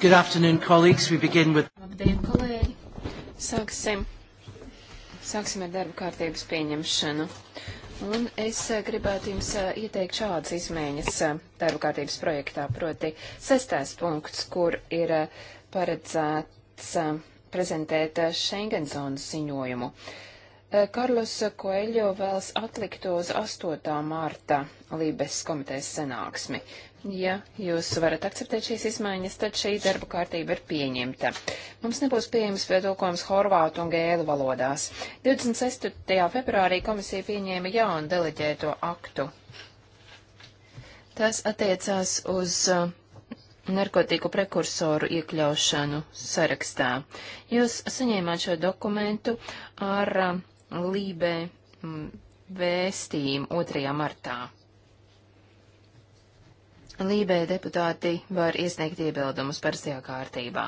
Good afternoon, colleagues. We begin with... Labdien, kolēģi. Sāksim. Sāksim ar darba kārtības pieņemšanu. Un es eh, gribētu jums eh, ieteikt šādas izmaiņas eh, darba kārtības projektā, proti sestais punkts, kur ir paredzēts prezentēt Schengen zonas ziņojumu. Karlos Koeļo vēlas atlikt uz 8. mārta Lībes komitejas senāksmi. Ja jūs varat akceptēt šīs izmaiņas, tad šī darba kārtība ir pieņemta. Mums nebūs pieejams viedokojums horvātu un gēlu valodās. 26. februārī komisija pieņēma jaunu deleģēto aktu. Tas attiecās uz uh, narkotiku prekursoru iekļaušanu sarakstā. Jūs saņēmāt šo dokumentu ar uh, Lībē mm, vēstījumu 2. martā. Lībē deputāti var iesniegt iebildumus parastajā kārtībā.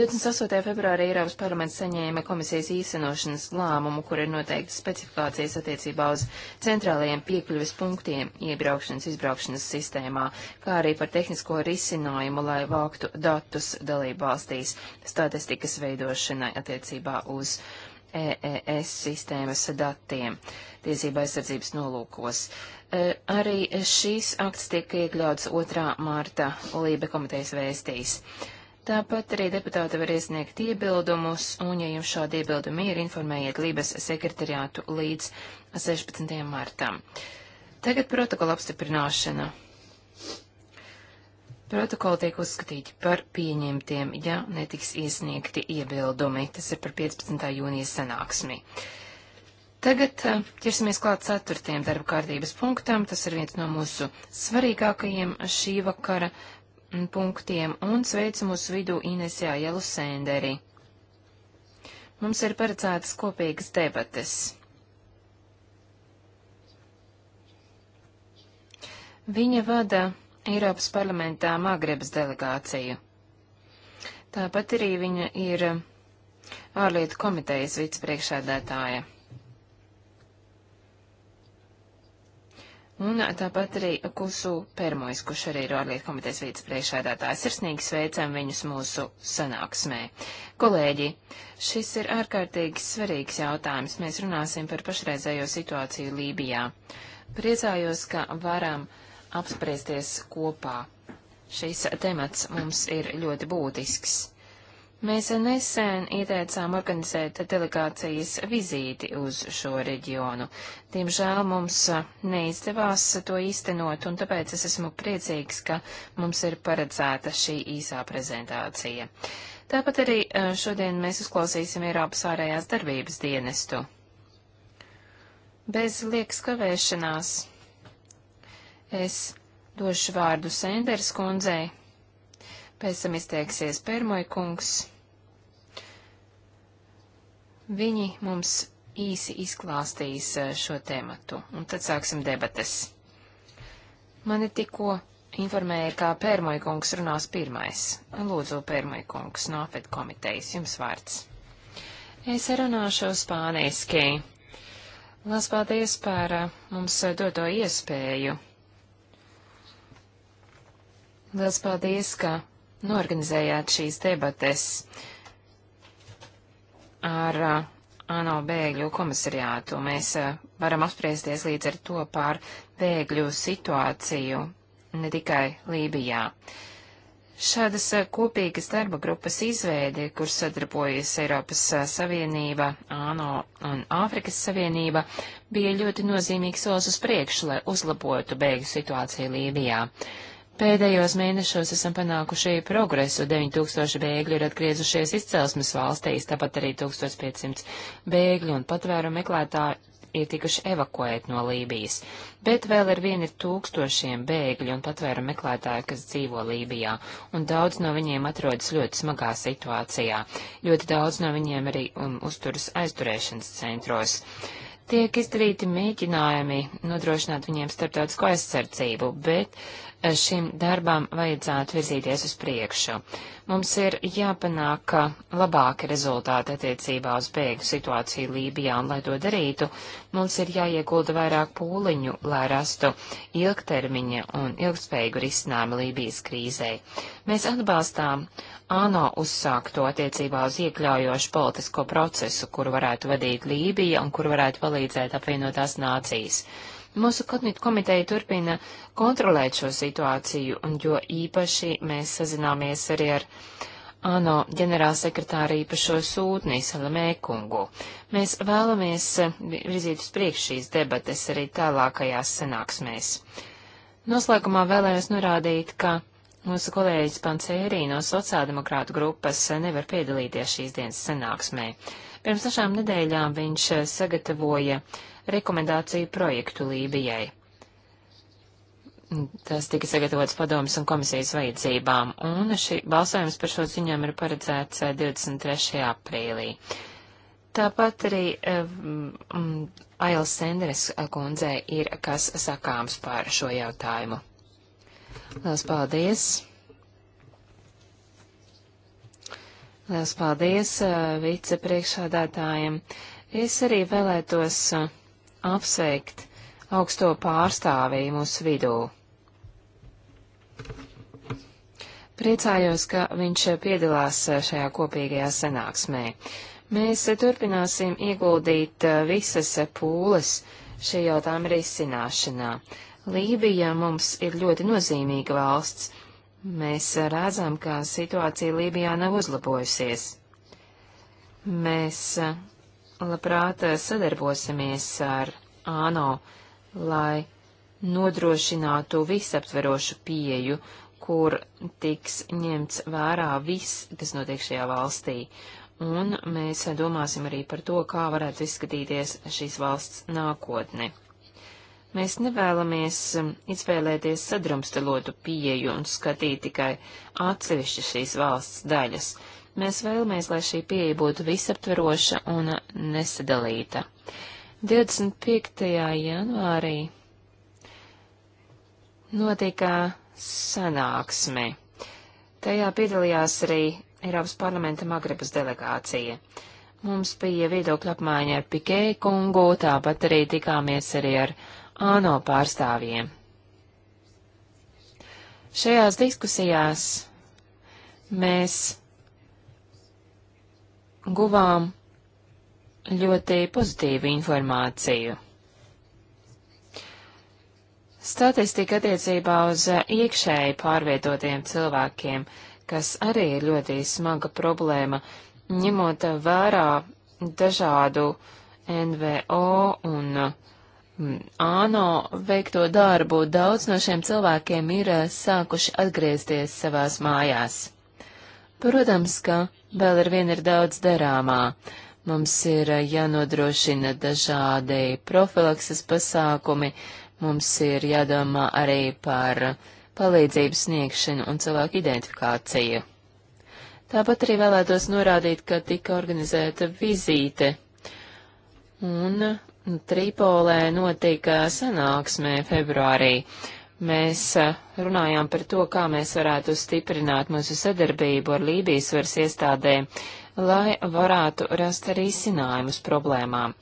28. februārī Eiropas parlaments saņēma komisijas īstenošanas lēmumu, kur ir noteikti specifikācijas attiecībā uz centrālajiem piekļuves punktiem iebraukšanas izbraukšanas sistēmā, kā arī par tehnisko risinājumu, lai vāktu datus dalību valstīs statistikas veidošanai attiecībā uz EES sistēmas datiem tiesība aizsardzības nolūkos. Uh, E, arī šīs akts tiek iekļauts 2. mārta Lībe komitejas vēstīs. Tāpat arī deputāti var iesniegt iebildumus, un, ja jums šādi iebildumi ir, informējiet Lībes sekretariātu līdz 16. martam. Tagad protokola apstiprināšana. Protokoli tiek uzskatīti par pieņemtiem, ja netiks iesniegti iebildumi. Tas ir par 15. jūnijas sanāksmi. Uh, Tagad ķersimies klāt ceturtiem darba kārtības punktam. Tas ir viens no mūsu svarīgākajiem šī vakara punktiem un sveicu mūsu vidū Inesijā Jelu Sēnderi. Mums ir paredzētas kopīgas debates. Viņa vada Eiropas parlamentā Magrebas delegāciju. Tāpat arī viņa ir ārlietu komitejas vicepriekšēdētāja. Un tāpat arī Kusu Permojs, kurš arī ir ārlietu komitejas vicepriekšēdātājs, sirsnīgi sveicam viņus mūsu sanāksmē. Kolēģi, šis ir ārkārtīgi svarīgs jautājums. Mēs runāsim par pašreizējo situāciju Lībijā. Priecājos, ka varam apspriesties kopā. Šis temats mums ir ļoti būtisks. Mēs nesen ieteicām organizēt delegācijas vizīti uz šo reģionu. Diemžēl mums neizdevās to īstenot, un tāpēc es esmu priecīgs, ka mums ir paredzēta šī īsā prezentācija. Tāpat arī eh, šodien mēs uzklausīsim Eiropas ārējās darbības dienestu. Bez liekas kavēšanās es došu vārdu Senders kundzei, Pēc tam izteiksies Pērmoja kungs. Viņi mums īsi izklāstīs eh, šo tēmatu, un tad sāksim debates. Mani tikko informēja, kā Pērmoja kungs runās pirmais. Lūdzu, Pērmoja kungs, no FED komitejas, jums vārds. Es runāšu spāniski. Lās paldies par eh, mums doto iespēju. Liels paldies, ka norganizējāt šīs debates ar ANO bēgļu komisariātu. Mēs a, varam apspriesties līdz ar to par bēgļu situāciju ne tikai Lībijā. Šādas a, kopīgas darba grupas izveidi, kur sadarbojas Eiropas a, Savienība, ANO un Āfrikas Savienība, bija ļoti nozīmīgs solis uz priekšu, lai uzlabotu bēgļu situāciju Lībijā. Pēdējos mēnešos esam panākuši progresu. 9000 bēgļu ir atgriezušies izcelsmes valstīs, tāpat arī 1500 bēgļu un patvēru meklētāji ir tikuši evakuēti no Lībijas. Bet vēl ir vieni tūkstošiem bēgļu un patvēru meklētāju, kas dzīvo Lībijā, un daudz no viņiem atrodas ļoti smagā situācijā. Ļoti daudz no viņiem arī um, uzturas aizturēšanas centros tiek izdarīti mēģinājumi nodrošināt viņiem starptautisko aizsardzību, bet šim darbam vajadzētu virzīties uz priekšu. Mums ir jāpanāk labāki rezultāti attiecībā uz bēgu situāciju Lībijā, un, lai to darītu, mums ir jāiegulda vairāk pūliņu, lai rastu ilgtermiņa un ilgspējīgu risinājumu Lībijas krīzē. Mēs atbalstām ANO uzsākto attiecībā uz iekļaujošu politisko procesu, kuru varētu vadīt Lībija un kuru varētu palīdzēt apvienotās nācijas. Mūsu komiteja turpina kontrolēt šo situāciju, un jo īpaši mēs sazināmies arī ar ANO ģenerālsekretāra īpašo sūtni Salamēkungu. Mēs vēlamies virzīt uz priekšu šīs debates arī tālākajās sanāksmēs. Noslēgumā vēlējos norādīt, ka mūsu kolēģis Pancērī no sociāldemokrātu grupas nevar piedalīties šīs dienas sanāksmē. Pirms dažām nedēļām viņš sagatavoja rekomendāciju projektu Lībijai. Tas tika sagatavots padomas un komisijas vajadzībām, un šī balsojums par šo ziņām ir paredzēts 23. Eh, aprīlī. Tāpat arī um, eh, Ailes Senderes eh, kundzei ir kas sakāms par šo jautājumu. Lielas paldies! Lielas paldies uh, vicepriekšādātājiem. Es arī vēlētos uh, apsveikt augsto pārstāvīju mūsu vidū. Priecājos, ka viņš piedalās šajā kopīgajā sanāksmē. Mēs turpināsim ieguldīt visas pūles šī jautājuma risināšanā. Lībija mums ir ļoti nozīmīga valsts. Mēs redzam, ka situācija Lībijā nav uzlabojusies. Mēs labprāt eh, sadarbosimies ar ANO, lai nodrošinātu visaptverošu pieju, kur tiks ņemts vērā viss, kas notiek šajā valstī. Un mēs domāsim arī par to, kā varētu izskatīties šīs valsts nākotne. Mēs nevēlamies eh, izvēlēties sadrumstalotu pieju un skatīt tikai atsevišķas šīs valsts daļas. Mēs vēlamies, lai šī pieeja būtu visaptveroša un nesadalīta. 25. janvārī notika sanāksme. Tajā piedalījās arī Eiropas parlamenta Magrebas delegācija. Mums bija viedokļa apmaiņa ar Pikē kungu, tāpat arī tikāmies arī ar ANO pārstāvjiem. Šajās diskusijās mēs guvām ļoti pozitīvu informāciju. Statistika attiecībā uz iekšēji pārvietotiem cilvēkiem, kas arī ir ļoti smaga problēma, ņemot vērā dažādu NVO un mm, ANO veikto darbu, daudz no šiem cilvēkiem ir sākuši atgriezties savās mājās. Protams, ka vēl ar vienu ir daudz darāmā. Mums ir eh, jānodrošina dažādi profilakses pasākumi, mums ir jādomā arī par palīdzības sniegšanu un cilvēku identifikāciju. Tāpat arī vēlētos norādīt, ka tika organizēta vizīte, un Tripolē notika sanāksmē februārī. Uh, mēs eh, runājām par to, kā mēs varētu stiprināt mūsu sadarbību ar Lībijas varas iestādēm, lai varētu rast arī sinājumus problēmām.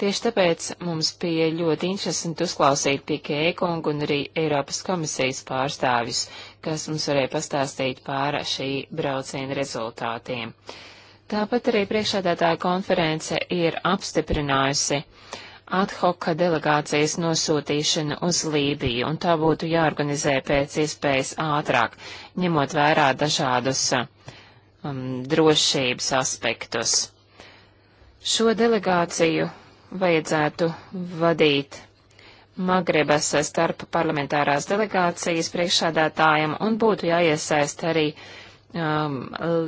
Tieši tāpēc mums bija ļoti interesanti uzklausīt Pikē Ekongu un arī Eiropas komisijas pārstāvis, kas mums varēja pastāstīt pār šī brauciena rezultātiem. Tāpat arī priekšādātāja konference ir apstiprinājusi uh, ad hoc delegācijas nosūtīšana uz Lībiju, un tā būtu jāorganizē pēc iespējas ātrāk, ņemot vērā dažādus um, drošības aspektus. Šo delegāciju vajadzētu vadīt Magrebas starp parlamentārās delegācijas priekšādātājiem un būtu jāiesaist arī um,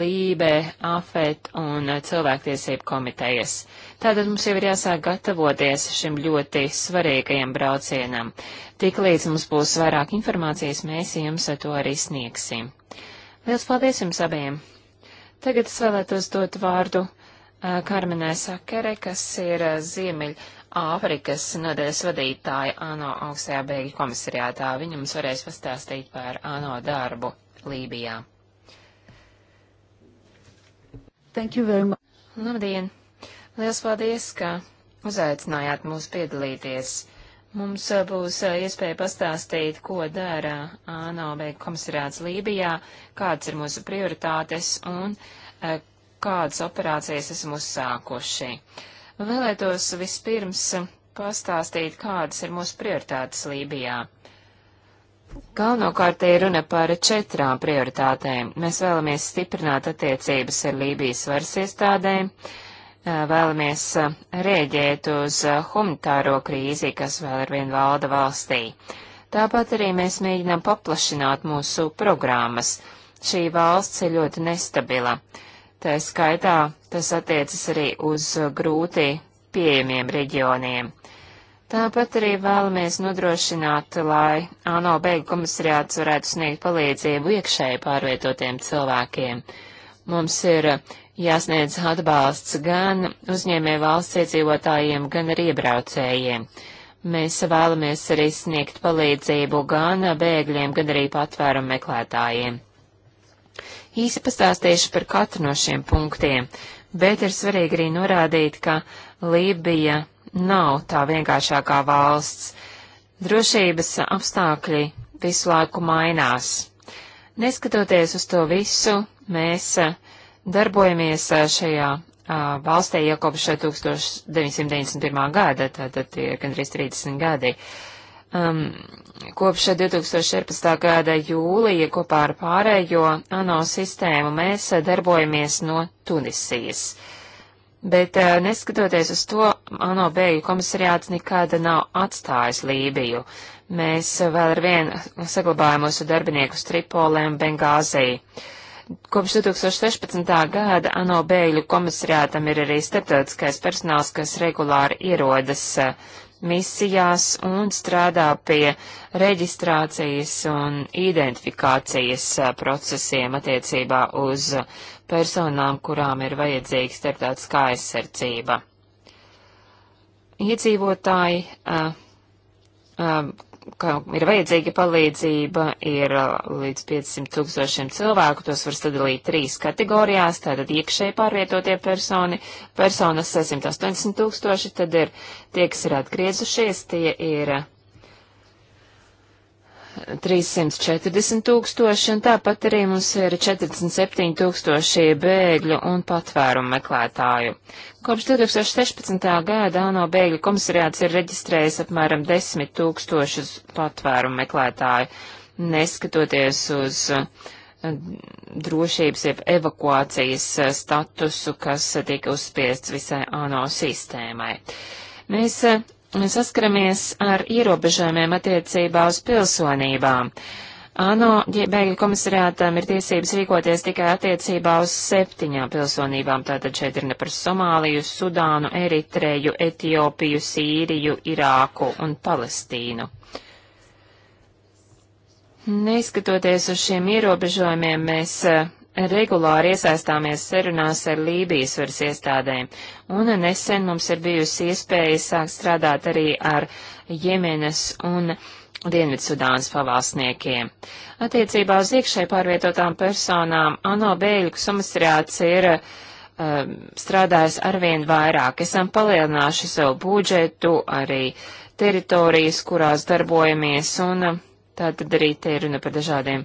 Lībe, AFET un cilvēktiesību komitejas. Uh, Tātad mums jau ir jāsāk gatavoties šim ļoti svarīgajam braucienam. Tiklīdz mums būs vairāk informācijas, mēs jums to arī sniegsim. Liels paldies jums abiem! Tagad es vēlētos dot vārdu uh, Karmenai Sakere, kas ir uh, Ziemeļa Āfrikas nodaļas vadītāja ANO augstajā bēgļu komisariātā. Viņa mums varēs pastāstīt par ANO darbu Lībijā. Thank you very much. Labdien! Liels paldies, ka uzaicinājāt mūs piedalīties. Mums eh, būs eh, iespēja pastāstīt, ko dara ANO beigu komisarāts Lībijā, kādas ir mūsu prioritātes un eh, kādas operācijas esam uzsākuši. Vēlētos vispirms pastāstīt, kādas ir mūsu prioritātes Lībijā. Galvenokārt ir runa par četrām prioritātēm. Mēs vēlamies stiprināt attiecības ar Lībijas varas iestādēm, vēlamies rēģēt uz humanitāro krīzi, kas vēl ar vienu valda valstī. Tāpat arī mēs mēģinām paplašināt mūsu programmas. Šī valsts ir ļoti nestabila. Tā skaitā tas attiecas arī uz grūti pieejamiem reģioniem. Tāpat arī vēlamies nodrošināt, lai ANO beigu komisariāts varētu sniegt palīdzību iekšēji pārvietotiem cilvēkiem. Mums ir uh, jāsniedz atbalsts gan uzņēmē valsts iedzīvotājiem, gan arī iebraucējiem. Mēs vēlamies arī sniegt palīdzību gan bēgļiem, gan arī patvērumu meklētājiem. Īsi pastāstīšu par katru no šiem punktiem, bet ir svarīgi arī norādīt, ka Lībija nav tā vienkāršākā valsts. Drošības apstākļi visu laiku mainās. Neskatoties uz to visu, mēs uh, darbojamies šajā valstī jau kopš 1991. gada, tātad ir gandrīz 30 gadi. Um, kopš 2014. gada jūlija kopā ar pārējo ANO sistēmu mēs darbojamies no Tunisijas. Bet uh, neskatoties uz to, ANO bēgļu komisariāts nekad nav atstājis Lībiju. Mēs vēl ar vienu saglabājam mūsu darbiniekus Tripolē un Bengāziju. Uh, Kopš 2016. gada ANO bēļu komisariātam ir arī starptautiskais personāls, kas regulāri ierodas e, misijās un strādā pie reģistrācijas un identifikācijas e, procesiem attiecībā uz personām, kurām ir vajadzīga starptautiskā aizsardzība. Iedzīvotāji, a, e, a, ka ir vajadzīga palīdzība, ir uh, līdz 500 tūkstošiem cilvēku, tos var sadalīt trīs kategorijās, tātad iekšēji pārvietotie personi, personas 680 uh, tūkstoši, tad ir tie, kas ir atgriezušies, tie ir 340 tūkstoši, un tāpat arī mums ir 47 tūkstoši bēgļu un patvērumu meklētāju. Kopš 2016. gada ANO bēgļu komisariāts ir reģistrējis apmēram 10 tūkstošus patvērumu meklētāju, neskatoties uz eh, drošības jeb evakuācijas eh, statusu, kas tika uzspiests visai ANO sistēmai. Mēs eh, Mēs saskaramies ar ierobežojumiem attiecībā uz pilsonībām. ANO bēgļu komisariātam ir tiesības rīkoties tikai attiecībā uz septiņām pilsonībām. Tātad šeit ir ne par Somāliju, Sudānu, Eritreju, Etiopiju, Sīriju, Irāku un Palestīnu. Neizskatoties uz šiem ierobežojumiem, mēs eh, regulāri iesaistāmies sarunās ar Lībijas varas iestādēm, un nesen mums ir bijusi iespēja sākt strādāt arī ar Jemenas un Dienvidsudānas pavalsniekiem. Attiecībā uz iekšēji pārvietotām personām ANO bēļu komisariāts ir uh, strādājis arvien vairāk. Esam palielinājuši savu budžetu, arī teritorijas, kurās darbojamies, un um, tātad arī te ir runa par dažādiem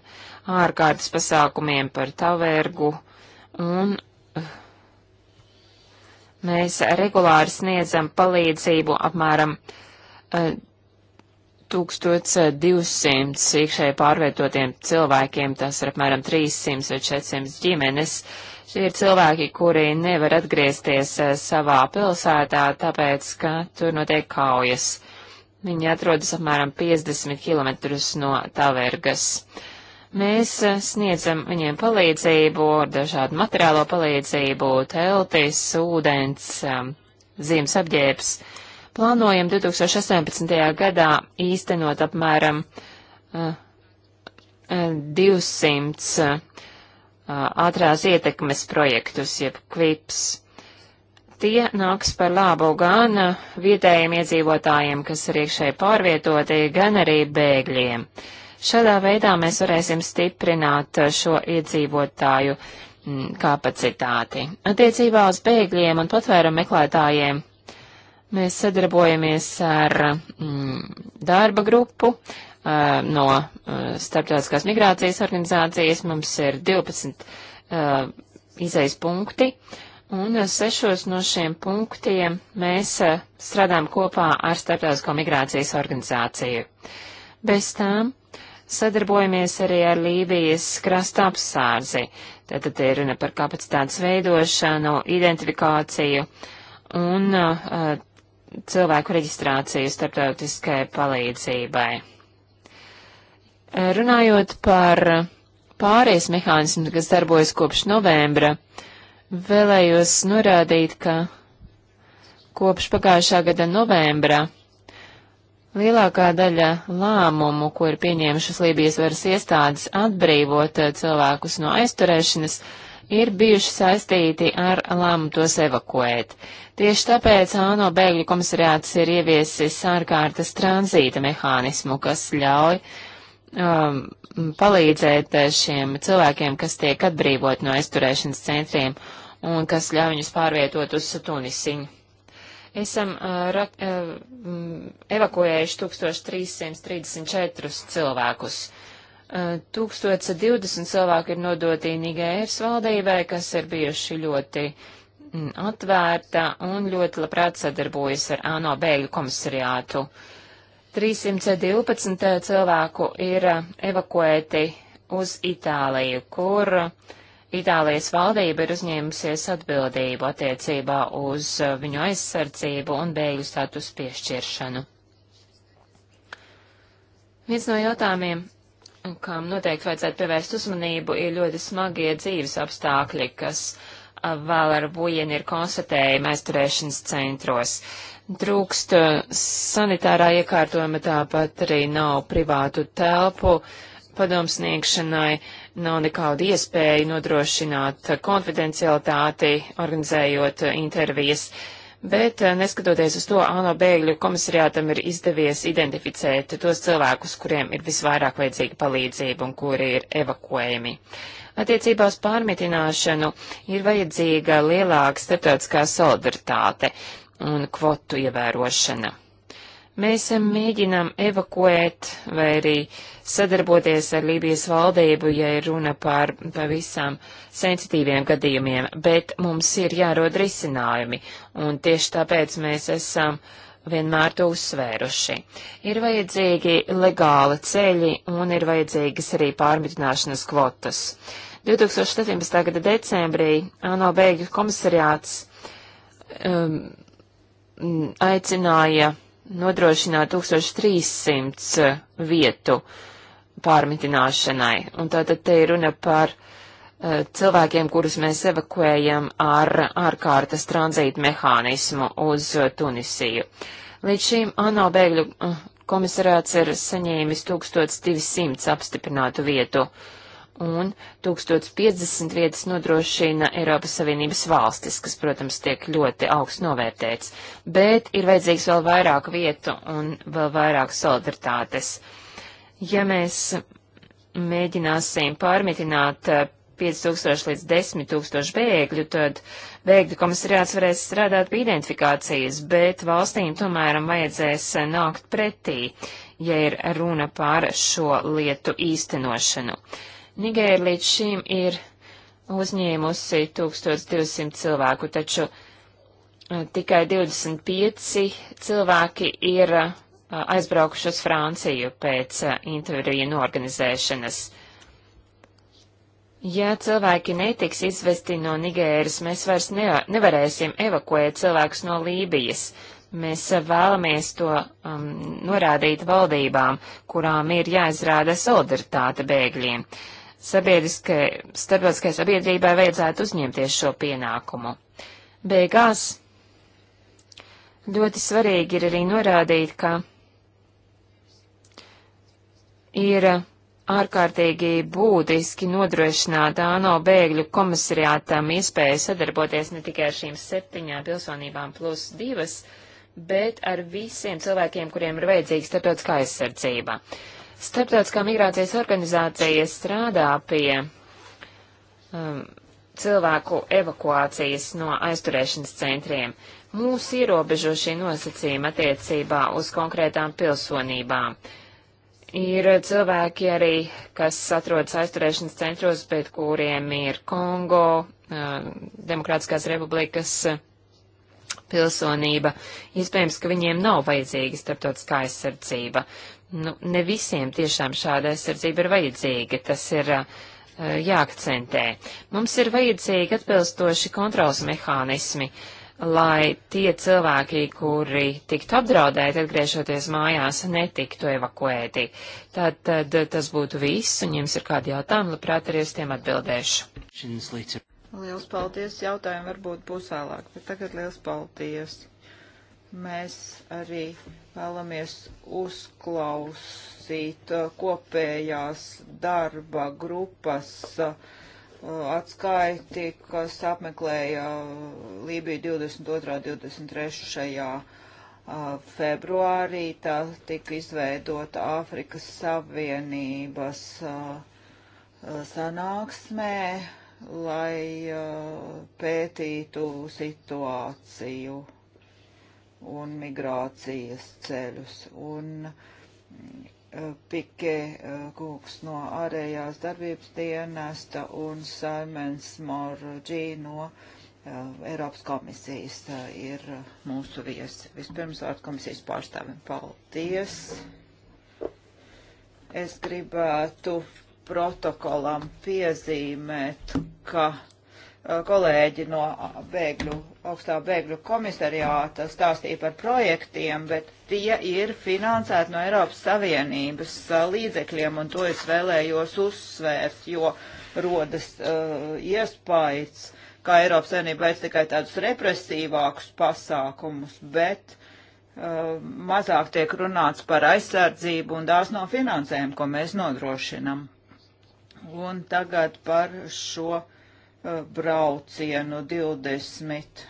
ārkārtas pasākumiem, par tavērgu, un eh, mēs regulāri sniedzam palīdzību apmēram 1200 eh, iekšēji pārvietotiem cilvēkiem, tas ir apmēram 300 vai 400 ģimenes. Šie ir cilvēki, kuri nevar atgriezties eh, savā pilsētā, tāpēc, ka tur notiek kaujas. Viņi atrodas apmēram 50 km no Tavergas. Uh, Mēs eh, sniedzam viņiem palīdzību ar dažādu materiālo palīdzību, teltis, ūdens, eh, zīmes apģērbs. Plānojam 2018. gadā īstenot apmēram 200 eh, ātrās ietekmes projektus, jeb kvips tie nāks par labu gan vietējiem iedzīvotājiem, kas ir iekšēji pārvietoti, gan arī bēgļiem. Šādā veidā mēs varēsim stiprināt šo iedzīvotāju mm, kapacitāti. Attiecībā uz bēgļiem un patvērumu meklētājiem mēs sadarbojamies ar mm, darba grupu uh, no uh, starptautiskās migrācijas organizācijas. Mums ir 12 uh, izejas punkti, un sešos no šiem punktiem mēs strādājam kopā ar starptautisko migrācijas organizāciju. Bez tām sadarbojamies arī ar Lībijas krasta apsārdzi. Tātad te ir runa par kapacitātes veidošanu, identifikāciju un uh, cilvēku reģistrāciju starptautiskai palīdzībai. Runājot par pārējais mehānismu, kas darbojas kopš novembra, vēlējos norādīt, ka kopš pagājušā gada novembra Lielākā daļa lēmumu, ko ir pieņēmušas Lībijas varas iestādes atbrīvot eh, cilvēkus no aizturēšanas, ir bijuši saistīti ar lēmumu tos evakuēt. Tieši tāpēc ANO bēgļu komisariāts ir ieviesis ārkārtas tranzīta mehānismu, kas ļauj um, palīdzēt eh, šiem cilvēkiem, kas tiek atbrīvot no aizturēšanas centriem un kas ļauj viņus pārvietot uz Tunisiņu esam uh, ra, uh, mm, evakuējuši 1334 cilvēkus. Uh, 1020 cilvēki ir nodoti Nigēras valdībai, kas ir bijuši ļoti mm, atvērta un ļoti labprāt sadarbojas ar ANO bēgļu komisariātu. 312 uh, cilvēku ir uh, evakuēti uz Itāliju, kur uh, Itālijas valdība ir uzņēmusies atbildību attiecībā uz uh, viņu aizsardzību un bēgļu status piešķiršanu. Viens no jautājumiem, kam noteikti vajadzētu pievērst uzmanību, ir ļoti smagie dzīves apstākļi, kas uh, vēl ar bujienu ir konstatējumi aizturēšanas centros. Trūkst uh, sanitārā iekārtojuma, tāpat arī nav privātu telpu padomsniegšanai nav nekāda iespēja nodrošināt konfidencialitāti, organizējot intervijas, bet eh, neskatoties uz to, ANO bēgļu komisariātam ir izdevies identificēt tos cilvēkus, kuriem ir visvairāk vajadzīga palīdzība un kuri ir evakuējami. Attiecībā uz pārmitināšanu ir vajadzīga lielāka starptautiskā solidaritāte un kvotu ievērošana. Mēs mēģinām evakuēt vai arī sadarboties ar Lībijas valdību, ja ir runa par pavisam sensitīviem gadījumiem, bet mums ir jārod risinājumi, un tieši tāpēc mēs esam vienmēr to uzsvēruši. Ir vajadzīgi legāli ceļi un ir vajadzīgas arī pārmitināšanas kvotas. 2017. gada decembrī ANO bēgļu komisariāts um, aicināja nodrošināt 1300 vietu pārmitināšanai. Un tātad te ir runa par uh, cilvēkiem, kurus mēs evakuējam ar ārkārtas tranzītu mehānismu uz Tunisiju. Līdz šīm ANO bēgļu eh, komisarāts ir saņēmis 1200 apstiprinātu vietu. Uh, un 1050 vietas nodrošina Eiropas Savienības valstis, kas, protams, tiek ļoti augsts novērtēts, bet ir vajadzīgs vēl vairāk vietu un vēl vairāk solidaritātes. Ja mēs mēģināsim pārmitināt 5000 eh, līdz 10 000 bēgļu, tad bēgļu komisariāts varēs strādāt pie identifikācijas, bet valstīm tomēr vajadzēs nākt pretī, ja ir runa par šo lietu īstenošanu. Uh, Nigēra līdz šim ir uzņēmusi 1200 cilvēku, taču eh, tikai 25 cilvēki ir eh, aizbraukuši uz Franciju pēc eh, interviju norganizēšanas. Ja cilvēki netiks izvesti no Nigēras, mēs vairs ne, nevarēsim evakuēt cilvēkus no Lībijas. Mēs vēlamies to um, norādīt valdībām, kurām ir jāizrāda solidaritāte bēgļiem. Uh, starptautiskai sabiedrībai vajadzētu uzņemties šo pienākumu. Beigās ļoti svarīgi ir arī norādīt, ka ir ārkārtīgi būtiski nodrošināt ANO bēgļu komisariātam iespēju sadarboties ne tikai ar šīm septiņām pilsonībām plus divas, bet ar visiem cilvēkiem, kuriem ir vajadzīga starptautiskā aizsardzība. Uh, Starptautiskā migrācijas organizācija strādā pie um, cilvēku evakuācijas no aizturēšanas centriem. Mūs ierobežo šī nosacījuma attiecībā uz konkrētām pilsonībām. Ir cilvēki arī, kas atrodas aizturēšanas centros, bet kuriem ir Kongo, um, Demokrātiskās republikas pilsonība, iespējams, ka viņiem nav vajadzīga starptautiskā aizsardzība. Nu, ne visiem tiešām šāda aizsardzība ir vajadzīga, tas ir uh, jāakcentē. Mums ir vajadzīgi atbilstoši kontrols mehānismi, lai tie cilvēki, kuri tiktu apdraudēti atgriežoties mājās, netiktu evakuēti. Tad, tad tas būtu viss, un jums ir kādi jautājumi, labprāt arī uz tiem atbildēšu. Liels paldies. Jautājumi varbūt būs vēlāk, bet tagad liels paldies. Mēs arī vēlamies uzklausīt uh, kopējās darba grupas uh, atskaiti, kas apmeklēja uh, Lībiju 22. 23 februārī tā tika izveidota Āfrikas Savienības sanāksmē, lai uh, pētītu situāciju un migrācijas ceļus. Un uh, Pike uh, Kūks no ārējās darbības dienesta un Simons Morģī no uh, Eiropas komisijas uh, ir uh, mūsu viesi. Vispirms vārds komisijas pārstāvim. Paldies! Es gribētu protokolam piezīmēt, ka e, kolēģi no bēgļu, augstā bēgļu komisariāta stāstīja par projektiem, bet tie ir finansēti no Eiropas Savienības e, līdzekļiem, un to es vēlējos uzsvērt, jo rodas uh, iespējas, ka Eiropas Savienība veic tikai tādus represīvākus pasākumus, bet uh, mazāk tiek runāts par aizsardzību un tās no finansējuma, ko mēs nodrošinam. Un tagad par šo uh, braucienu 20.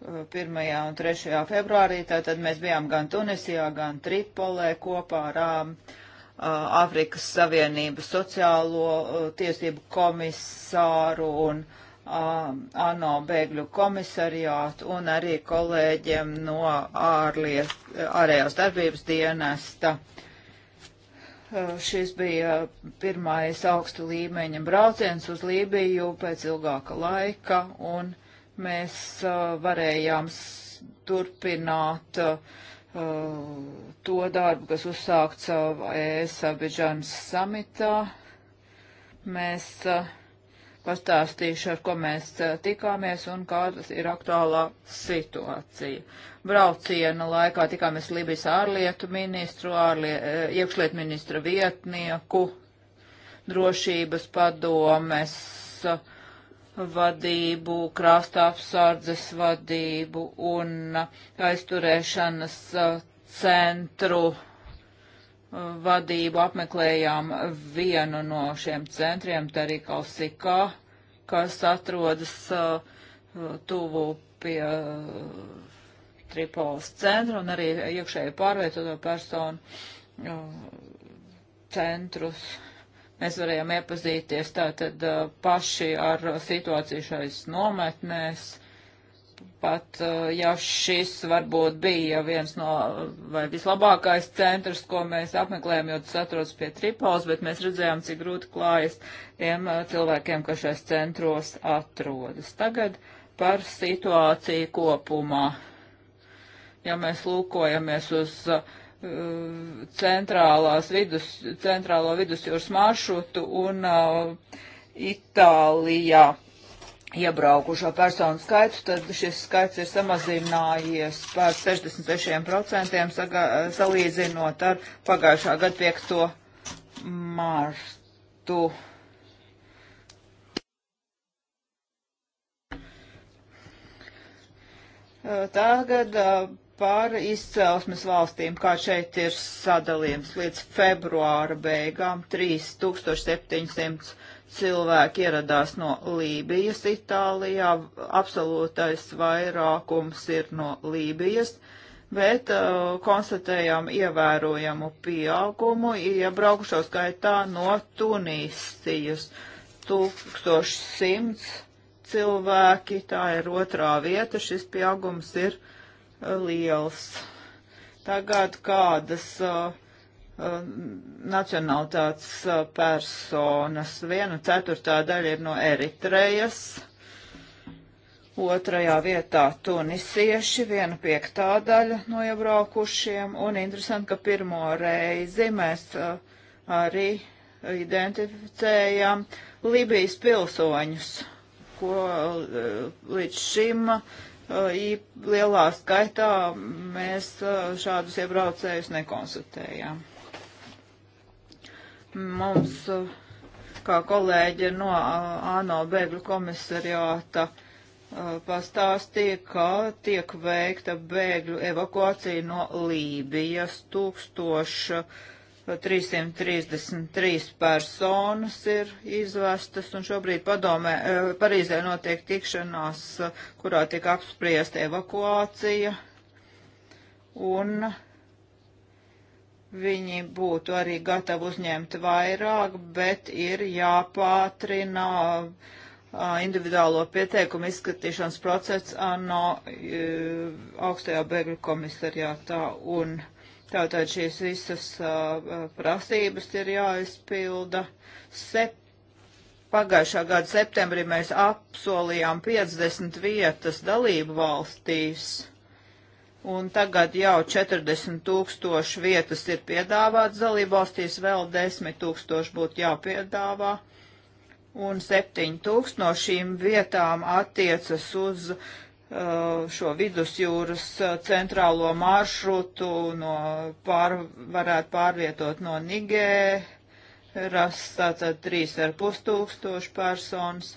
1. Uh, un 3. februārī, tātad mēs bijām gan Tunisijā, gan Tripolē kopā ar Āfrikas um, uh, Savienības sociālo uh, tiesību komisāru un um, ANO bēgļu komisariātu un arī kolēģiem no ārliet, ārējās darbības dienesta. Uh, Šis bija pirmais augsta līmeņa brauciens uz Lībiju pēc ilgāka laika, un mēs varējām turpināt to darbu, kas uzsākts ES Abidžanas samitā. Mēs uh, pastāstīšu, ar ko mēs eh, tikāmies un kādas ir aktuālā situācija. Brauciena laikā tikāmies Libijas ārlietu ministru, ārlie, eh, iekšlietu ministra vietnieku, drošības padomes vadību, krāsta apsardzes vadību un aizturēšanas eh, centru vadību apmeklējām vienu no šiem centriem, Terikalsikā, kas atrodas uh, tuvu pie uh, Tripolis centra un arī iekšēju pārvietoto personu uh, centrus. Mēs varējām iepazīties tātad uh, paši ar situāciju šais nometnēs Pat uh, ja šis varbūt bija viens no vai vislabākais centrs, ko mēs apmeklējām, jo tas atrodas pie Tripols, bet mēs redzējām, cik grūti klājas tiem uh, cilvēkiem, kas šais centros atrodas. Tagad par situāciju kopumā. Ja mēs lūkojamies uz uh, centrālās vidus, centrālo vidusjūras maršrutu un uh, Itālijā iebraukušo personu skaitu, tad šis skaits ir samazinājies par 66% saga, salīdzinot ar pagājušā gada 5. martu. Tagad par izcelsmes valstīm, kā šeit ir sadalījums līdz februāra beigām 3700 cilvēki ieradās no Lībijas Itālijā, absolūtais vairākums ir no Lībijas, bet uh, konstatējām ievērojamu pieaugumu iebraukušo ja skaitā no Tunīsijas. 1100 cilvēki, tā ir otrā vieta, šis pieaugums ir uh, liels. Tagad kādas uh, nacionālitātes personas. Viena ceturtā daļa ir no Eritrejas, otrajā vietā tunisieši, viena piektā daļa no iebraukušiem, un interesanti, ka pirmo reizi mēs arī identificējām Libijas pilsoņus, ko līdz šim lielā skaitā mēs šādus iebraucējus nekonstatējām. Mums, eh, kā kolēģi no eh, ANO bēgļu komisariāta, eh, pastāstīja, ka tiek veikta bēgļu evakuācija no Lībijas. 1333 personas ir izvestas, un šobrīd padomē, Parīzē notiek tikšanās, kurā tiek apspriesta evakuācija. Un uh, viņi būtu arī gatavi uzņemt vairāk, bet ir jāpātrina individuālo pieteikumu izskatīšanas process ANO augstajā bēgļu komisariātā. Un tātad šīs visas prasības ir jāizpilda. Sep Pagājušā gada septembrī mēs apsolījām 50 vietas dalību valstīs un tagad jau 40 tūkstoši vietas ir piedāvāts dalībvalstīs, vēl 10 tūkstoši būtu jāpiedāvā, un 7 tūkst no šīm vietām attiecas uz uh, šo vidusjūras uh, centrālo maršrutu, no pār, varētu pārvietot no Nigēras, tātad 3,5 tūkstoši personas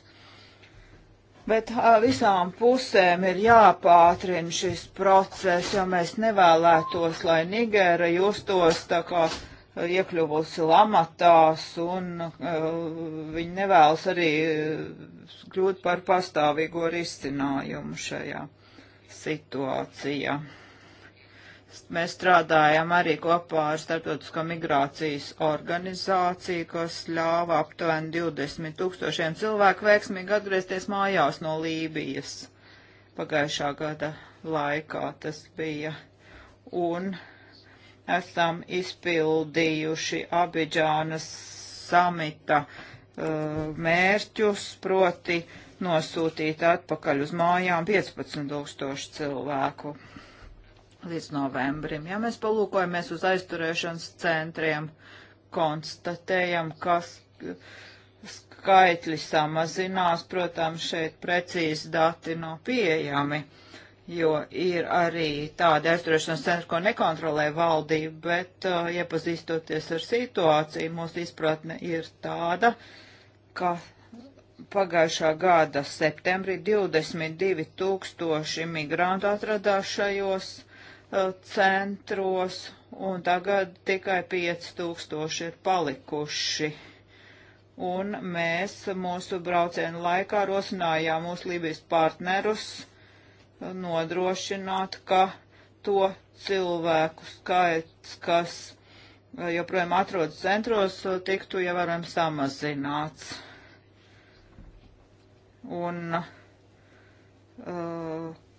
Bet visām pusēm ir jāpātrina šis process, jo mēs nevēlētos, lai Nigēra justos tā kā iekļuvusi lamatās, un uh, viņi nevēlas arī kļūt par pastāvīgo risinājumu šajā situācijā. Mēs strādājam arī kopā ar Startautisko migrācijas organizāciju, kas ļāva aptuveni 20 tūkstošiem cilvēku veiksmīgi atgriezties mājās no Lībijas. Pagājušā gada laikā tas bija. Un esam izpildījuši Abidžānas samita uh, mērķus, proti nosūtīt atpakaļ uz mājām 15 tūkstoši cilvēku līdz novembrim. Ja mēs palūkojamies uz aizturēšanas centriem, konstatējam, kas skaitļi samazinās, protams, šeit precīzi dati nav no pieejami, jo ir arī tādi aizturēšanas centri, ko nekontrolē valdība, bet uh, iepazīstoties ar situāciju, mūsu izpratne ir tāda, ka pagājušā gada septembrī 22 tūkstoši migrantu atradās šajos centros, un tagad tikai 5000 ir palikuši. Un mēs mūsu braucienu laikā rosinājām mūsu Lībijas partnerus nodrošināt, ka to cilvēku skaits, kas joprojām atrodas centros, tiktu ievērojami samazināts. Un uh,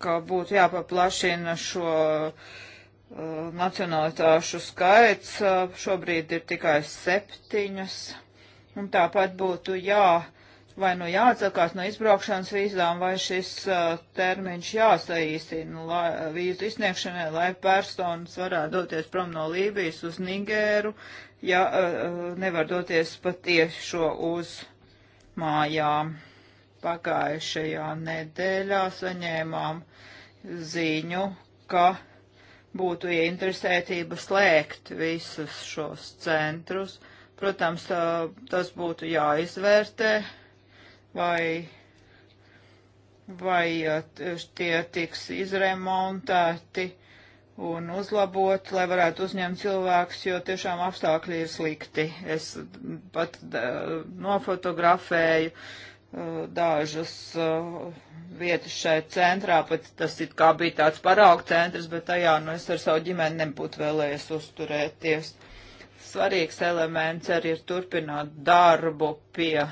ka būtu jāpaplašina šo uh, nacionalitāšu skaits. Uh, šobrīd ir tikai septiņas. Un tāpat būtu jā, vai nu jāatsakās no izbraukšanas vīzām, vai šis uh, termiņš jāsaīsina lai, uh, vīzu izsniegšanai, lai personas varētu doties prom no Lībijas uz Nigēru, ja uh, uh, nevar doties patiešo uz mājām. Pagājušajā nedēļā saņēmām ziņu, ka būtu ieinteresētība slēgt visus šos centrus. Protams, tā, tas būtu jāizvērtē, vai, vai tie tiks izremontēti un uzlabot, lai varētu uzņemt cilvēkus, jo tiešām apstākļi ir slikti. Es pat da, nofotografēju uh, dažas eh, vietas šeit centrā, pat tas it kā bija tāds parauga centrs, bet tajā nu es ar savu ģimeni nebūtu vēlējies uzturēties. Svarīgs elements arī ir turpināt darbu pie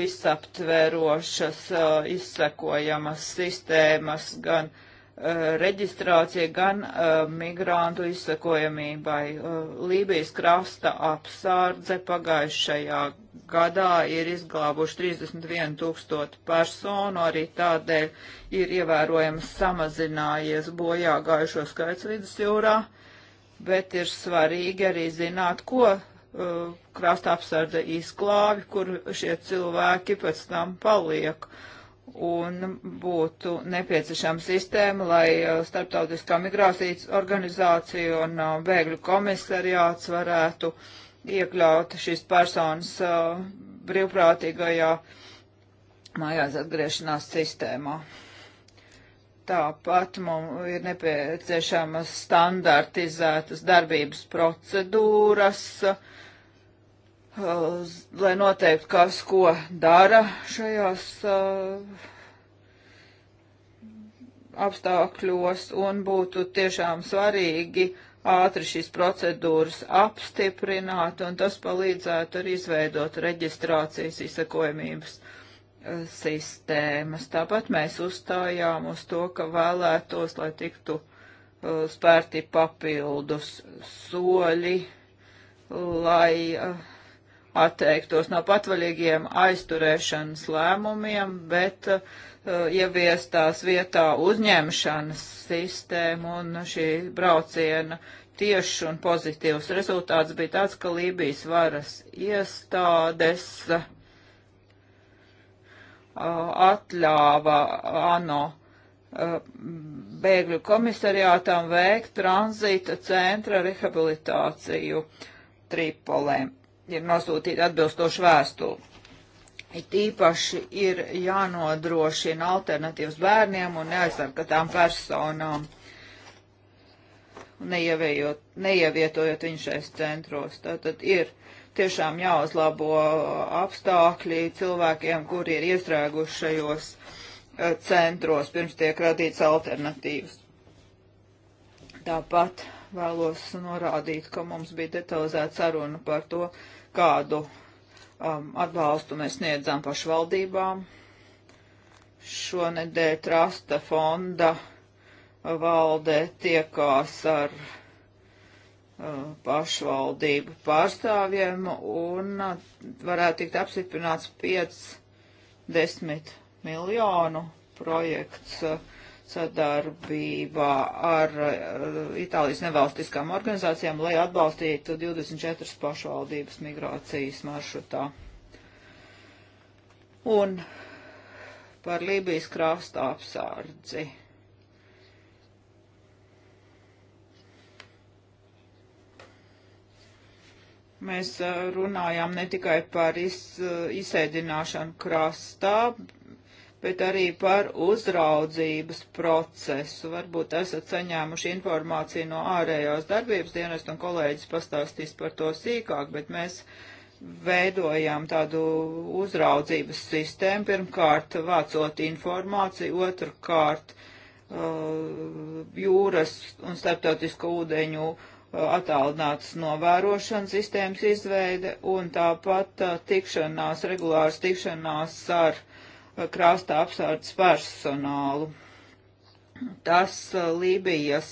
visaptverošas, eh, izsekojamas sistēmas, gan uh, Eh, reģistrācija, gan uh, migrantu izsakojamībai. Uh, Lībijas krasta apsārdze pagājušajā gadā ir izglābuši 31 tūkstotu personu, arī tādēļ ir ievērojams samazinājies bojā gājušo skaits vidusjūrā, bet ir svarīgi arī zināt, ko uh, krasta apsārdze izklāvi, kur šie cilvēki pēc tam paliek. Uh, un būtu nepieciešama sistēma, lai uh, starptautiskā migrācijas organizācija un uh, bēgļu komisariāts varētu iekļaut šīs personas uh, brīvprātīgajā mājās atgriešanās sistēmā. Tāpat mums ir nepieciešamas standartizētas darbības procedūras, uh, lai noteiktu, kas ko dara šajās uh, apstākļos un būtu tiešām svarīgi ātri šīs procedūras apstiprināt, un tas palīdzētu arī izveidot reģistrācijas izsakojamības uh, sistēmas. Tāpat mēs uzstājām uz to, ka vēlētos, lai tiktu uh, spērti papildus soļi, lai uh, atteiktos no patvaļīgiem aizturēšanas lēmumiem, bet uh, ieviestās vietā uzņemšanas sistēmu un šī brauciena tieši un pozitīvs rezultāts bija tāds, ka Lībijas varas iestādes uh, atļāva ANO uh, bēgļu komisariātām veikt tranzīta centra rehabilitāciju Tripolēm ir nosūtīta atbilstoša vēstule. It īpaši ir jānodrošina alternatīvas bērniem un neaizsargātām personām, neievietojot viņu šais centros. Tātad ir tiešām jāuzlabo apstākļi cilvēkiem, kuri ir iestrēguši šajos eh, centros, pirms tiek radīts alternatīvas. Tāpat vēlos norādīt, ka mums bija detalizēta saruna par to, uh, kādu um, atbalstu mēs sniedzām pašvaldībām. Šonedēļ Trasta fonda uh, valdē tiekās ar uh, pašvaldību pārstāvjiem un uh, varētu tikt apsiprināts 5-10 miljonu projekts. Uh, sadarbībā ar eh, Itālijas nevalstiskām organizācijām, lai atbalstītu 24 pašvaldības migrācijas maršrutā. Un par Lībijas krasta apsārdzi. Mēs eh, runājām ne tikai par iz, eh, izsēdināšanu krastā, bet arī par uzraudzības procesu. Varbūt esat saņēmuši informāciju no ārējās darbības dienas, un kolēģis pastāstīs par to sīkāk, bet mēs veidojām tādu uzraudzības sistēmu, pirmkārt vācot informāciju, otrkārt uh, jūras un starptautisko ūdeņu uh, attālinātas novērošanas sistēmas izveide un tāpat uh, tikšanās, regulāras tikšanās ar uh, krāsta apsārdas personālu. Tas Lībijas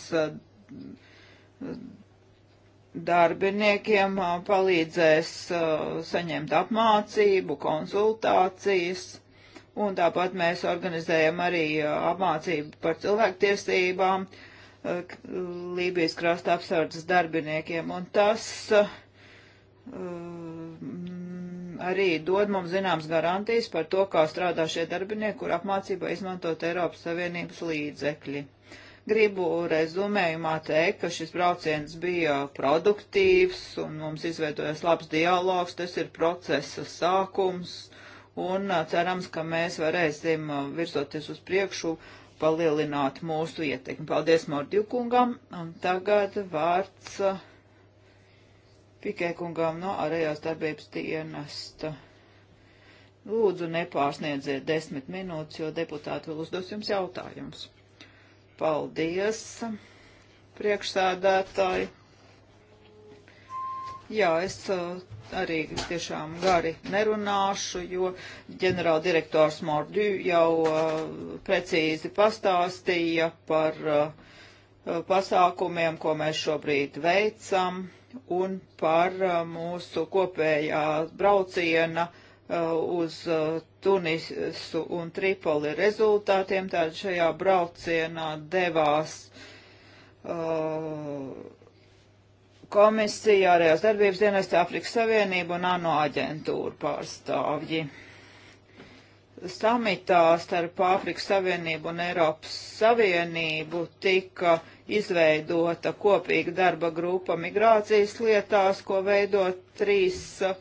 darbiniekiem palīdzēs saņemt apmācību, konsultācijas. Un tāpat mēs organizējam arī apmācību par cilvēktiesībām Lībijas krasta apsardzes darbiniekiem. Un tas uh, arī dod mums zināmas garantijas par to, kā strādā šie darbinieki, kur apmācībā izmantot Eiropas Savienības līdzekļi. Gribu rezumējumā teikt, ka šis brauciens bija produktīvs un mums izveidojas labs dialogs, tas ir procesa sākums un cerams, ka mēs varēsim virzoties uz priekšu, palielināt mūsu ietekmi. Paldies Mordjukungam un tagad vārds. Pikēkungām no ārējās darbības dienesta. Lūdzu, nepārsniedziet desmit minūtes, jo deputāti vēl uzdos jums jautājumus. Paldies, priekšsēdētāji. Jā, es uh, arī tiešām gari nerunāšu, jo ģenerāla direktors Mordu jau uh, precīzi pastāstīja par uh, uh pasākumiem, ko mēs šobrīd veicam. Uh, un par uh, mūsu kopējā brauciena uh, uz uh, Tunisu un Tripoli rezultātiem. Tātad šajā braucienā devās uh, komisija, ārējās darbības dienas, Afrikas Savienība un ANO aģentūra pārstāvji samitā starp Āfrikas Savienību un Eiropas Savienību tika izveidota kopīga darba grupa migrācijas lietās, ko veido trīs uh,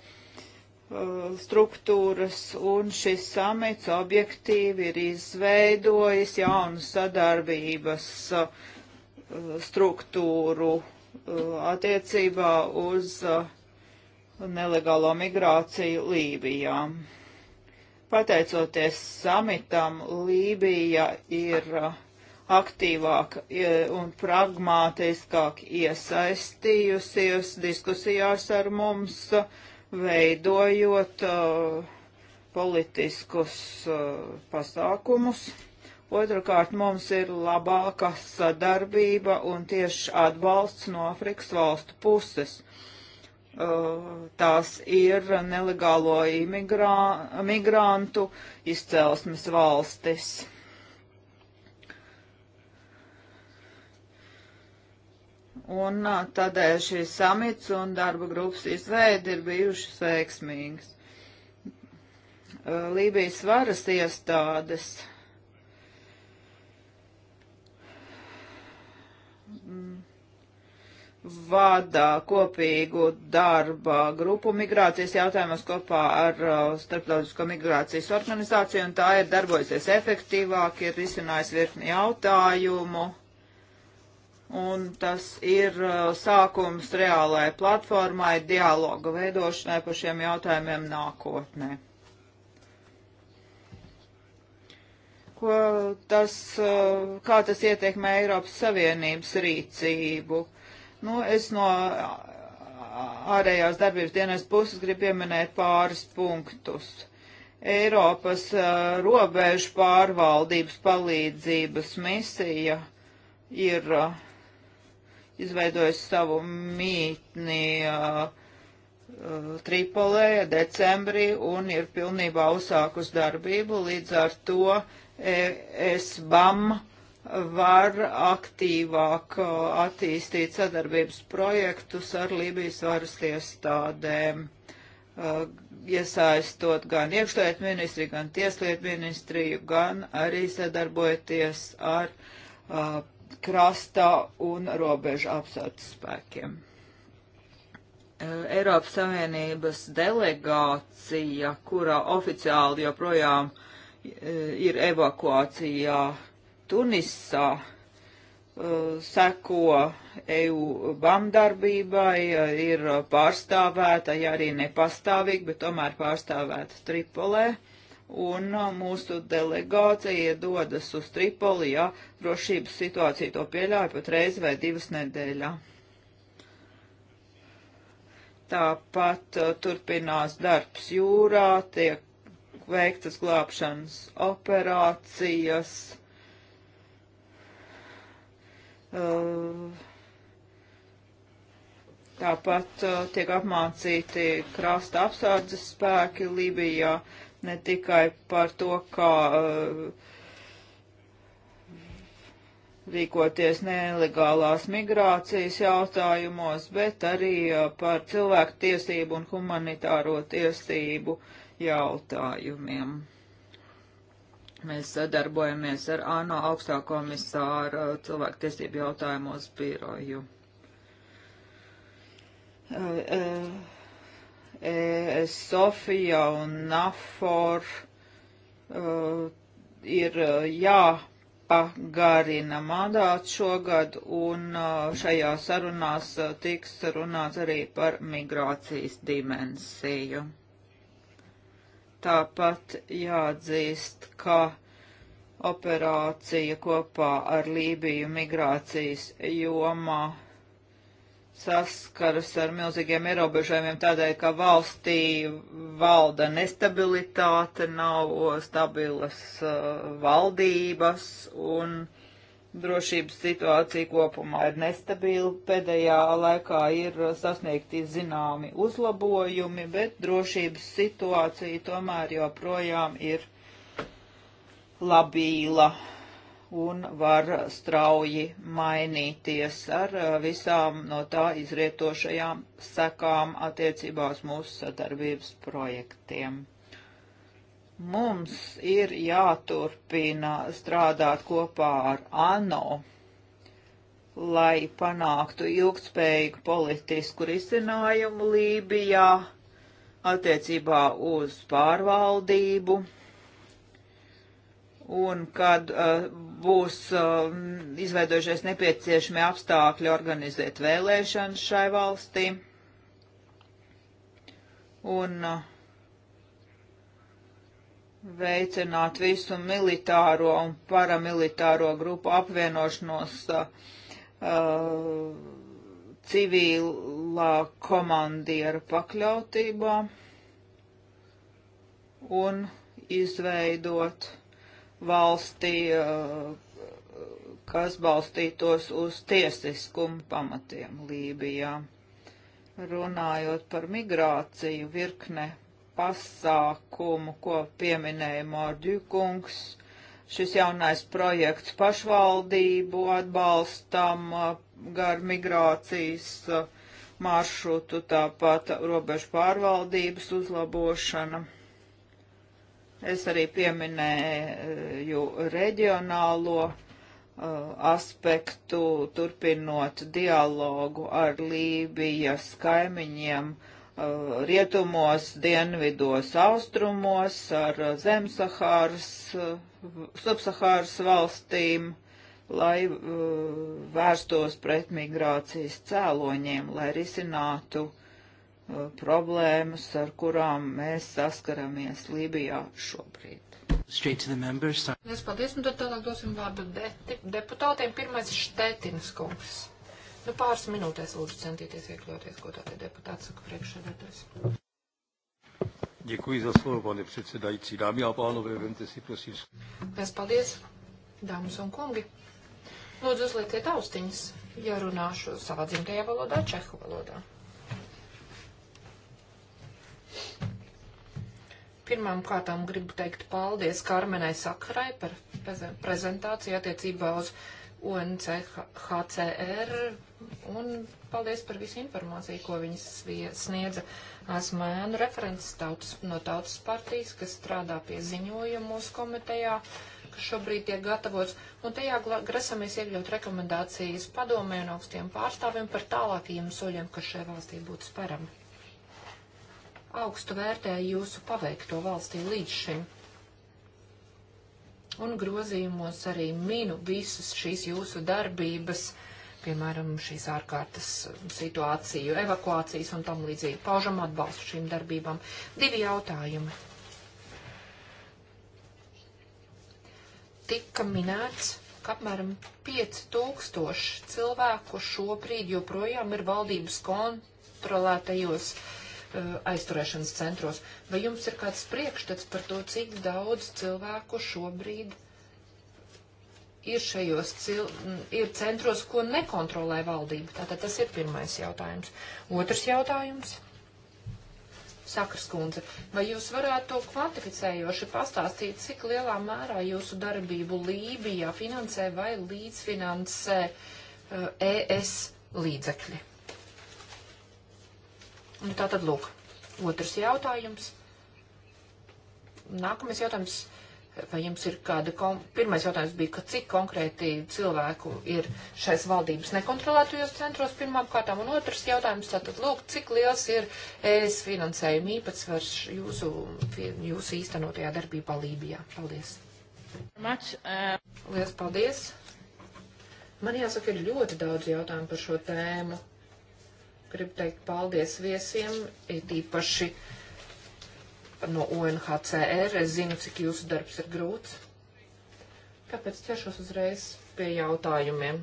struktūras, un šis samits objektīvi ir izveidojis jaunu sadarbības uh, struktūru uh, attiecībā uz uh, nelegālo migrāciju Lībijām. Pateicoties samitam, Lībija ir uh, aktīvāk un pragmātiskāk iesaistījusies diskusijās ar mums, veidojot uh, politiskus uh, pasākumus. Otrakārt, mums ir labāka sadarbība un tieši atbalsts no Afrikas valstu puses. Eh, tās ir nelegālo imigrā, migrantu izcelsmes valstis. Un eh, tādēļ šīs samits un darba grupas izveidi ir bijušas veiksmīgas. Eh, Lībijas varas iestādes mm, vada kopīgu darba grupu migrācijas jautājumos kopā ar uh, Starptautisko migrācijas organizāciju, un tā ir darbojusies efektīvāk, ir izcinājusi virkni jautājumu, un tas ir uh, sākums reālai platformai dialoga veidošanai par šiem jautājumiem nākotnē. Ko tas, uh, kā tas ietekmē Eiropas Savienības rīcību, Nu, es no ārējās darbības dienas puses gribu pieminēt pāris punktus. Eiropas uh, robežu pārvaldības palīdzības misija ir uh, izveidojusi savu mītni uh, Tripolē decembrī un ir pilnībā uzsākus darbību, līdz ar to ESBAM var aktīvāk uh, attīstīt sadarbības projektus ar Lībijas varas iestādēm, uh, iesaistot gan iekšlietu ministriju, gan tieslietu ministriju, gan arī sadarbojoties ar uh, krasta un robežu apsardzes spēkiem. Uh, Eiropas Savienības delegācija, kurā oficiāli joprājām ir evakuācijā Tunisā uh, seko EU bamdarbībai, uh, ir pārstāvēta, ja arī nepastāvīgi, bet tomēr pārstāvēta Tripolē. Un uh, mūsu delegācija dodas uz Tripoli, ja drošības situācija to pieļauj pat reizi vai divas nedēļā. Tāpat turpinās darbs jūrā, tiek veiktas glābšanas operācijas Tāpat tiek apmācīti krasta apsardzes spēki Libijā ne tikai par to, kā rīkoties nelegālās migrācijas jautājumos, bet arī par cilvēku tiesību un humanitāro tiesību jautājumiem. Mēs sadarbojamies ar ANO augstā komisāra cilvēktiesību jautājumos biroju. E, e, Sofija un Nafor e, ir jāpagarina mandāts šogad, un šajā sarunās tiks runāts arī par migrācijas dimensiju. Tāpat jāatzīst, ka operācija kopā ar Lībiju migrācijas jomā saskaras ar milzīgiem ierobežojumiem tādēļ, ka valstī valda nestabilitāte, nav stabilas uh, valdības un uh, drošības situācija kopumā ir nestabila. Pēdējā laikā ir uh, sasniegti zināmi uzlabojumi, bet drošības situācija tomēr joprojām ir labīla un var strauji mainīties ar uh, visām no tā izrietošajām sekām attiecībā uz mūsu sadarbības projektiem. Mums ir jāturpina strādāt kopā ar ANO, lai panāktu ilgspējīgu politisku risinājumu Lībijā attiecībā uz pārvaldību un kad uh, būs uh, izveidojušies nepieciešami apstākļi organizēt vēlēšanas šai valstī. Un uh, veicināt visu militāro un paramilitāro grupu apvienošanos uh, civilā komandiera pakļautībā un izveidot valstī, uh, kas balstītos uz tiesiskumu pamatiem Lībijā. Runājot par migrāciju, virkne pasākumu, ko pieminēja Morģīkungs. Šis jaunais projekts pašvaldību atbalstam gar migrācijas maršrutu, tāpat robežu pārvaldības uzlabošana. Es arī pieminēju reģionālo uh, aspektu, turpinot dialogu ar Lībijas kaimiņiem uh, Uh, rietumos, dienvidos, austrumos, ar uh, Zemsahāras, uh, subsahāras valstīm, lai vērstos pret migrācijas cēloņiem, lai risinātu problēmas, ar kurām mēs saskaramies Lībijā šobrīd. Liels paldies, un nu tad tālāk dosim vārdu de deputātiem. Pirmais ir Štētinas kungs. Nu, pāris minūtēs lūdzu centieties iekļauties, ko tātad deputāts saka priekšsēdētājs. Děkuji za slovo, pane předsedající. Dámy a pánové, vemte si prosím. Pēc paldies, dāmas un kungi. Lūdzu, uzlieciet austiņas, ja runāšu savā dzimtajā valodā, čehu valodā. Pirmām kārtām gribu teikt paldies Karmenai Sakarai par prezentāciju attiecībā uz UNCHCR, un paldies par visu informāciju, ko viņas sniedza. Esmu ēnu referents tautas, no tautas partijas, kas strādā pie ziņojuma mūsu komitejā, kas šobrīd tiek gatavots, un tajā grasamies iekļaut rekomendācijas padomē un augstiem pārstāvjiem par tālākajiem soļiem, kas šai valstī būtu sperami. Augstu vērtēju jūsu paveikto valstī līdz šim un grozījumos arī minu visas šīs jūsu darbības, piemēram, šīs ārkārtas situāciju, evakuācijas un tam līdzīgi. Paužam atbalstu šīm darbībām. Divi jautājumi. Tika minēts, ka apmēram 5000 cilvēku šobrīd joprojām ir valdības kontrolētajos uh, uh, aizturēšanas centros. Vai jums ir kāds priekšstats par to, cik daudz cilvēku šobrīd ir šajos cil ir centros, ko nekontrolē valdība? Tātad tas ir pirmais jautājums. Otrs jautājums. Sakras kundze, vai jūs varētu to kvantificējoši pastāstīt, cik lielā mērā jūsu darbību Lībijā finansē vai līdzfinansē uh, eh, ES līdzekļi? Un nu, tā tad lūk, otrs jautājums. Nākamais jautājums, vai jums ir kāda, kon... pirmais jautājums bija, ka cik konkrēti cilvēku ir šais valdības nekontrolētajos centros pirmām kārtām, un otrs jautājums, tātad lūk, cik liels ir ES finansējuma īpatsvars jūsu, jūsu īstenotajā darbībā Lībijā. Paldies. Much, uh... Liels paldies. Man jāsaka, ir ļoti daudz jautājumu par šo tēmu. Gribu teikt paldies viesiem, it īpaši no UNHCR. Es zinu, cik jūsu darbs ir grūts. Tāpēc ķeršos uzreiz pie jautājumiem.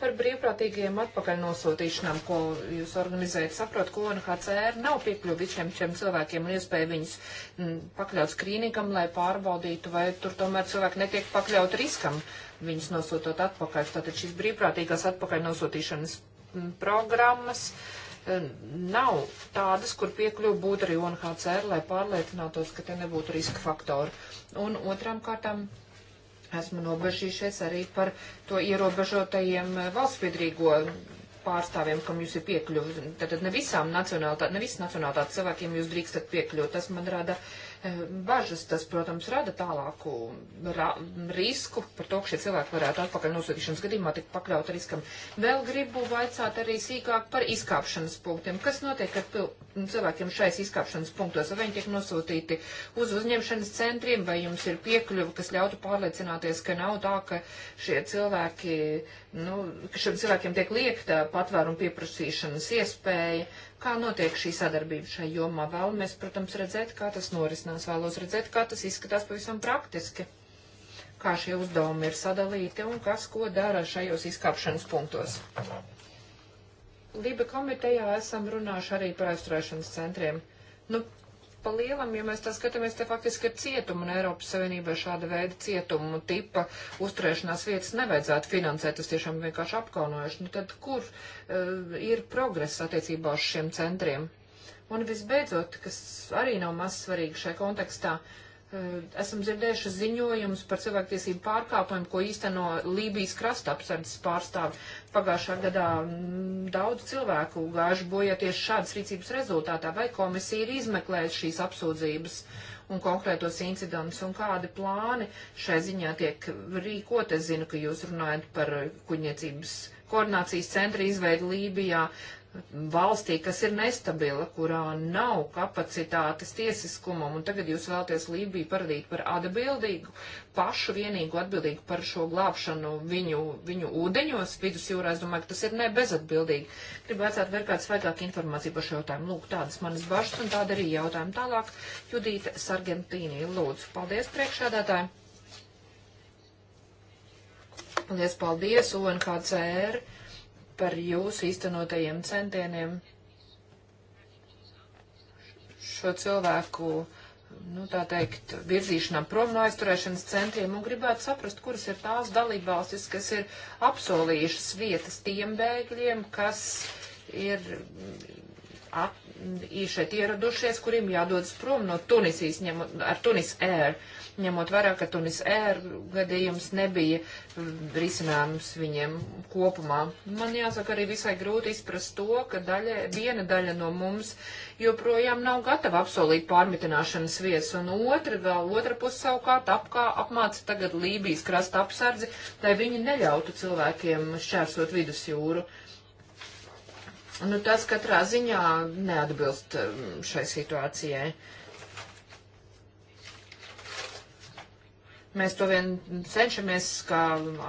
Par brīvprātīgajiem atpakaļ nosūtīšanām, ko jūs organizējat, saprot, ko UNHCR nav piekļuvi visiem šiem cilvēkiem un iespēja viņus m, mm, pakļaut skrīningam, lai pārbaudītu, vai tur tomēr cilvēki netiek pakļaut riskam viņus nosūtot atpakaļ. Tātad šīs brīvprātīgās atpakaļ nosūtīšanas programmas e, nav tādas, kur piekļuva būtu arī UNHCR, lai pārliecinātos, ka te nebūtu riska faktori. Un otrām kārtām esmu nobežījušies arī par to ierobežotajiem e, valstspiedrīgo pārstāvjiem, kam jūs ir piekļuvi. Tātad ne visām nacionālitātēm, ne visas nacionālitātes cilvēkiem jūs drīkstat piekļūt. Tas man rada uh, Eh, bažas. Tas, protams, rada tālāku ra risku par to, ka šie cilvēki varētu atpakaļ nosūtīšanas gadījumā tikt pakļaut riskam. Vēl gribu vaicāt arī sīkāk par izkāpšanas punktiem. Kas notiek ar cilvēkiem šais izkāpšanas punktos? Vai viņi tiek nosūtīti uz uzņemšanas centriem, vai jums ir piekļuva, kas ļautu pārliecināties, ka nav tā, ka šie cilvēki nu, ka šiem cilvēkiem tiek liekta patvērumu pieprasīšanas iespēja, kā notiek šī sadarbība šai jomā. Vēlamies, protams, redzēt, kā tas norisinās, vēlos redzēt, kā tas izskatās pavisam praktiski, kā šie uzdevumi ir sadalīti un kas ko dara šajos izkāpšanas punktos. Liba komitejā esam runājuši arī par aizturēšanas centriem. Nu, pa lielam, ja mēs tā skatāmies, te faktiski ir cietuma un Eiropas Savienībai šāda veida cietumu tipa uzturēšanās vietas nevajadzētu finansēt, tas tiešām vienkārši apkaunojuši. Nu tad kur uh, ir progress attiecībā uz šiem centriem? Un visbeidzot, kas arī nav maz svarīgi šajā kontekstā, uh, Eh, esam dzirdējuši ziņojumus par cilvēktiesību pārkāpumiem, ko īsteno Lībijas krastapsardzes pārstāvi. Pagājušā gadā mm, daudz cilvēku gājuši bojā tieši šādas rīcības rezultātā. Vai komisija ir izmeklējusi šīs apsūdzības un konkrētos incidentus un kādi plāni šai ziņā tiek rīkot? Es zinu, ka jūs runājat par kuģniecības koordinācijas centra izveidu Lībijā valstī, kas ir nestabila, kurā nav kapacitātes tiesiskumam, un tagad jūs vēlaties Lībiju paradīt par atbildīgu, pašu vienīgu atbildīgu par šo glābšanu viņu, viņu ūdeņos, vidusjūrā, es domāju, ka tas ir ne bezatbildīgi. Gribētu vēl kāds vairāk informāciju par šo jautājumu. Lūk, tādas manas bažas, un tāda arī jautājuma tālāk. Judīta Sargentīnī, lūdzu, paldies priekšādātājiem. Paldies, paldies, UNHCR par jūsu īstenotajiem centieniem šo cilvēku, nu tā teikt, virzīšanām prom no aizturēšanas centriem un gribētu saprast, kuras ir tās dalībvalstis, kas ir apsolījušas vietas tiem bēgļiem, kas ir at, šeit ieradušies, kuriem jādodas prom no Tunisijas, ņemot ar Tunis Air. Uh, ņemot vērā, ka Tunis Air gadījums nebija mm, risinājums viņiem kopumā. Man jāsaka arī visai grūti izprast to, ka daļa, viena daļa no mums joprojām nav gatava apsolīt pārmitināšanas viesu, un otra, vēl otra puse savukārt apkā, apmāca tagad Lībijas krasta apsardzi, lai viņi neļautu cilvēkiem šķērsot vidusjūru. Nu, tas katrā ziņā neatbilst mm, šai situācijai. Uh, Mēs to vien cenšamies kā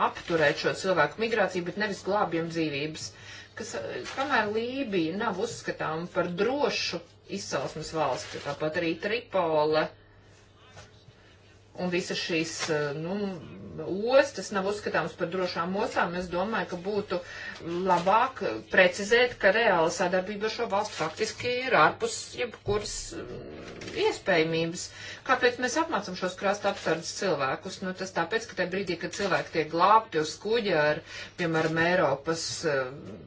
apturēt šo cilvēku migrāciju, bet nevis glābjam dzīvības. Kas, kamēr Lībija nav uzskatām par drošu izcelsmes valsti, tāpat arī Tripole un visas šīs nu, ostas nav uzskatāmas par drošām ostām, es domāju, ka būtu labāk precizēt, ka reāla sadarbība ar šo valstu faktiski ir ārpus jebkuras mm, iespējamības. Kāpēc mēs apmācam šos krasta apsardzes cilvēkus? Nu, tas tāpēc, ka tajā brīdī, kad cilvēki tiek glābti uz kuģa ar, piemēram, Eiropas mm,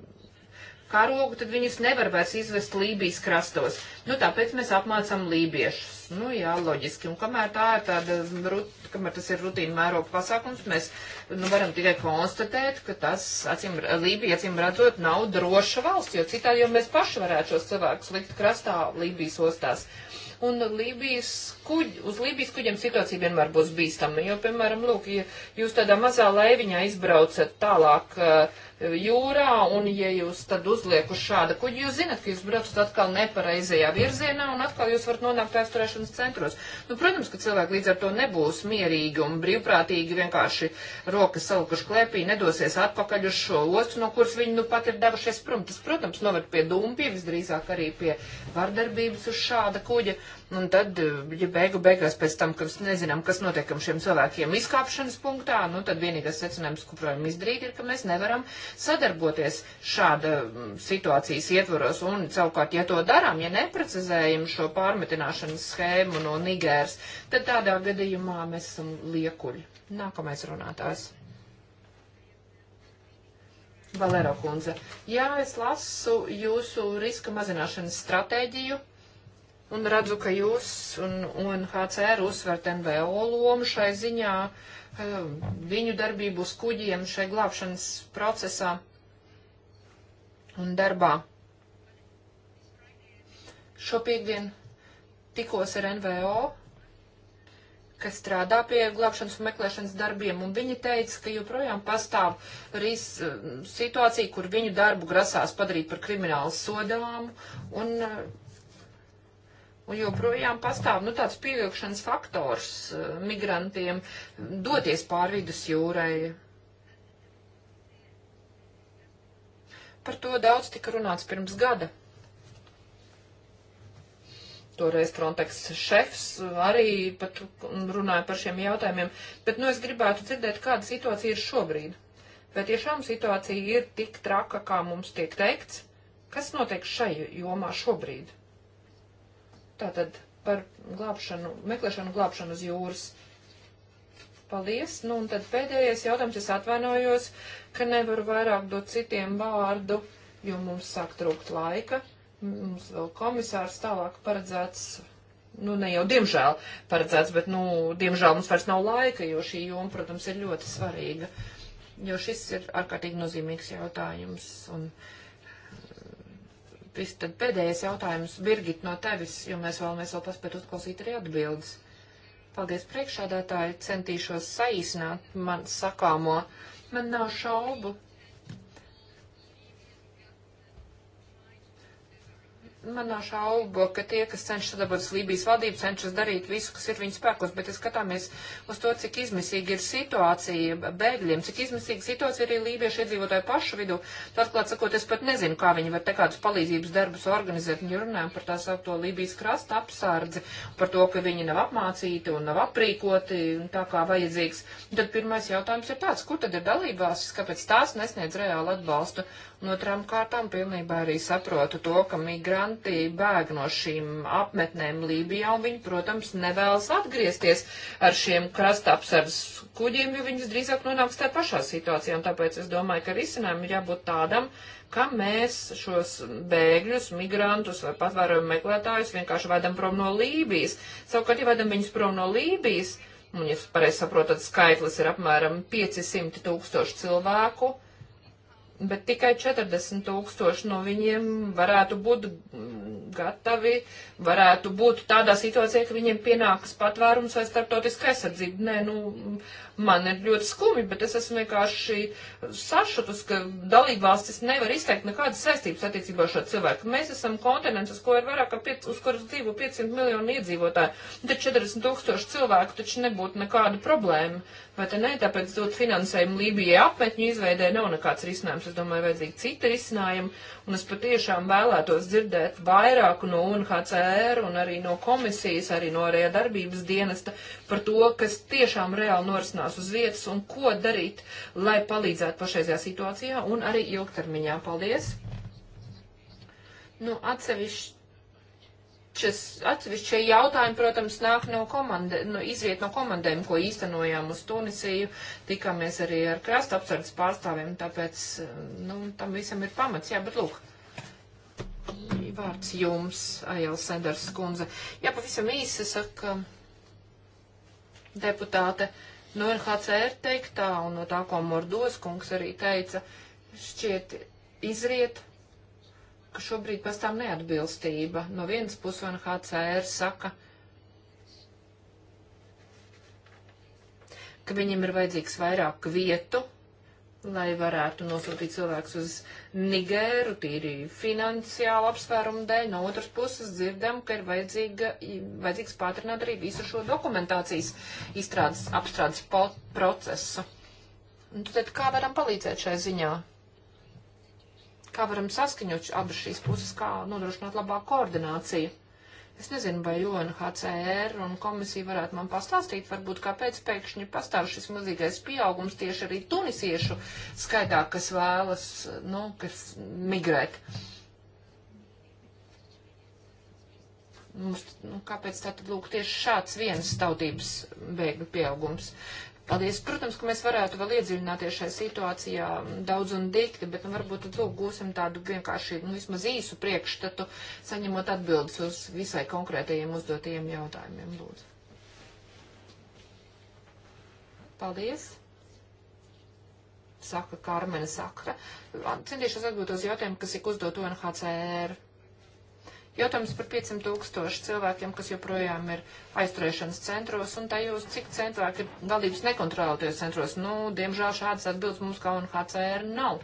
karogu, tad viņus nevar vairs izvest Lībijas krastos. Nu, tāpēc mēs apmācam lībiešus. Nu, jā, loģiski. Un kamēr tā ir tāda mm, rut, kamēr tas ir rutīna mēroga pasākums, mēs nu, varam tikai konstatēt, ka tas, acīm, Lībija, acīm redzot, nav droša valsts, jo citādi jau mēs paši varētu šos cilvēkus likt krastā Lībijas ostās un Lībijas kuģi, uz Lībijas kuģiem situācija vienmēr būs bīstama, jo, piemēram, lūk, ja jūs tādā mazā laiviņā izbraucat tālāk uh, jūrā, un ja jūs tad uzliek uz šāda kuģi, jūs zinat, ka jūs braucat atkal nepareizajā virzienā, un atkal jūs varat nonākt aizturēšanas centros. Nu, protams, ka cilvēki līdz ar to nebūs mierīgi un brīvprātīgi vienkārši rokas salikuši klēpī, nedosies atpakaļ uz šo ostu, no kuras viņi nu pat ir devušies prom. Tas, protams, noved pie dumpības, drīzāk arī pie vardarbības uz šāda kuģa. Un tad, eh, ja beigu beigās pēc tam, kad nezinām, kas notiek ar šiem cilvēkiem izkāpšanas punktā, nu tad vienīgais secinājums, ko projām izdarīt, ir, ka mēs nevaram sadarboties šāda mm, situācijas ietvaros. Un, savukārt, ja to darām, ja neprecizējam šo pārmetināšanas schēmu no Nigēras, tad tādā gadījumā mēs esam liekuļi. Nākamais runātājs. Valero kundze, jā, es lasu jūsu riska mazināšanas stratēģiju un redzu, ka jūs un UNHCR uzsvert NVO lomu šai ziņā, um, viņu darbību uz kuģiem šai glābšanas procesā un darbā. Šo piekdienu tikos ar NVO, kas strādā pie glābšanas un meklēšanas darbiem, un viņi teica, ka joprojām pastāv ris, um, situācija, kur viņu darbu grasās padarīt par kriminālu sodāmu, un uh, Un joprojām pastāv nu, tāds pievilkšanas faktors eh, migrantiem doties pāri vidus jūrai. Par to daudz tika runāts pirms gada. Toreiz Frontex šefs arī pat runāja par šiem jautājumiem, bet nu es gribētu dzirdēt, kāda situācija ir šobrīd. Vai tiešām situācija ir tik traka, kā mums tiek teikts? Kas notiek šai jomā šobrīd? Tātad par glābšanu, meklēšanu glābšanu uz jūras. Paldies. Nu, un tad pēdējais jautājums. Es atvainojos, ka nevaru vairāk dot citiem vārdu, jo mums sāk trūkt laika. Mums vēl komisārs tālāk paredzēts nu, ne jau diemžēl paredzēts, bet, nu, diemžēl mums vairs nav laika, jo šī joma, protams, ir ļoti svarīga, jo šis ir ārkārtīgi nozīmīgs jautājums, un Viss tad pēdējais jautājums, Birgit, no tevis, jo mēs vēlamies vēl paspēt uzklausīt arī atbildes. Paldies priekšādātāji, centīšos saīsināt man sakāmo. Man nav šaubu, man nav šaubu, ka tie, kas cenšas sadabūt Lībijas valdību, cenšas darīt visu, kas ir viņu spēkos, bet es skatāmies uz to, cik izmisīgi ir situācija bēgļiem, cik izmisīga situācija arī lībiešu iedzīvotāju pašu vidū. Atklāt sakot, es pat nezinu, kā viņi var te kādus palīdzības darbus organizēt, un runājam par tā saukto Lībijas krasta apsārdzi, par to, ka viņi nav apmācīti un nav aprīkoti un tā kā vajadzīgs. Un tad pirmais jautājums ir tāds, kur tad ir dalībvalstis, kāpēc tās nesniedz reāli atbalstu? Un otrām kārtām pilnībā arī saprotu to, ka migranti migranti bēg no šīm apmetnēm Lībijā, un viņi, protams, nevēlas atgriezties ar šiem krastapsardzes kuģiem, jo viņas drīzāk nonāks tā pašā situācijā, un tāpēc es domāju, ka risinājumu ir jābūt tādam, ka mēs šos bēgļus, migrantus vai patvērumu meklētājus vienkārši vedam prom no Lībijas. Savukārt, ja vedam viņus prom no Lībijas, un, ja pareizi saprotat, skaitlis ir apmēram 500 tūkstoši cilvēku, bet tikai 40 tūkstoši no viņiem varētu būt mm, gatavi, varētu būt tādā situācijā, ka viņiem pienākas patvērums vai starptautiska aizsardzība. Nē, nu, Man ir ļoti skumji, bet es esmu vienkārši sašutus, ka dalībvalstis nevar izteikt nekādas saistības attiecībā ar šo cilvēku. Mēs esam kontinents, uz ko ir vairāk kā, piec, uz kuras dzīvo 500 miljoni iedzīvotāji. Tad 40 tūkstoši cilvēku taču nebūtu nekāda problēma. Vai te ne? Tāpēc dot finansējumu Lībijai apmetņu izveidē nav nekāds risinājums. Es domāju, vajadzīgi citi risinājumi. Un es patiešām vēlētos dzirdēt vairāk no UNHCR un arī no komisijas, arī no arī darbības dienesta par to, kas tiešām reāli norisinās atrašanās uz vietas un ko darīt, lai palīdzētu pašreizajā situācijā un arī ilgtermiņā. Paldies! Nu, atsevišķi šis atsevišķie jautājumi, protams, nāk no komandē, no nu, izviet no komandēm, ko īstenojām uz Tunisiju, tikāmies arī ar krasta apsardzes pārstāvjiem, tāpēc, nu, tam visam ir pamats, jā, bet lūk. Vārds jums, Aijals Sanders kundze. Jā, pavisam īsi saka deputāte. Uh, No nu, NHCR teiktā un no tā, ko Mordos kungs arī teica, šķiet izriet, ka šobrīd pastāv neatbilstība. No vienas puses NHCR saka, ka viņiem ir vajadzīgs vairāk vietu lai varētu nosūtīt cilvēkus uz Nigēru, tīri finansiālu apsvērumu dēļ. No otras puses dzirdam, ka ir vajadzīga, vajadzīgs pātrināt arī visu šo dokumentācijas izstrādes, apstrādes procesu. Un tad kā varam palīdzēt šai ziņā? Kā varam saskaņot abas šīs puses, kā nodrošināt labāku koordināciju? Es nezinu, vai UNHCR un komisija varētu man pastāstīt, varbūt kāpēc pēkšņi pastāv šis mazīgais pieaugums tieši arī tunisiešu skaitā, kas vēlas, nu, kas migrēt. Mums, nu, kāpēc tātad lūk tieši šāds vienas tautības bēgļu pieaugums? Paldies. Protams, ka mēs varētu vēl iedziļināties šajā situācijā daudz un dikti, bet nu, varbūt tad lūk gūsim tādu vienkārši, nu, vismaz īsu priekšstatu, saņemot atbildes uz visai konkrētajiem uzdotajiem jautājumiem. Lūdzu. Paldies. Saka Karmena Sakra. Centīšos atbildēt uz jautājumu, kas ir uzdot UNHCR Jautājums par 500 tūkstošu cilvēkiem, kas joprojām ir aizturēšanas centros, un tajos, cik cilvēki ir valdības nekontrolētajos centros. Nu, diemžēl šādas atbildes mums kā UNHCR nav,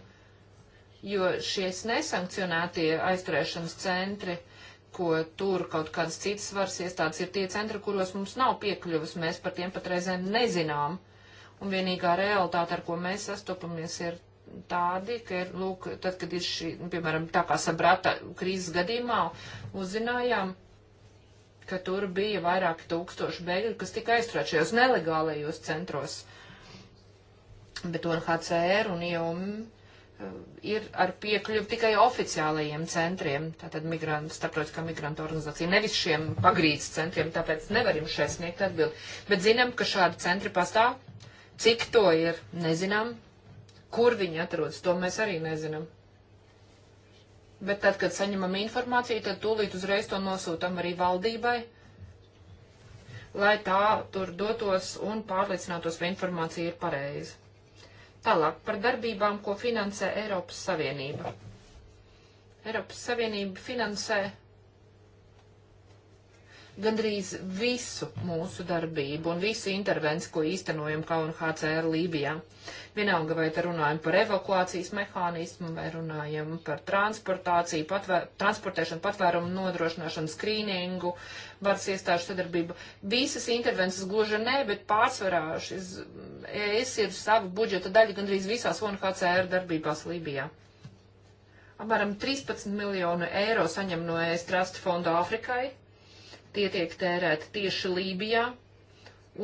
jo šies nesankcionētie aizturēšanas centri, ko tur kaut kādas citas varas iestādes ir tie centri, kuros mums nav piekļuvas, mēs par tiem patreizēm nezinām. Un vienīgā realitāte, ar ko mēs sastopamies, ir tādi, ka, lūk, tad, kad ir šī, nu, piemēram, tā kā sabrata krīzes gadījumā, uzzinājām, ka tur bija vairāki tūkstoši bēgļu, kas tika aizturēti šajos nelegālajos centros. Bet UNHCR un IOM eh, ir ar piekļuvu tikai oficiālajiem centriem, tātad migrantu, starptautiskā migrantu organizācija, nevis šiem pagrīdes centriem, tāpēc nevarim šeit sniegt atbildi. Bet zinām, ka šādi centri pastāv, cik to ir, nezinām, Kur viņi atrodas, to mēs arī nezinām. Bet tad, kad saņemam informāciju, tad tūlīt uzreiz to nosūtam arī valdībai, lai tā tur dotos un pārliecinātos, vai informācija ir pareiza. Tālāk par darbībām, ko finansē Eiropas Savienība. Eiropas Savienība finansē gandrīz visu mūsu darbību un visu intervenciju, ko īstenojam KUNHCR Lībijā. Vienalga, vai te runājam par evakuācijas mehānismu, vai runājam par transportāciju, patvēr, transportēšanu, patvērumu nodrošināšanu, skrīningu, varas iestāžu sadarbību. Visas intervences gluži nē, bet pārsvarā šis es ir savu budžeta daļu gandrīz visās UNHCR darbībās Lībijā apmēram 13 miljonu eiro saņem no ES Trust fonda Āfrikai. Tie tiek tērēti tieši Lībijā.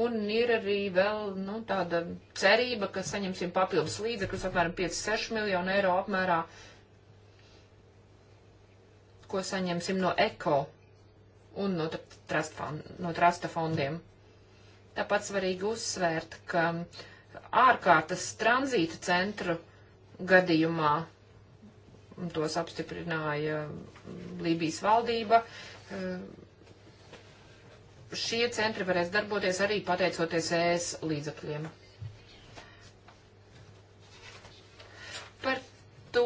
Un ir arī vēl nu, tāda cerība, ka saņemsim papildus līdzekļus apmēram 5-6 miljonu eiro apmērā, ko saņemsim no ECO un no, trust fund, no trusta fondiem. Tāpat svarīgi uzsvērt, ka ārkārtas tranzīta centru gadījumā, tos apstiprināja Lībijas valdība, eh, šie centri varēs darboties arī pateicoties ES līdzakļiem. Par to,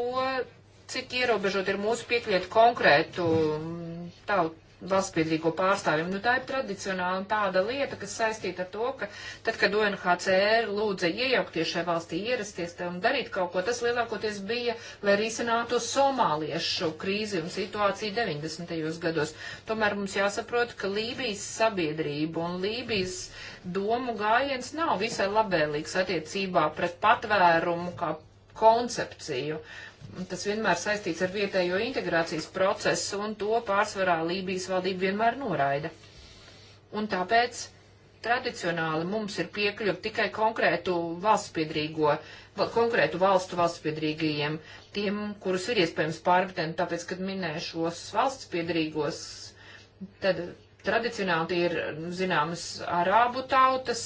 cik ierobežot ir mūsu piekļiet konkrētu mm, tautu valstspiedrīgo pārstāvjiem. Nu, tā ir tradicionāli tāda lieta, kas saistīta ar to, ka tad, kad UNHCR lūdza iejaukties šajā valstī, ierasties un darīt kaut ko, tas lielākoties bija, lai risinātu somāliešu krīzi un situāciju 90. gados. Tomēr mums jāsaprot, ka Lībijas sabiedrība un Lībijas domu gājiens nav visai labēlīgs attiecībā pret patvērumu kā koncepciju. Uh, Tas vienmēr saistīts ar vietējo integrācijas procesu, un to pārsvarā Lībijas valdība vienmēr noraida. Un tāpēc tradicionāli mums ir piekļuva tikai konkrētu valsts piedrīgo, konkrētu valstu valsts piedrīgajiem, tiem, kurus ir iespējams pārmetent, tāpēc, kad minēju šos valsts piedrīgos, tad tradicionāli tie ir zināmas arābu tautas,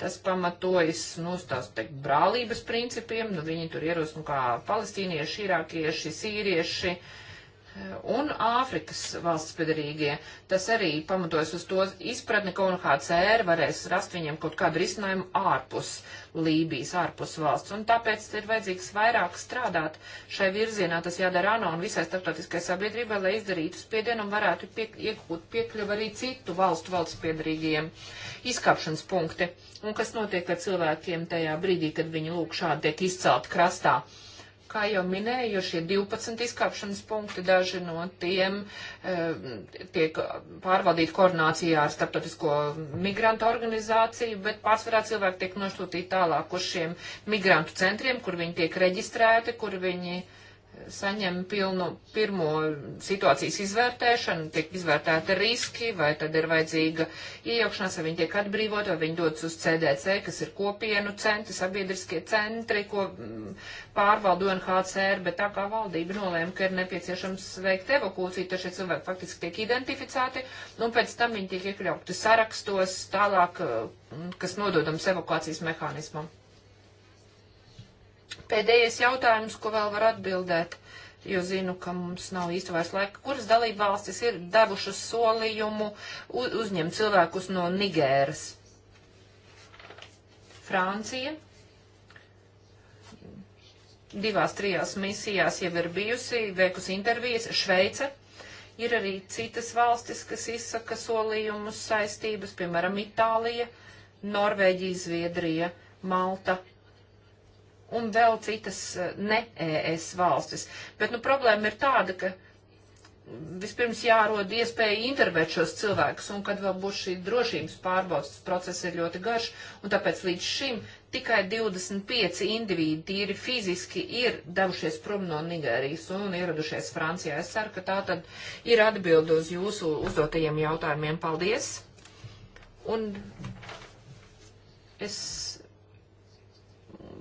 Tas pamatojas, nu, tās teikt, brālības principiem, nu, viņi tur ieros, nu, kā palestīnieši, irākieši, sīrieši, uh, un Āfrikas valsts piedarīgie. Tas arī pamatojas uz to izpratni, ka UNHCR varēs rast viņiem kaut kādu risinājumu ārpus Lībijas, ārpus valsts. Un tāpēc ir vajadzīgs vairāk strādāt šai virzienā. Tas jādara ANO un visai starptautiskai sabiedrībai, lai izdarītu spiedienu un varētu piek iegūt piekļuvu arī citu valstu valsts piedarīgajiem izkāpšanas punkti. Un kas notiek ar cilvēkiem tajā brīdī, kad viņi lūk šādi tiek izcelti krastā? kā jau minēju, ir šie 12 izkāpšanas punkti, daži no tiem e, tiek pārvaldīti koordinācijā ar starptautisko migrantu organizāciju, bet pārsvarā cilvēki tiek nosūtīti tālāk uz šiem migrantu centriem, kur viņi tiek reģistrēti, kur viņi. E, saņem pilnu pirmo situācijas izvērtēšanu, tiek izvērtēta riski, vai tad ir vajadzīga iejaukšanās, vai viņi tiek atbrīvot, vai viņi dodas uz CDC, kas ir kopienu centri, sabiedriskie centri, ko mm, pārvalda UNHCR, bet tā kā valdība nolēma, ka ir nepieciešams veikt evakuāciju, tad šie cilvēki faktiski tiek identificēti, nu, un pēc tam viņi tiek iekļauti sarakstos tālāk, mm, kas nododams evakuācijas mehānismam. Pēdējais jautājums, ko vēl var atbildēt, jo zinu, ka mums nav īsti vairs laika. Kuras dalība valstis ir devušas solījumu uzņemt cilvēkus no Nigēras? Francija, divās, trijās misijās jau ir bijusi, veikusi intervijas, Šveice. Ir arī citas valstis, kas izsaka solījumus, saistības, piemēram, Itālija, Norvēģija, Zviedrija, Malta, un vēl citas eh, ne ES valstis. Bet nu, problēma ir tāda, ka vispirms jārod iespēja intervēt šos cilvēkus, un kad vēl būs šī drošības pārbaudas process ir ļoti garš, un tāpēc līdz šim tikai 25 indivīdi tīri fiziski ir devušies prom no Nigērijas un ieradušies Francijā. Es ceru, ka tā tad ir atbildi uz jūsu uzdotajiem jautājumiem. Paldies! Un es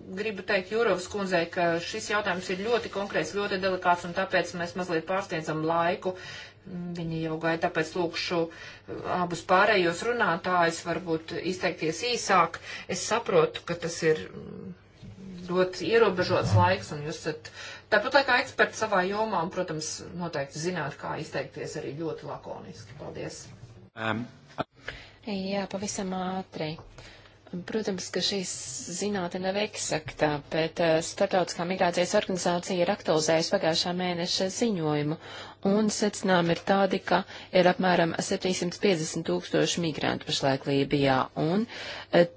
gribu teikt Jūrovas kundzei, ka šis jautājums ir ļoti konkrēts, ļoti delikāts, un tāpēc mēs mazliet pārsniedzam laiku. Viņi jau gāja, tāpēc lūkšu uh, abus pārējos runātājus varbūt izteikties īsāk. Es saprotu, ka tas ir mm, ļoti ierobežots laiks, un jūs esat tāpat laikā eksperti savā jomā, un, protams, noteikti zināt, kā izteikties arī ļoti lakoniski. Paldies! Um. Jā, pavisam ātri. Uh, Protams, ka šīs zinātne nav eksaktā, bet eh, Startautiskā migrācijas organizācija ir aktualizējusi pagājušā mēneša ziņojumu, un secinājumi ir tādi, ka ir apmēram 750 tūkstoši migrantu pašlaik Lībijā, un eh,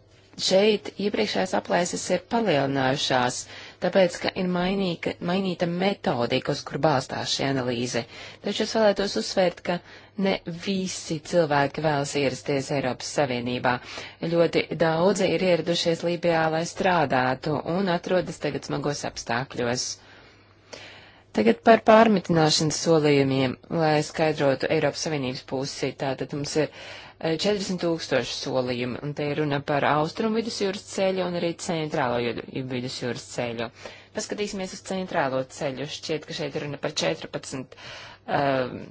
šeit iepriekšējās aplēses ir palielinājušās, tāpēc, ka ir mainīka, mainīta metodika, uz kur balstās šī analīze. Taču es vēlētos uzsvērt, ka ne visi cilvēki vēlas ierasties Eiropas Savienībā. Ļoti daudzi ir ieradušies Lībijā, lai strādātu un atrodas tagad smagos apstākļos. Tagad par pārmitināšanas solījumiem, lai skaidrotu Eiropas Savienības pusi. Tātad mums ir 40 eh, tūkstoši solījumi, un te ir runa par austrumu vidusjūras ceļu un arī centrālo vidusjūras ceļu. Paskatīsimies uz centrālo ceļu. Šķiet, ka šeit ir runa par 14 Um,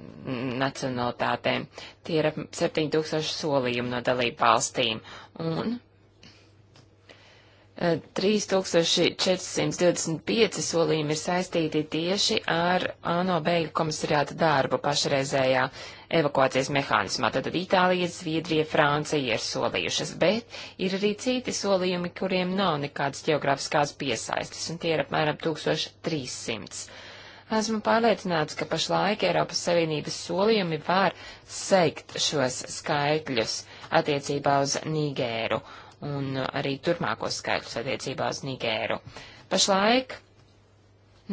nacionalitātēm. Tie ir ap 7000 solījumi no dalību valstīm. Un 3425 uh, solījumi ir saistīti tieši ar ANO beigu komisariāta darbu pašreizējā evakuācijas mehānismā. Tātad Itālija, Zviedrija, Francija ir solījušas, bet ir arī citi solījumi, kuriem nav nekādas geogrāfiskās piesaistes, un tie ir apmēram 1300 Esmu pārliecināts, ka pašlaik Eiropas Savienības solījumi var seikt šos skaitļus attiecībā uz Nigēru un arī turpmākos skaitļus attiecībā uz Nigēru. Pašlaik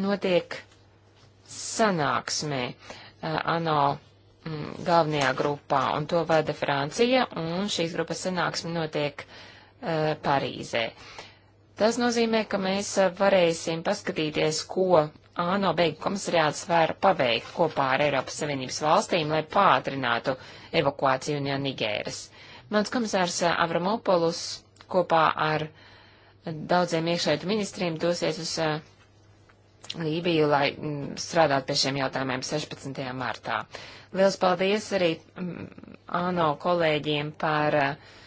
notiek sanāksmē uh, ANO mm, galvenajā grupā, un to vada Francija, un šīs grupas sanāksme notiek uh, Parīzē. Tas nozīmē, ka mēs eh, varēsim paskatīties, ko ANO beigu komisariāts var paveikt kopā ar Eiropas Savienības valstīm, lai pātrinātu evakuāciju no Nigēras. Mans komisārs Avramopolus kopā ar daudziem iekšējiem ministriem dosies uz Lībiju, lai mm, strādātu pie šiem jautājumiem 16. martā. Liels paldies arī mm, ANO kolēģiem par uh,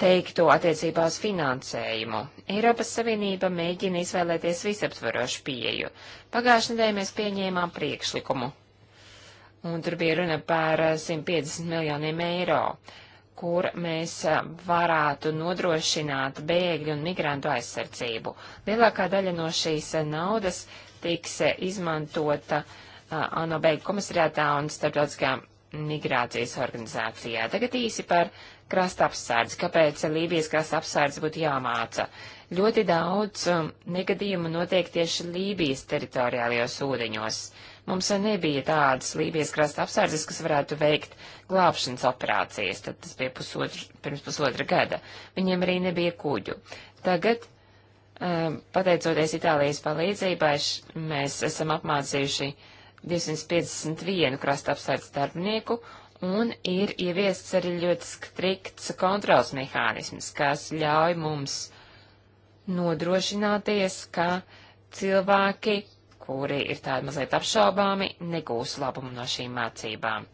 teikto attiecībā uz finansējumu. Eiropas Savienība mēģina izvēlēties visaptvarošu pieeju. Pagājušajā nedēļā mēs pieņēmām priekšlikumu. Un tur bija runa par 150 eh, miljoniem eiro, kur mēs eh, varētu nodrošināt bēgļu un migrantu aizsardzību. Lielākā daļa no šīs eh, naudas tiks izmantota ANO beigu komisariātā un starptautiskajā migrācijas organizācijā. Tagad īsi par krasta apsardz, kāpēc Lībijas krasta apsardz būtu jāmāca. Ļoti daudz um, negadījumu notiek tieši Lībijas teritoriālajos ūdeņos. Mums nebija tādas Lībijas krasta apsardzes, kas varētu veikt glābšanas operācijas, tad tas bija pusotru, pirms pusotra gada. Viņiem arī nebija kuģu. Tagad um, pateicoties Itālijas palīdzībai, mēs esam apmācījuši 251 krasta apsardz darbinieku, Un ir ieviests arī ļoti strikts kontrols mehānisms, kas ļauj mums nodrošināties, ka cilvēki, kuri ir tādi mazliet apšaubāmi, negūs labumu no šīm mācībām.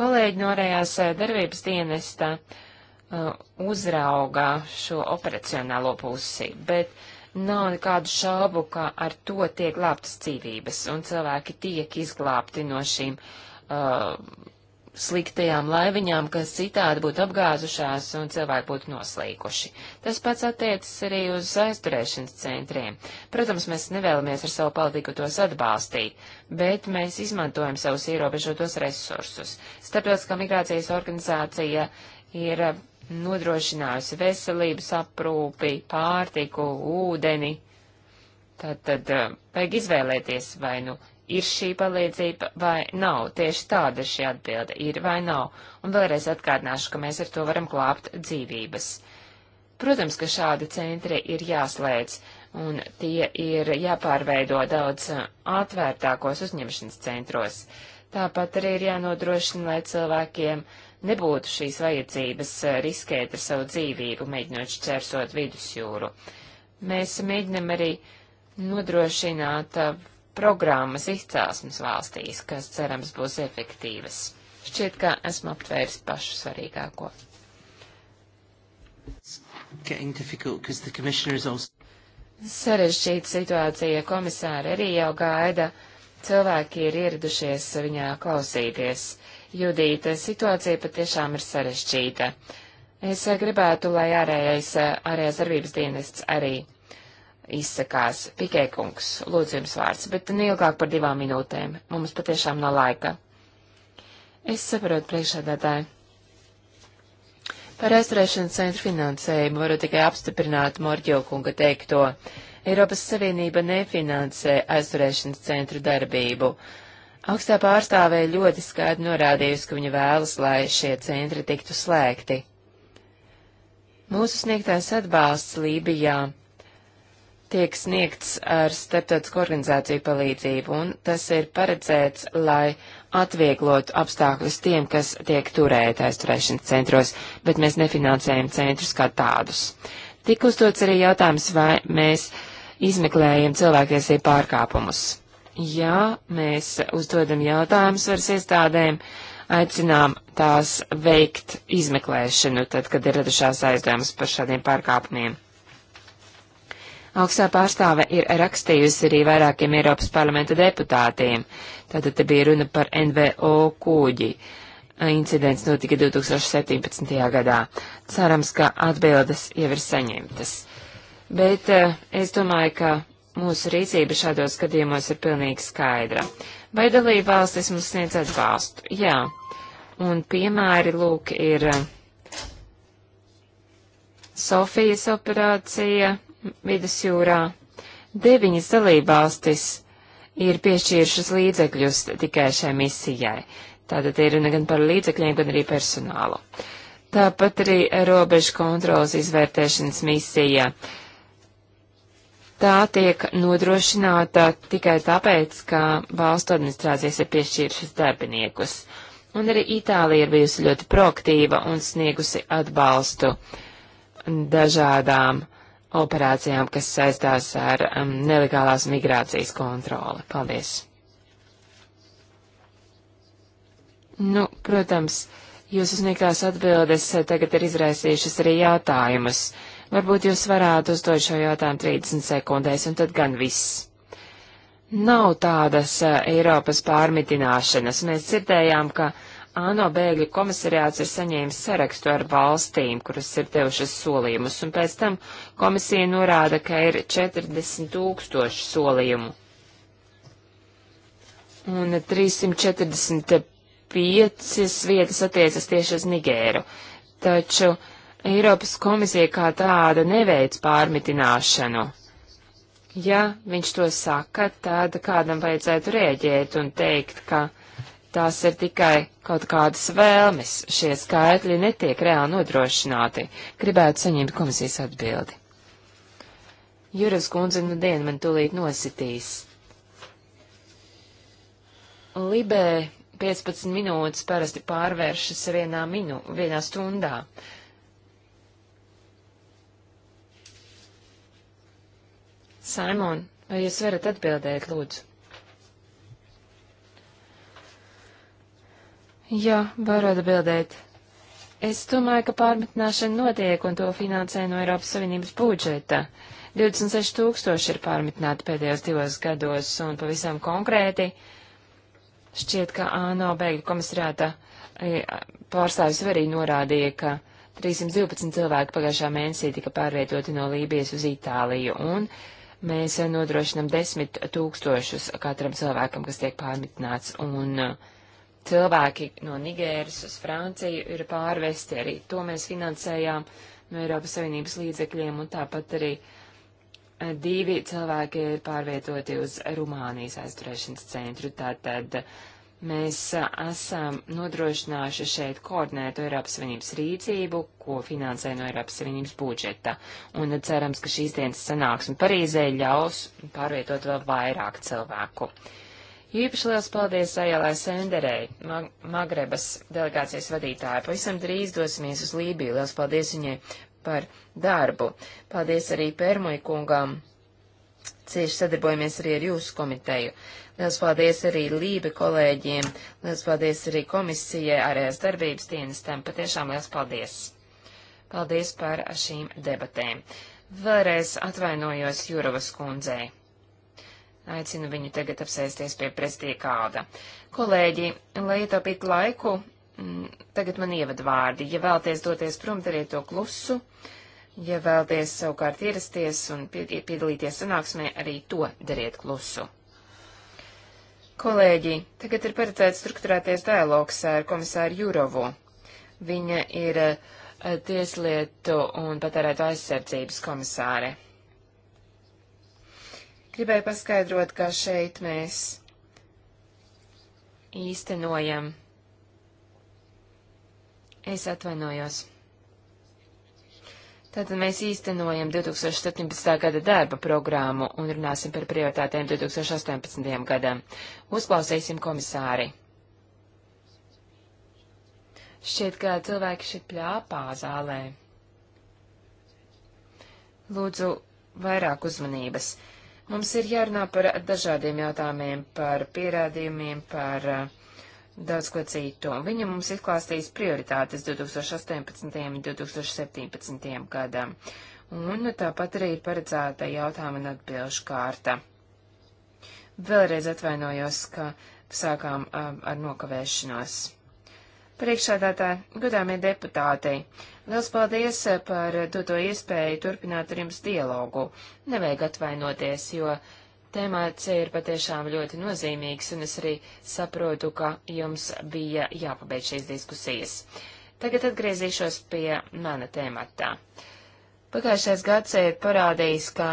Kolēģi norējās eh, darbības dienesta uh, uzrauga šo operacionālo pusi, bet nav nekādu šaubu, ka ar to tiek glābtas dzīvības, un cilvēki tiek izglābti no šīm uh, sliktajām laiviņām, kas citādi būtu apgāzušās un cilvēki būtu noslīkuši. Tas pats attiecas arī uz aizturēšanas centriem. Protams, mēs nevēlamies ar savu politiku tos atbalstīt, bet mēs izmantojam savus ierobežotos resursus. Starptautiskā migrācijas organizācija ir eh, nodrošinājusi veselības aprūpi, pārtiku, ūdeni. Tad, tad eh, vajag izvēlēties vai nu ir šī palīdzība vai nav. Tieši tāda ir šī atbilde - ir vai nav. Un vēlreiz atgādināšu, ka mēs ar to varam glābt dzīvības. Protams, ka šādi centri ir jāslēdz, un tie ir jāpārveido daudz uh, atvērtākos uzņemšanas centros. Tāpat arī ir jānodrošina, lai cilvēkiem nebūtu šīs vajadzības uh, riskēt ar savu dzīvību, mēģinot šķērsot vidusjūru. Mēs mēģinam arī nodrošināt uh, programmas izcelsmes valstīs, kas cerams būs efektīvas. Šķiet, ka esmu aptvēris pašu svarīgāko. Also... Sarežģīta situācija komisāra arī jau gaida. Cilvēki ir ieradušies viņā klausīties. Judīta situācija patiešām ir sarežģīta. Es gribētu, lai ārējais, ārējās darbības dienests arī izsakās. Pikēkungs, lūdzu jums vārds, bet neilgāk par divām minūtēm. Mums patiešām nav laika. Es saprotu priekšādātāju. Par aizturēšanas centru finansējumu varu tikai apstiprināt Morģilkunga teikto. Eiropas Savienība nefinansē aizturēšanas centru darbību. Augstā pārstāvē ļoti skaidri norādījusi, ka viņa vēlas, lai šie centri tiktu slēgti. Mūsu sniegtās atbalsts Lībijā tiek sniegts ar starptautisko organizāciju palīdzību, un tas ir paredzēts, lai atvieglotu apstākļus tiem, kas tiek turēti aizturēšanas centros, bet mēs nefinansējam centrus kā tādus. Tik uzdots arī jautājums, vai mēs izmeklējam cilvēktiesību pārkāpumus. Ja mēs uzdodam jautājumus varas iestādēm, aicinām tās veikt izmeklēšanu, tad, kad ir radušās aizdomas par šādiem pārkāpumiem. Augstā pārstāve ir rakstījusi arī vairākiem Eiropas parlamenta deputātiem. Tātad te bija runa par NVO kūģi. Incidents notika 2017. gadā. Cerams, ka atbildes jau ir saņemtas. Bet eh, es domāju, ka mūsu rīcība šādos gadījumos ir pilnīgi skaidra. Vai dalība valstis mums sniedz atbalstu? Jā. Un piemēri, lūk, ir eh, Sofijas operācija, vidusjūrā. Deviņas dalībvalstis ir piešķīrušas līdzekļus tikai šai misijai. Tātad ir runa gan par līdzekļiem, gan arī personālu. Tāpat arī robežu kontrolas izvērtēšanas misija. Tā tiek nodrošināta tikai tāpēc, ka valstu administrācijas ir piešķīrušas darbiniekus. Un arī Itālija ir bijusi ļoti proaktīva un sniegusi atbalstu dažādām operācijām, kas saistās ar um, nelegālās migrācijas kontroli. Paldies! Nu, protams, jūsu sniegtās atbildes tagad ir izraisījušas arī jautājumus. Varbūt jūs varētu uzdot šo jautājumu 30 sekundēs, un tad gan viss. Nav tādas uh, Eiropas pārmitināšanas. Mēs dzirdējām, ka uh, ANO bēgļu komisariāts ir saņēmis sarakstu ar valstīm, kuras ir devušas solījumus, un pēc tam komisija norāda, ka ir 40 tūkstoši solījumu. Un 345 vietas attiecas tieši uz Nigēru. Taču Eiropas komisija kā tāda neveic pārmitināšanu. Ja viņš to saka, tad kādam vajadzētu rēģēt un teikt, ka Tās ir tikai kaut kādas vēlmes, šie skaitļi netiek reāli nodrošināti. Gribētu saņemt komisijas atbildi. Juras kundze nu dien man tūlīt nositīs. Libē 15 minūtes parasti pārvēršas vienā minu, vienā stundā. Simon, vai jūs varat atbildēt, lūdzu? Jā, varu atbildēt. Es domāju, ka pārmitināšana notiek un to finansē no Eiropas Savienības budžeta. 26 tūkstoši ir pārmitināti pēdējos divos gados un pavisam konkrēti. Šķiet, ka ANO bēgļu komisarāta e, pārstāvis arī norādīja, ka 312 cilvēki pagājušā mēnesī tika pārvietoti no Lībijas uz Itāliju, un mēs nodrošinam 10 tūkstošus katram cilvēkam, kas tiek pārmitināts, un uh, cilvēki no Nigēras uz Franciju ir pārvesti arī. To mēs finansējām no Eiropas Savienības līdzekļiem un tāpat arī eh, divi cilvēki ir pārvietoti uz Rumānijas aizturēšanas centru. Tātad mēs eh, esam nodrošinājuši šeit koordinētu Eiropas Savienības rīcību, ko finansē no Eiropas Savienības budžeta. Un cerams, ka šīs dienas sanāksme Parīzē ļaus pārvietot vēl vairāk cilvēku. Uh, Īpaši liels paldies Ajalai Senderei, Mag Magrebas delegācijas vadītāja. Pavisam drīz dosimies uz Lībiju. Liels paldies viņai par darbu. Paldies arī Permuja kungām. Cieši sadarbojamies arī ar jūsu komiteju. Liels paldies arī Lībe kolēģiem. Liels paldies arī komisijai, ārējās darbības dienestam. Patiešām liels paldies. Paldies par šīm debatēm. Vēlreiz atvainojos Jurovas kundzei. Aicinu viņu tagad apsēsties pie prezidija kāda. Kolēģi, lai ietaupītu laiku, mm, tagad man ievada vārdi. Ja vēlties doties prom, dariet to klusu. Ja vēlties savukārt ierasties un piedalīties sanāksmē, arī to dariet klusu. Kolēģi, tagad ir paredzēts struktūrēties dialogs ar komisāru Jurovu. Viņa ir eh, tieslietu un patērētu aizsardzības komisāre. Gribēju paskaidrot, kā šeit mēs īstenojam. Es atvainojos. Tātad mēs īstenojam 2017. gada darba programmu un runāsim par prioritātēm 2018. gadam. Uzklausīsim komisāri. Šķiet, ka cilvēki šeit pļāpā zālē. Lūdzu, vairāk uzmanības. Mums ir jārunā par dažādiem jautājumiem, par pierādījumiem, par eh, daudz ko citu. Viņa mums izklāstīs prioritātes 2018. un 2017. gadam. Un tāpat arī ir paredzēta jautājuma un atbilžu kārta. Vēlreiz atvainojos, ka sākām eh, ar nokavēšanos. Priekšādātāji, godāmie deputātei, Liels paldies eh, par eh, doto iespēju turpināt ar jums dialogu. Nevajag atvainoties, jo tēmāts ir patiešām ļoti nozīmīgs, un es arī saprotu, ka jums bija jāpabeidz šīs diskusijas. Tagad atgriezīšos pie mana tēmatā. Pagājušais gads ir parādījis, ka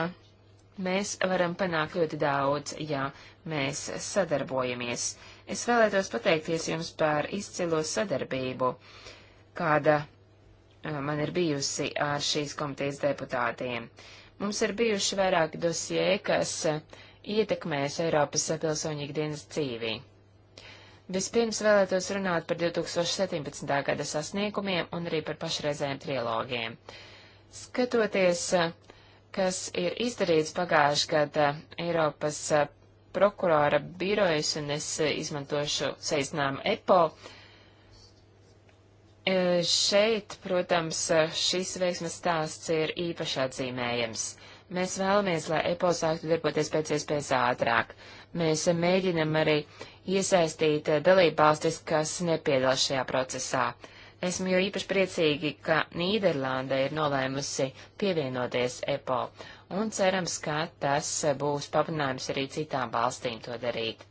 mēs varam panākt ļoti daudz, ja mēs sadarbojamies. Es vēlētos pateikties jums par izcilo sadarbību, kāda Eh, man ir bijusi ar šīs komitejas deputātiem. Mums ir bijuši vairāki dosie, kas eh, ietekmēs Eiropas pilsoņu ikdienas dzīvi. Vispirms vēlētos runāt par 2017. gada sasniegumiem un arī par pašreizējiem trilogiem. Skatoties, eh, kas ir izdarīts pagājušajā gada Eiropas prokurora birojas, un es izmantošu saistinājumu EPO, uh, E, šeit, protams, šis veiksmes stāsts ir īpaši atzīmējams. Mēs vēlamies, lai EPO sāktu darboties pēc iespējas ātrāk. Mēs mēģinam arī iesaistīt dalībvalstis, kas nepiedalās šajā procesā. Esmu jau īpaši priecīgi, ka Nīderlanda ir nolēmusi pievienoties EPO, un cerams, ka tas būs papinājums arī citām valstīm to darīt.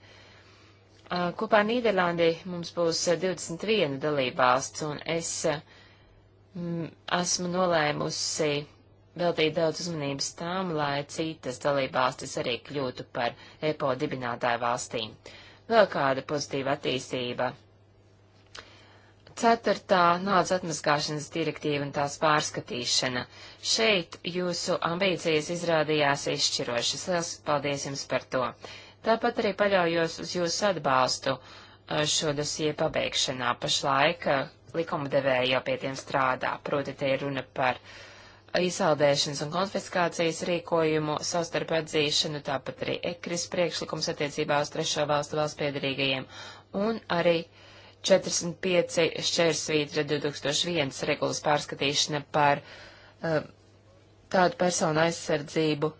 Eh, kopā Nīderlandē mums būs 21 eh, dalībvalsts, un es eh, m, esmu nolēmusi veltīt daudz uzmanības tām, lai citas dalībvalstis arī kļūtu par EPO dibinātāju valstīm. Vēl kāda pozitīva attīstība. Ceturtā naudas atmaskāšanas direktīva un tās pārskatīšana. Šeit jūsu ambīcijas izrādījās izšķirošas. Liels paldies jums par to. Tāpat arī paļaujos uz jūsu atbalstu uh, šo dosie pabeigšanā. Pašlaik uh, likumdevēja jau pie tiem strādā, proti te ir runa par uh, izsaldēšanas un konfiskācijas rīkojumu, savstarp atzīšanu, tāpat arī ekris priekšlikums attiecībā uz trešo valstu valsts piedarīgajiem un arī 45 šķērsvītra 2001 regulas pārskatīšana par uh, tādu personu aizsardzību,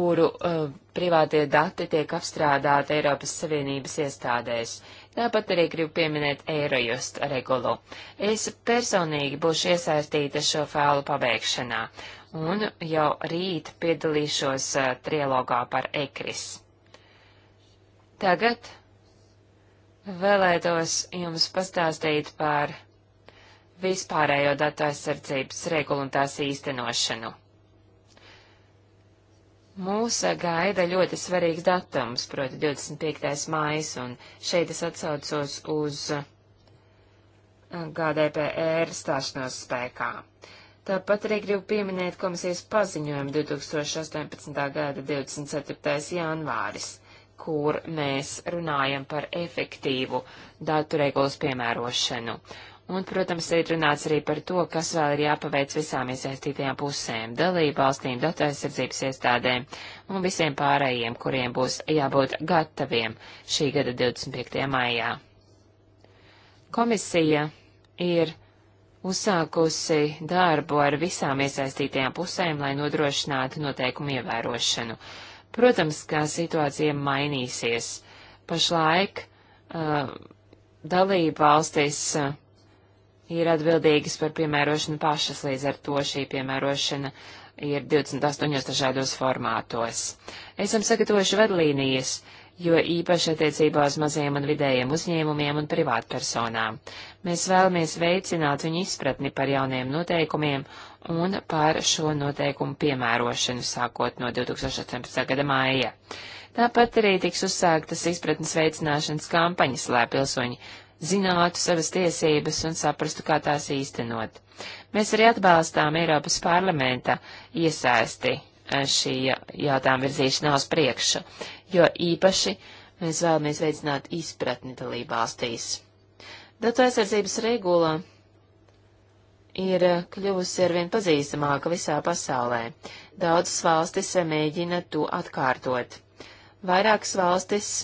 kuru uh, privātie dati tiek apstrādāti Eiropas Savienības iestādēs. Tāpat arī gribu pieminēt Eirojust regulu. Es personīgi būšu iesaistīta šo fēlu pabeigšanā, un jau rīt piedalīšos uh, trilogā par ekris. Tagad vēlētos jums pastāstīt par vispārējo datu aizsardzības regulu un tās īstenošanu. Mūs eh, gaida ļoti svarīgs datums, proti 25. mājas, un šeit es atsaucos uz eh, GDPR stāšanos spēkā. Tāpat arī gribu pieminēt komisijas paziņojumu 2018. gada 24. janvāris, kur mēs runājam par efektīvu datu regulas piemērošanu Un, protams, ir runāts arī par to, kas vēl ir jāpaveic visām iesaistītajām pusēm - dalību valstīm, datu aizsardzības iestādēm un visiem pārējiem, kuriem būs jābūt gataviem šī gada 25. maijā. Komisija ir uzsākusi darbu ar visām iesaistītajām pusēm, lai nodrošinātu noteikumu ievērošanu. Protams, kā situācija mainīsies. Pašlaik uh, dalība valstis uh, ir atbildīgas par piemērošanu pašas, līdz ar to šī piemērošana ir 28 dažādos formātos. Esam sagatavojuši vadlīnijas, jo īpaši attiecībā uz mazajiem un vidējiem uzņēmumiem un privātpersonām. Mēs vēlamies veicināt viņu izpratni par jauniem noteikumiem un par šo noteikumu piemērošanu sākot no 2018. gada māja. Tāpat arī tiks uzsāktas izpratnes veicināšanas kampaņas, lai pilsoņi zinātu savas tiesības un saprastu, kā tās īstenot. Mēs arī atbalstām Eiropas parlamenta iesaisti eh, šī jautājuma virzīšanā uz priekšu, jo īpaši mēs vēlamies veicināt izpratni dalībvalstīs. Datu aizsardzības regula ir eh, kļuvusi arvien pazīstamāka visā pasaulē. Daudzas valstis eh, mēģina to atkārtot. Vairākas valstis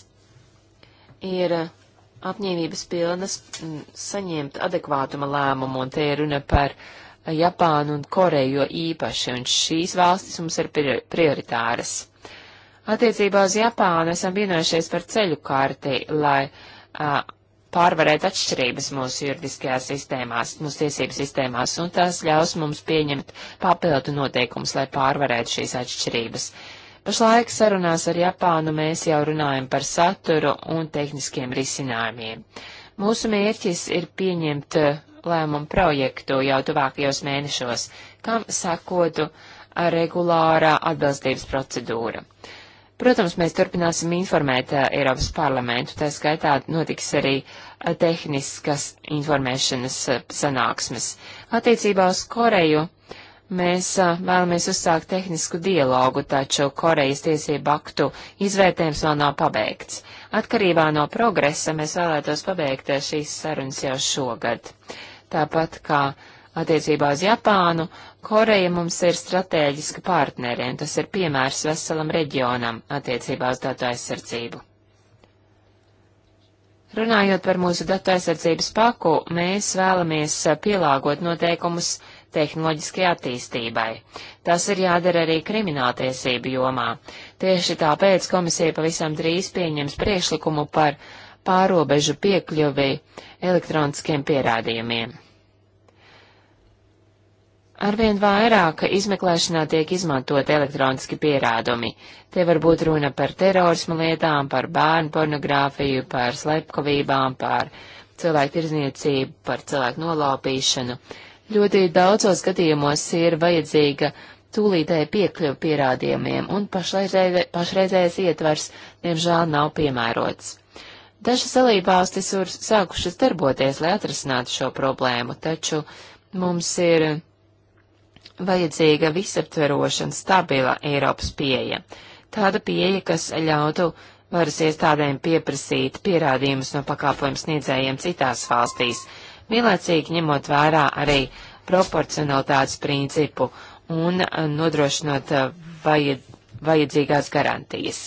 ir apņēmības pilnas mm, saņemt adekvātuma lēmumu, un te ir runa par Japānu un Koreju īpaši, un šīs valstis mums ir prioritāras. Attiecībā uz Japānu esam vienojušies par ceļu karti, lai a, pārvarēt atšķirības mūsu juridiskajās sistēmās, mūsu tiesību sistēmās, un tas ļaus mums pieņemt papildu noteikumus, lai pārvarētu šīs atšķirības. Uh, Pašlaik sarunās ar Japānu mēs jau runājam par saturu un tehniskiem risinājumiem. Mūsu mērķis ir pieņemt eh, lēmumu projektu jau tuvākajos mēnešos, kam sakotu regulārā atbilstības procedūra. Protams, mēs turpināsim informēt uh, Eiropas parlamentu, tā skaitā notiks arī uh, tehniskas informēšanas uh, sanāksmes. Attiecībā uz Koreju Mēs a, vēlamies uzsākt tehnisku dialogu, taču Korejas tiesību aktu izvērtējums vēl nav pabeigts. Atkarībā no progresa mēs vēlētos pabeigt šīs sarunas jau šogad. Tāpat kā attiecībā uz Japānu, Koreja mums ir strateģiska partneri, un tas ir piemērs veselam reģionam attiecībā uz datu aizsardzību. Runājot par mūsu datu aizsardzības paku, mēs vēlamies pielāgot noteikumus tehnoloģiskajai attīstībai. Tas ir jādara arī krimināltiesību jomā. Tieši tāpēc komisija pavisam drīz pieņems priekšlikumu par pārobežu piekļuvi elektroniskiem pierādījumiem. Arvien vairāk izmeklēšanā tiek izmantot elektroniski pierādumi. Te var būt runa par terorismu lietām, par bērnu pornogrāfiju, par slepkavībām, par cilvēku tirzniecību, par cilvēku nolaupīšanu. Ļoti daudzos gadījumos ir vajadzīga tūlītēja piekļuva pierādījumiem, un pašreizējais ietvars, diemžēl, nav piemērots. Dažas dalībvalstis ir sākušas darboties, lai atrisinātu šo problēmu, taču mums ir vajadzīga visaptveroša un stabila Eiropas pieeja. Tāda pieeja, kas ļautu varas iestādēm pieprasīt pierādījumus no pakāpojumu sniedzējiem citās valstīs, vienlaicīgi ņemot vērā arī proporcionalitātes principu un uh, nodrošinot uh, vajad, vajadzīgās garantijas.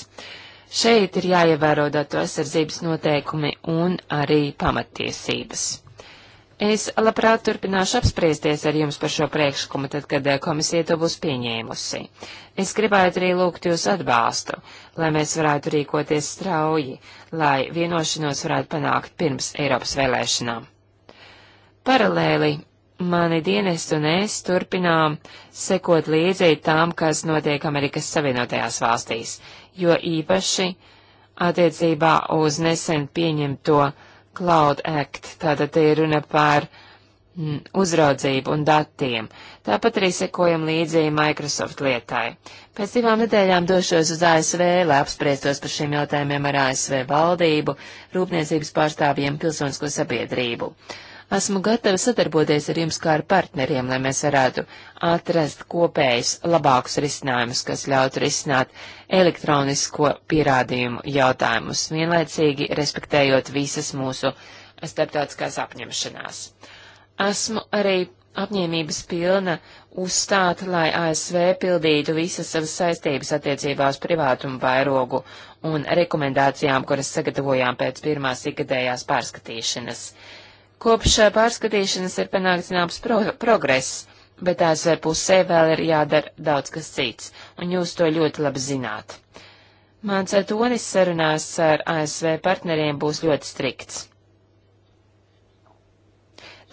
Šeit ir jāievēro datu aizsardzības noteikumi un arī pamatiesības. Es labprāt turpināšu apspriesties ar jums par šo priekšlikumu, tad, kad uh, komisija to būs pieņēmusi. Es gribētu arī lūgt jūs atbalstu, lai mēs varētu rīkoties strauji, lai vienošanos varētu panākt pirms Eiropas vēlēšanām. Paralēli mani dienas un es turpinām sekot līdzi tām, kas notiek Amerikas Savienotajās valstīs, jo īpaši attiecībā uz nesen pieņemto Cloud Act, tātad ir runa par mm, uzraudzību un datiem. Tāpat arī sekojam līdzi Microsoft lietai. Pēc divām nedēļām došos uz ASV, lai apspriestos par šiem jautājumiem ar ASV valdību, rūpniecības pārstāvjiem, pilsonisko sabiedrību. Uh, Esmu gatava sadarboties ar jums kā ar partneriem, lai mēs varētu atrast kopējus labākus risinājumus, kas ļautu risināt elektronisko pierādījumu jautājumus, vienlaicīgi respektējot visas mūsu starptautiskās apņemšanās. Esmu arī apņēmības pilna uzstāt, lai ASV pildītu visas savas saistības attiecībā uz privātumu vairogu un rekomendācijām, kuras sagatavojām pēc pirmās ikgadējās pārskatīšanas. Kopš eh, pārskatīšanas ir panākts zināms pro progress, bet ASV eh, pusē vēl ir jādara daudz kas cits, un jūs to ļoti labi zināt. Mans eh, tonis sarunās ar ASV partneriem būs ļoti strikts.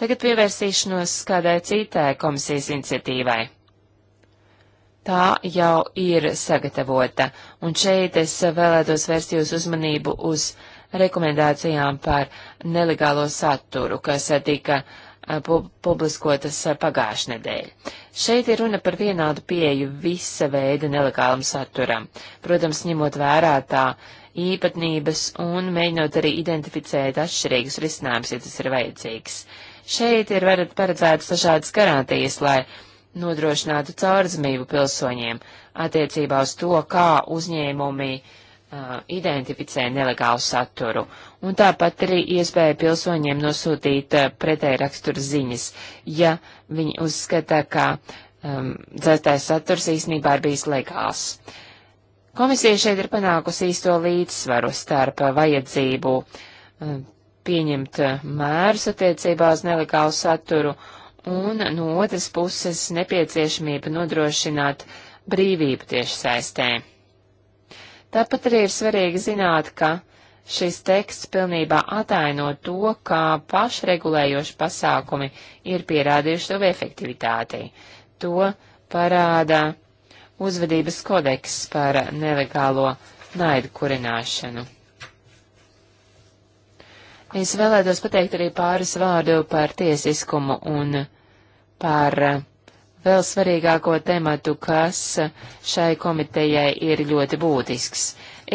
Tagad pievērsīšanos kādai citai komisijas iniciatīvai. Tā jau ir sagatavota, un šeit es vēlētos vērst jūsu uzmanību uz uh, rekomendācijām par nelegālo saturu, kas tika eh, pu publiskotas eh, pagājušajā nedēļā. Šeit ir runa par vienādu pieeju visa veida nelegālam saturam, protams, ņemot vērā tā īpatnības un mēģinot arī identificēt atšķirīgus risinājumus, ja tas ir vajadzīgs. Šeit ir paredzētas dažādas garantijas, lai nodrošinātu caurzmību pilsoņiem attiecībā uz to, kā uzņēmumi uh, uh, identificē nelegālu saturu, un tāpat arī iespēja pilsoņiem nosūtīt uh, pretēji rakstura ziņas, ja viņi uzskata, ka um, dzēstais saturs īstenībā ir bijis legāls. Komisija šeit ir panākusi īsto līdzsvaru starp vajadzību um, pieņemt uh, mērus attiecībā uz nelegālu saturu un no otras puses nepieciešamība nodrošināt brīvību tieši saistēm. Tāpat arī ir svarīgi zināt, ka šis teksts pilnībā ataino to, kā pašregulējoši pasākumi ir pierādījuši savu efektivitāti. To parāda uzvedības kodeks par nelegālo naidu kurināšanu. Es vēlētos pateikt arī pāris vārdu par tiesiskumu un par vēl svarīgāko tematu, kas šai komitejai ir ļoti būtisks.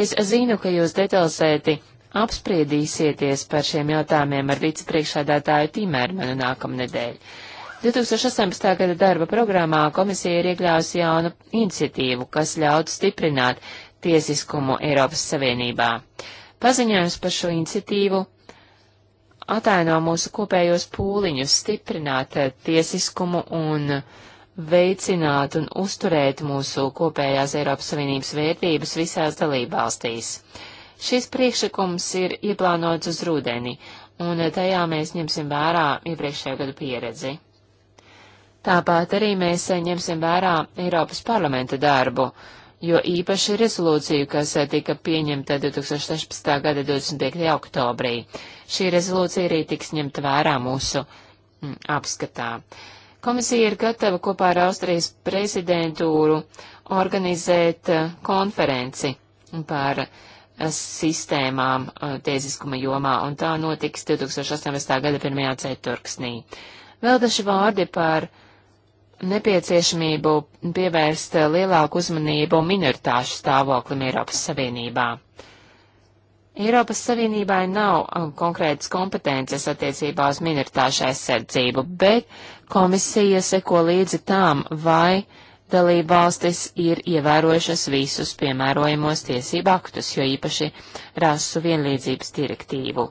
Es zinu, ka jūs detalizēti apspriedīsieties par šiem jautājumiem ar vicepriekšādātāju Timermanu nākamnedēļ. 2018. gada darba programmā komisija ir iekļāvusi jaunu iniciatīvu, kas ļautu stiprināt tiesiskumu Eiropas Savienībā. Paziņojums par šo iniciatīvu ataino mūsu kopējos pūliņus stiprināt tiesiskumu un uh, veicināt un uzturēt mūsu kopējās Eiropas Savienības vērtības visās dalībvalstīs. Šis priekšlikums ir ieplānots uz rudeni, un tajā mēs ņemsim vērā iepriekšējo gadu pieredzi. Tāpat arī mēs ņemsim vērā Eiropas parlamenta darbu, jo īpaši rezolūciju, kas tika pieņemta 2016. gada 25. oktobrī. Šī rezolūcija arī tiks ņemta vērā mūsu m, mm, apskatā. Uh, Komisija ir gatava kopā ar Austrijas prezidentūru organizēt eh, konferenci par eh, sistēmām eh, tiesiskuma jomā, un tā notiks 2018. gada 1. ceturksnī. Vēl daži vārdi par nepieciešamību pievērst lielāku uzmanību minoritāšu stāvoklim Eiropas Savienībā. Uh, Eiropas Savienībai nav um, konkrētas kompetences attiecībā uz minoritāšu aizsardzību, bet komisija seko līdzi tām, vai dalībvalstis ir ievērojušas visus piemērojamos tiesību aktus, jo īpaši rasu vienlīdzības direktīvu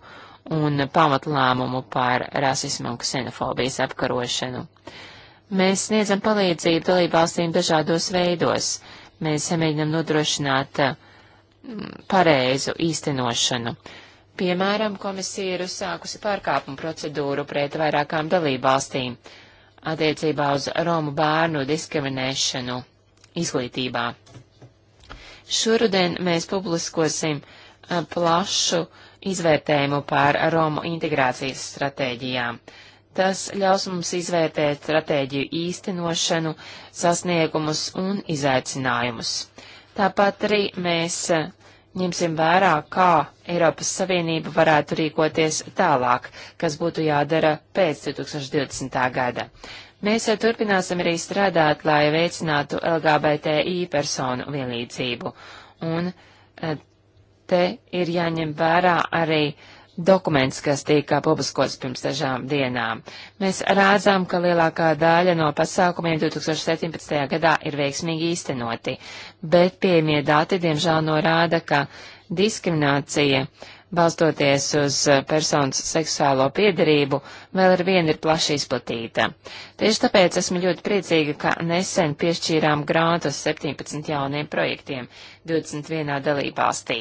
un pamatlēmumu par rasismu un ksenofobijas apkarošanu. Mēs sniedzam palīdzību dalībvalstīm dažādos veidos. Mēs mēģinam nodrošināt uh, pareizu īstenošanu. Piemēram, komisija ir uzsākusi pārkāpumu procedūru pret vairākām dalībvalstīm attiecībā uz Romu bērnu diskriminēšanu izglītībā. Šoruden mēs publiskosim plašu izvērtējumu par Romu integrācijas stratēģijām. Tas ļaus mums izvērtēt stratēģiju īstenošanu, sasniegumus un izaicinājumus. Tāpat arī mēs eh, ņemsim vērā, kā Eiropas Savienība varētu rīkoties tālāk, kas būtu jādara pēc 2020. gada. Mēs eh, turpināsim arī strādāt, lai veicinātu LGBTI personu vienlīdzību. Un eh, te ir jāņem vērā arī uh, dokuments, kas tika publiskots pirms dažām dienām. Mēs rādzām, ka lielākā daļa no pasākumiem 2017. gadā ir veiksmīgi īstenoti, bet pieejamie dati diemžēl norāda, ka diskriminācija balstoties uz personas seksuālo piedarību, vēl ar vienu ir plaši izplatīta. Tieši tāpēc esmu ļoti priecīga, ka nesen piešķīrām grāntus 17 jauniem projektiem 21. dalībvalstī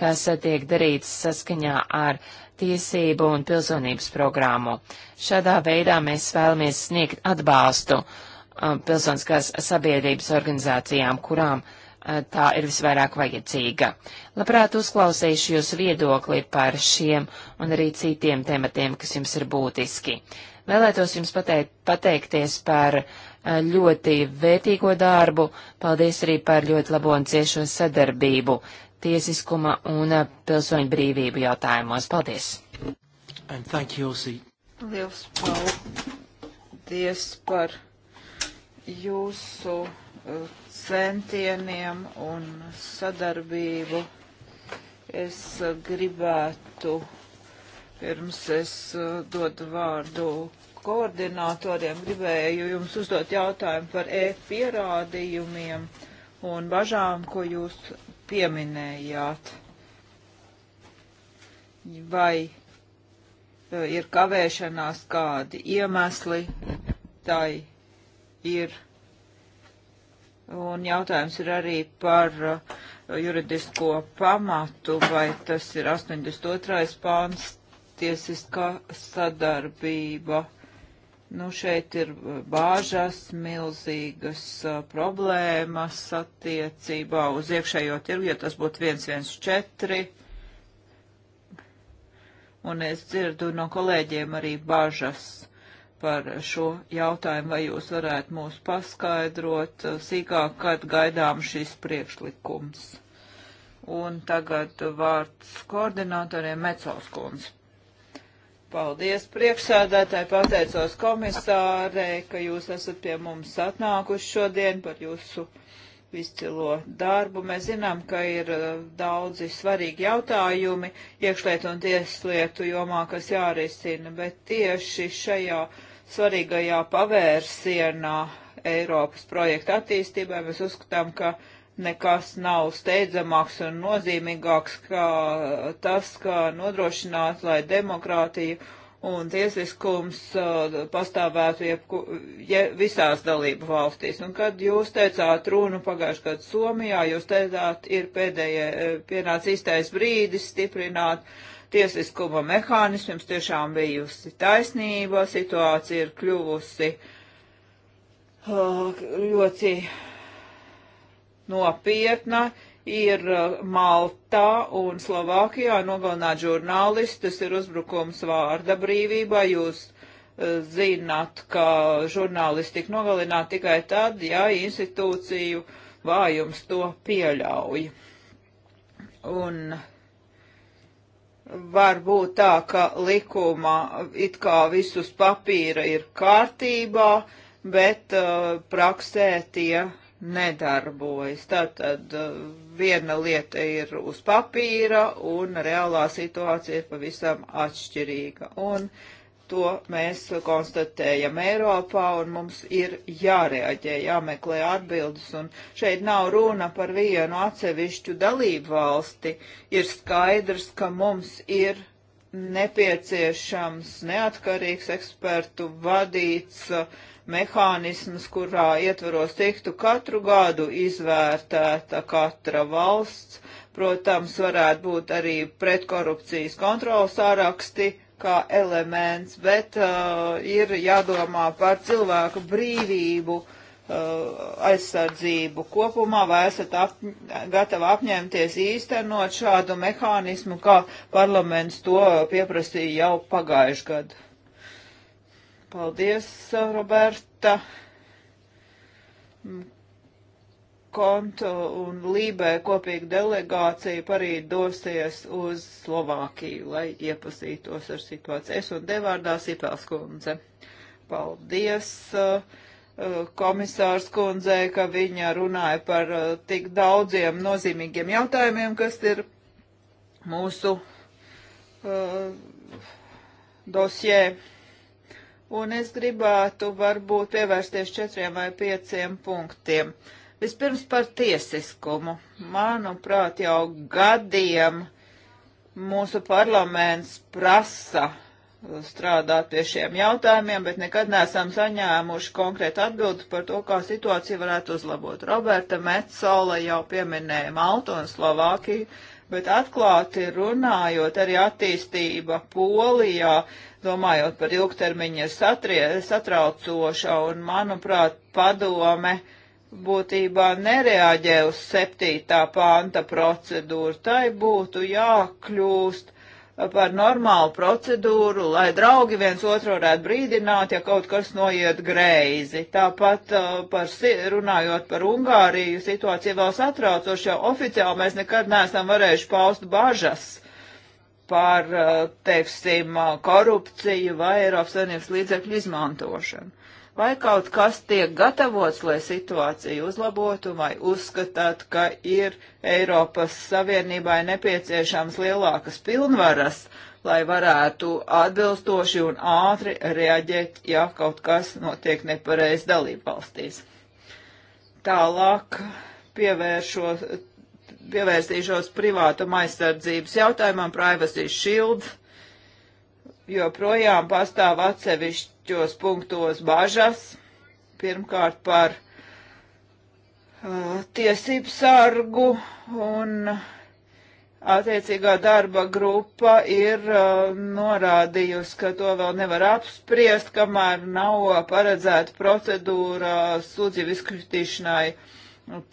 kas tiek darīts saskaņā ar tiesību un pilsonības programmu. Šādā veidā mēs vēlamies sniegt atbalstu um, pilsoniskās sabiedrības organizācijām, kurām uh, tā ir visvairāk vajadzīga. Labprāt uzklausīšu jūsu viedokli par šiem un arī citiem tematiem, kas jums ir būtiski. Vēlētos jums pateikt, pateikties par uh, ļoti vērtīgo darbu, paldies arī par ļoti labo un ciešo sadarbību tiesiskuma un eh, pilsoņu brīvību jautājumos. Paldies! Lielas paldies par jūsu eh, centieniem un sadarbību. Es eh, gribētu, pirms es dodu vārdu koordinātoriem, gribēju jums uzdot jautājumu par e-pierādījumiem un bažām, ko jūs pieminējāt. Vai uh, ir kavēšanās kādi iemesli, tai ir. Un jautājums ir arī par uh, juridisko pamatu, vai tas ir 82. pāns tiesiskā sadarbība. Nu, šeit ir uh, bāžas, milzīgas uh, problēmas attiecībā uz iekšējo tirgu, ja tas būtu 114. Un es dzirdu no kolēģiem arī bāžas par šo jautājumu, vai jūs varētu mūs paskaidrot uh, sīkāk, kad gaidām šis priekšlikums. Un tagad vārds koordinatoriem Mecauskons. Paldies priekšsādātāji, pateicos komisārei, ka jūs esat pie mums atnākuši šodien par jūsu izcilo darbu. Mēs zinām, ka ir uh, daudzi svarīgi jautājumi iekšlietu un tieslietu jomā, kas jārisina, bet tieši šajā svarīgajā pavērsienā Eiropas projekta attīstībai mēs uzskatām, ka nekas nav steidzamāks un nozīmīgāks kā tas, kā nodrošināt, lai demokrātija un tiesiskums uh, pastāvētu jebku, je, visās dalību valstīs. Un kad jūs teicāt runu pagājušajā gadā Somijā, jūs teicāt, ir pēdējie, eh, pienācis īstais brīdis stiprināt tiesiskuma mehānismus, tiešām bijusi taisnība, situācija ir kļuvusi uh, ļoti nopietna ir uh, Maltā un Slovākijā nogalināt žurnālistus, ir uzbrukums vārda brīvībā. Jūs uh, zināt, ka žurnālisti tik nogalināt tikai tad, ja institūciju vājums to pieļauj. Un var būt tā, ka likumā it kā visus papīra ir kārtībā, bet uh, praksē tie nedarbojas. Tātad uh, viena lieta ir uz papīra un reālā situācija ir pavisam atšķirīga. Un to mēs konstatējam Eiropā un mums ir jārēģē, jāmeklē atbildes. Un šeit nav runa par vienu atsevišķu dalību valsti. Ir skaidrs, ka mums ir nepieciešams neatkarīgs ekspertu vadīts uh, mehānisms, kurā ietvaros tiktu katru gadu izvērtēta katra valsts. Protams, varētu būt arī pretkorupcijas kontrolas sāraksti kā elements, bet uh, ir jādomā par cilvēku brīvību, uh, aizsardzību kopumā, vai esat ap, gatavi apņemties īstenot šādu mehānismu, kā parlaments to pieprasīja jau pagājušajā gadā. Paldies, Roberta. Konto un Lībē kopīga delegācija parīt dosies uz Slovākiju, lai iepazītos ar situāciju. Es un Devārdā Sipelskundze. Paldies. Uh, uh komisārs kundzei, ka viņa runāja par uh, tik daudziem nozīmīgiem jautājumiem, kas ir mūsu uh, dosjē un es gribētu varbūt pievērsties četriem vai pieciem punktiem. Vispirms par tiesiskumu. Manuprāt, jau gadiem mūsu parlaments prasa strādāt pie šiem jautājumiem, bet nekad neesam saņēmuši konkrētu atbildi par to, kā situācija varētu uzlabot. Roberta Metzola jau pieminēja Maltu un Slovākiju, bet atklāti runājot arī attīstība Polijā. Uh, domājot par ilgtermiņa satrie, satraucošā, un, manuprāt, padome būtībā nereaģē uz septītā panta procedūru. Tai būtu jākļūst par normālu procedūru, lai draugi viens otru varētu brīdināt, ja kaut kas noiet greizi. Tāpat uh, par, runājot par Ungāriju, situācija vēl satraucoša, jo oficiāli mēs nekad neesam varējuši paust bažas par, eh, teiksim, eh, korupciju vai Eiropas Savienības līdzekļu izmantošanu. Vai kaut kas tiek gatavots, lai situāciju uzlabotu, vai uzskatāt, ka ir Eiropas Savienībai nepieciešams lielākas pilnvaras, lai varētu atbilstoši un ātri reaģēt, ja kaut kas notiek nepareizi dalību valstīs? Tālāk pievēršos pievērsīšos privātuma aizsardzības jautājumam, privacy shield, jo projām pastāv atsevišķos punktos bažas. Pirmkārt par uh, tiesību sargu un attiecīgā darba grupa ir uh, norādījusi, ka to vēl nevar apspriest, kamēr nav paredzēta procedūra sūdzību izkritīšanai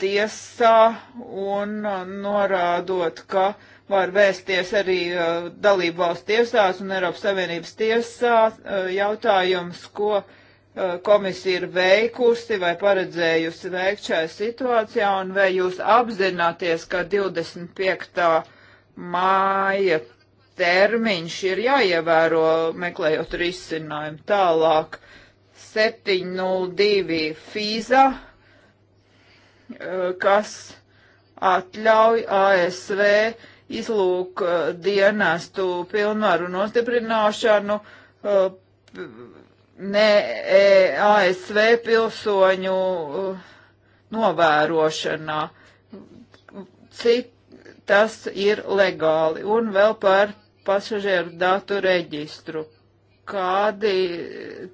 tiesā un uh, norādot, ka var vēsties arī uh, dalību valsts tiesās un Eiropas Savienības tiesā uh, jautājums, ko komisija ir veikusi vai paredzējusi veikt šajā situācijā un vai jūs apzināties, ka 25. māja termiņš ir jāievēro meklējot risinājumu tālāk 702 fīza Eh, kas atļauj ASV izlūk eh, dienestu pilnvaru nostiprināšanu eh, ne e, ASV pilsoņu novērošanā. Cik tas ir legāli? Un vēl par pasažieru datu reģistru. Kādi,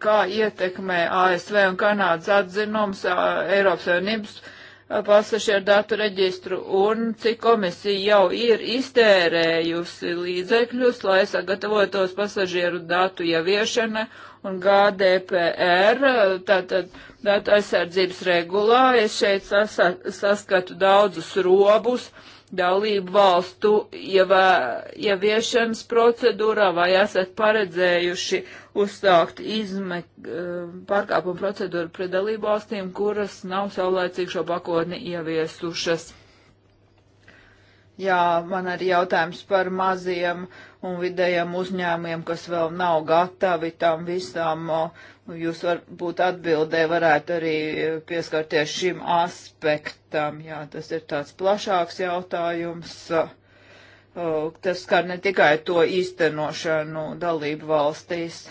kā ietekmē ASV un Kanādas atzinums Eiropas Savienības uh, pasažieru datu reģistru un cik komisija jau ir iztērējusi līdzekļus, lai sagatavotos pasažieru datu ieviešana un GDPR, tātad datu aizsardzības regulā. Es šeit sasa, saskatu daudzus robus, dalību valstu ievā, ieviešanas procedūrā vai esat paredzējuši uzsākt izme, eh, pārkāpumu procedūru pret dalību valstīm, kuras nav saulēcīgi šo pakotni ieviesušas? Jā, man arī jautājums par maziem un vidējiem uzņēmiem, kas vēl nav gatavi tam visam uh, Nu, jūs varbūt atbildē varētu arī pieskarties šim aspektam. Jā, tas ir tāds plašāks jautājums. Tas skar ne tikai to īstenošanu dalību valstīs.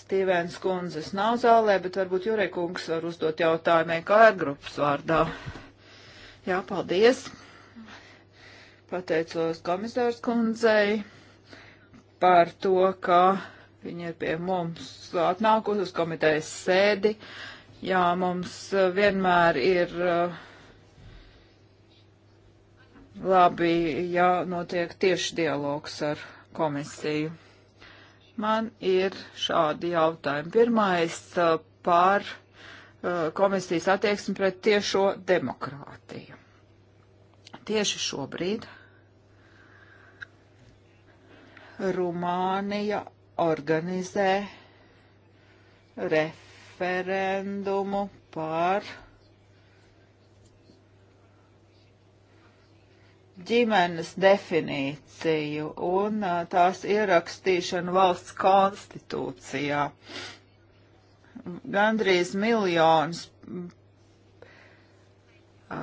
Stīvens kundzes nav zālē, bet varbūt Jurekungs var uzdot jautājumu EKR grupas vārdā. Jā, paldies. Pateicos komisārs kundzei par to, ka Viņa ir pie mums atnākusi uz komitejas sēdi. Jā, mums uh, vienmēr ir uh, labi, ja notiek tieši dialogs ar komisiju. Man ir šādi jautājumi. Pirmais uh, par komisijas attieksmi pret tiešo demokrātiju. Tieši šobrīd Rumānija organizē referendumu par ģimenes definīciju un tās ierakstīšanu valsts konstitūcijā. Gandrīz miljons uh,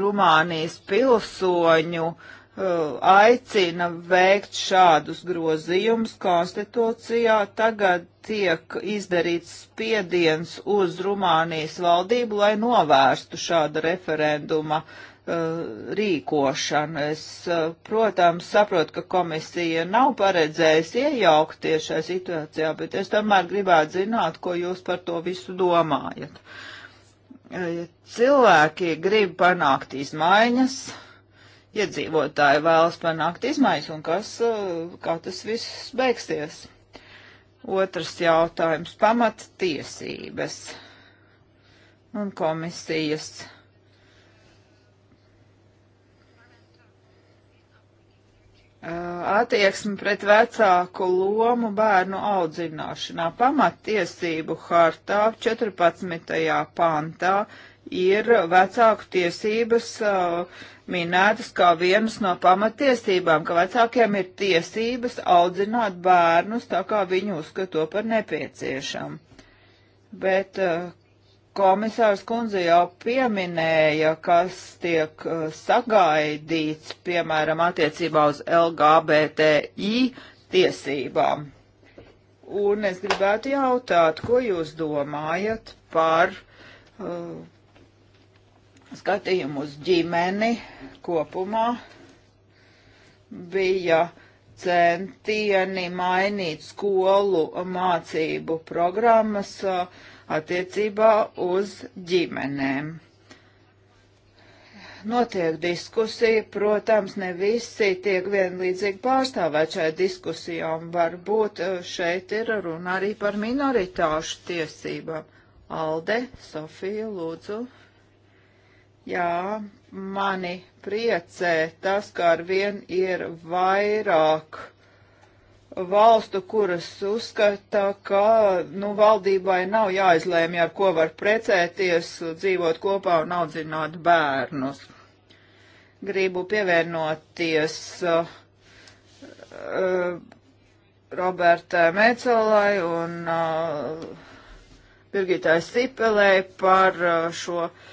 Rumānijas pilsoņu uh, Uh, aicina veikt šādus grozījumus konstitūcijā. Tagad tiek izdarīts spiediens uz Rumānijas valdību, lai novērstu šāda referenduma uh, rīkošanu. Es, uh, protams, saprotu, ka komisija nav paredzējusi iejaukties šajā situācijā, bet es tomēr gribētu zināt, ko jūs par to visu domājat. Uh, cilvēki grib panākt izmaiņas, iedzīvotāji vēlas panākt izmaiņas un kas, eh, kā tas viss beigsies. Otrs jautājums - pamata tiesības un komisijas. Eh, attieksmi pret vecāku lomu bērnu audzināšanā. Pamattiesību hartā 14. pantā ir vecāku tiesības uh, minētas kā vienas no pamatiesībām, ka vecākiem ir tiesības audzināt bērnus tā, kā viņi uzskata to par nepieciešamu. Bet uh, komisārs kundze jau pieminēja, kas tiek uh, sagaidīts, piemēram, attiecībā uz LGBTI tiesībām. Un es gribētu jautāt, ko jūs domājat par uh, skatījumu uz ģimeni kopumā bija centieni mainīt skolu mācību programmas attiecībā uz ģimenēm. Notiek diskusija, protams, ne visi tiek vienlīdzīgi pārstāvēt šai diskusijām. Varbūt šeit ir runa arī par minoritāšu tiesībām. Alde, Sofija, lūdzu. Jā, mani priecē tas, ka ar vien ir vairāk valstu, kuras uzskata, ka nu, valdībai nav jāizlēmj, ar ko var precēties, dzīvot kopā un audzināt bērnus. Gribu pievienoties uh, uh, Robertai Mecelai un uh, Birgitai Sipelei par uh, šo uh,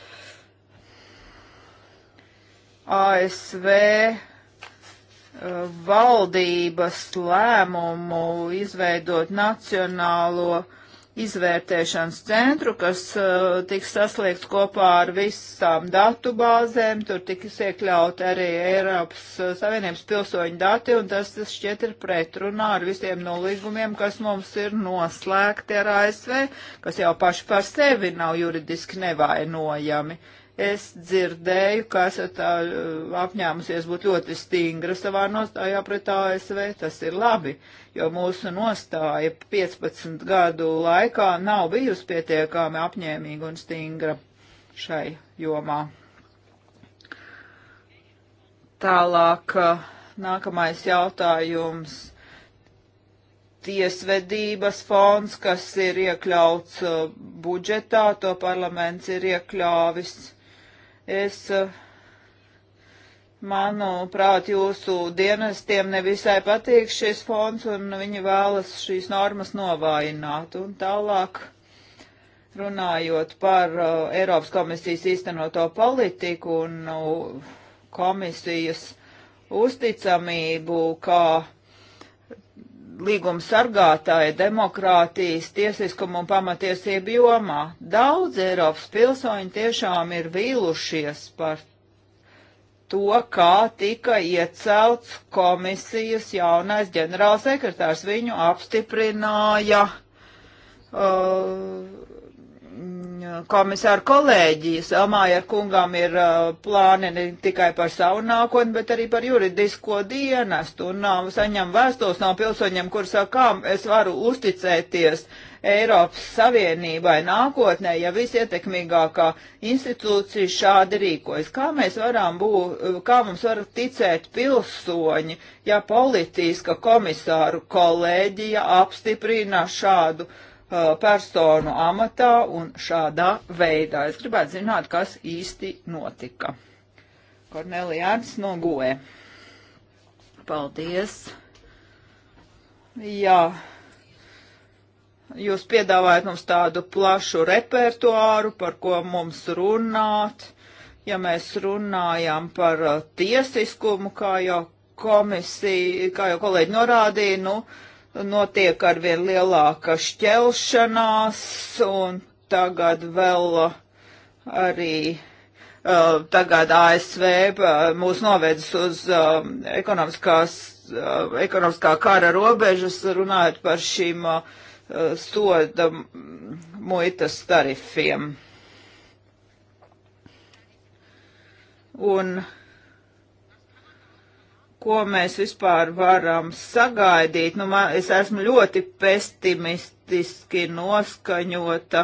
ASV uh, valdības lēmumu izveidot nacionālo izvērtēšanas centru, kas uh, tiks sasliegts kopā ar visām datubāzēm, tur tiks iekļaut arī Eiropas uh, Savienības pilsoņu dati, un tas, tas šķiet ir pretrunā ar visiem nolīgumiem, kas mums ir noslēgti ar ASV, kas jau paši par sevi nav juridiski nevainojami. Uh, Es dzirdēju, ka esat tā, apņēmusies būt ļoti stingra savā nostājā pret ASV. Tas ir labi, jo mūsu nostāja 15 gadu laikā nav bijusi pietiekami apņēmīga un stingra šai jomā. Tālāk nākamais jautājums tiesvedības fonds, kas ir iekļauts uh, budžetā, to parlaments ir iekļāvis. Es, eh, manuprāt, jūsu dienestiem nevisai patīk šis fonds, un viņi vēlas šīs normas novājināt. Un tālāk, runājot par uh, Eiropas komisijas īstenoto politiku un uh, komisijas uzticamību, kā līguma sargātāja demokrātijas, tiesiskuma un pamatiesību jomā. Daudz Eiropas pilsoņi tiešām ir vīlušies par to, kā tika iecelts komisijas jaunais ģenerālsekretārs. Viņu apstiprināja uh, komisāru kolēģijas Amāja kungām ir uh, plāni ne tikai par savu nākotni, bet arī par juridisko dienestu. Un uh, saņem vēstules no pilsoņiem, kur sakām, es varu uzticēties Eiropas Savienībai nākotnē, ja visietekmīgākā institūcija šādi rīkojas. Kā mēs varam būt, kā mums var ticēt pilsoņi, ja politiska komisāru kolēģija apstiprina šādu uh, Uh, personu amatā un šādā veidā. Es gribētu zināt, kas īsti notika. Kornelija Ernsts no Goe. Paldies. Jā. Jūs piedāvājat mums tādu plašu repertuāru, par ko mums runāt. Ja mēs runājam par uh, tiesiskumu, kā jau komisija, kā jau kolēģi norādīja, nu, uh, notiek arvien lielāka šķelšanās, un tagad vēl uh, arī uh, tagad ASV uh, mūs novedz uz uh, ekonomiskās, uh, ekonomiskā kara robežas, runājot par šīm uh, soda muitas tarifiem. Un uh, ko mēs vispār varam sagaidīt. Nu, man, es esmu ļoti pesimistiski noskaņota.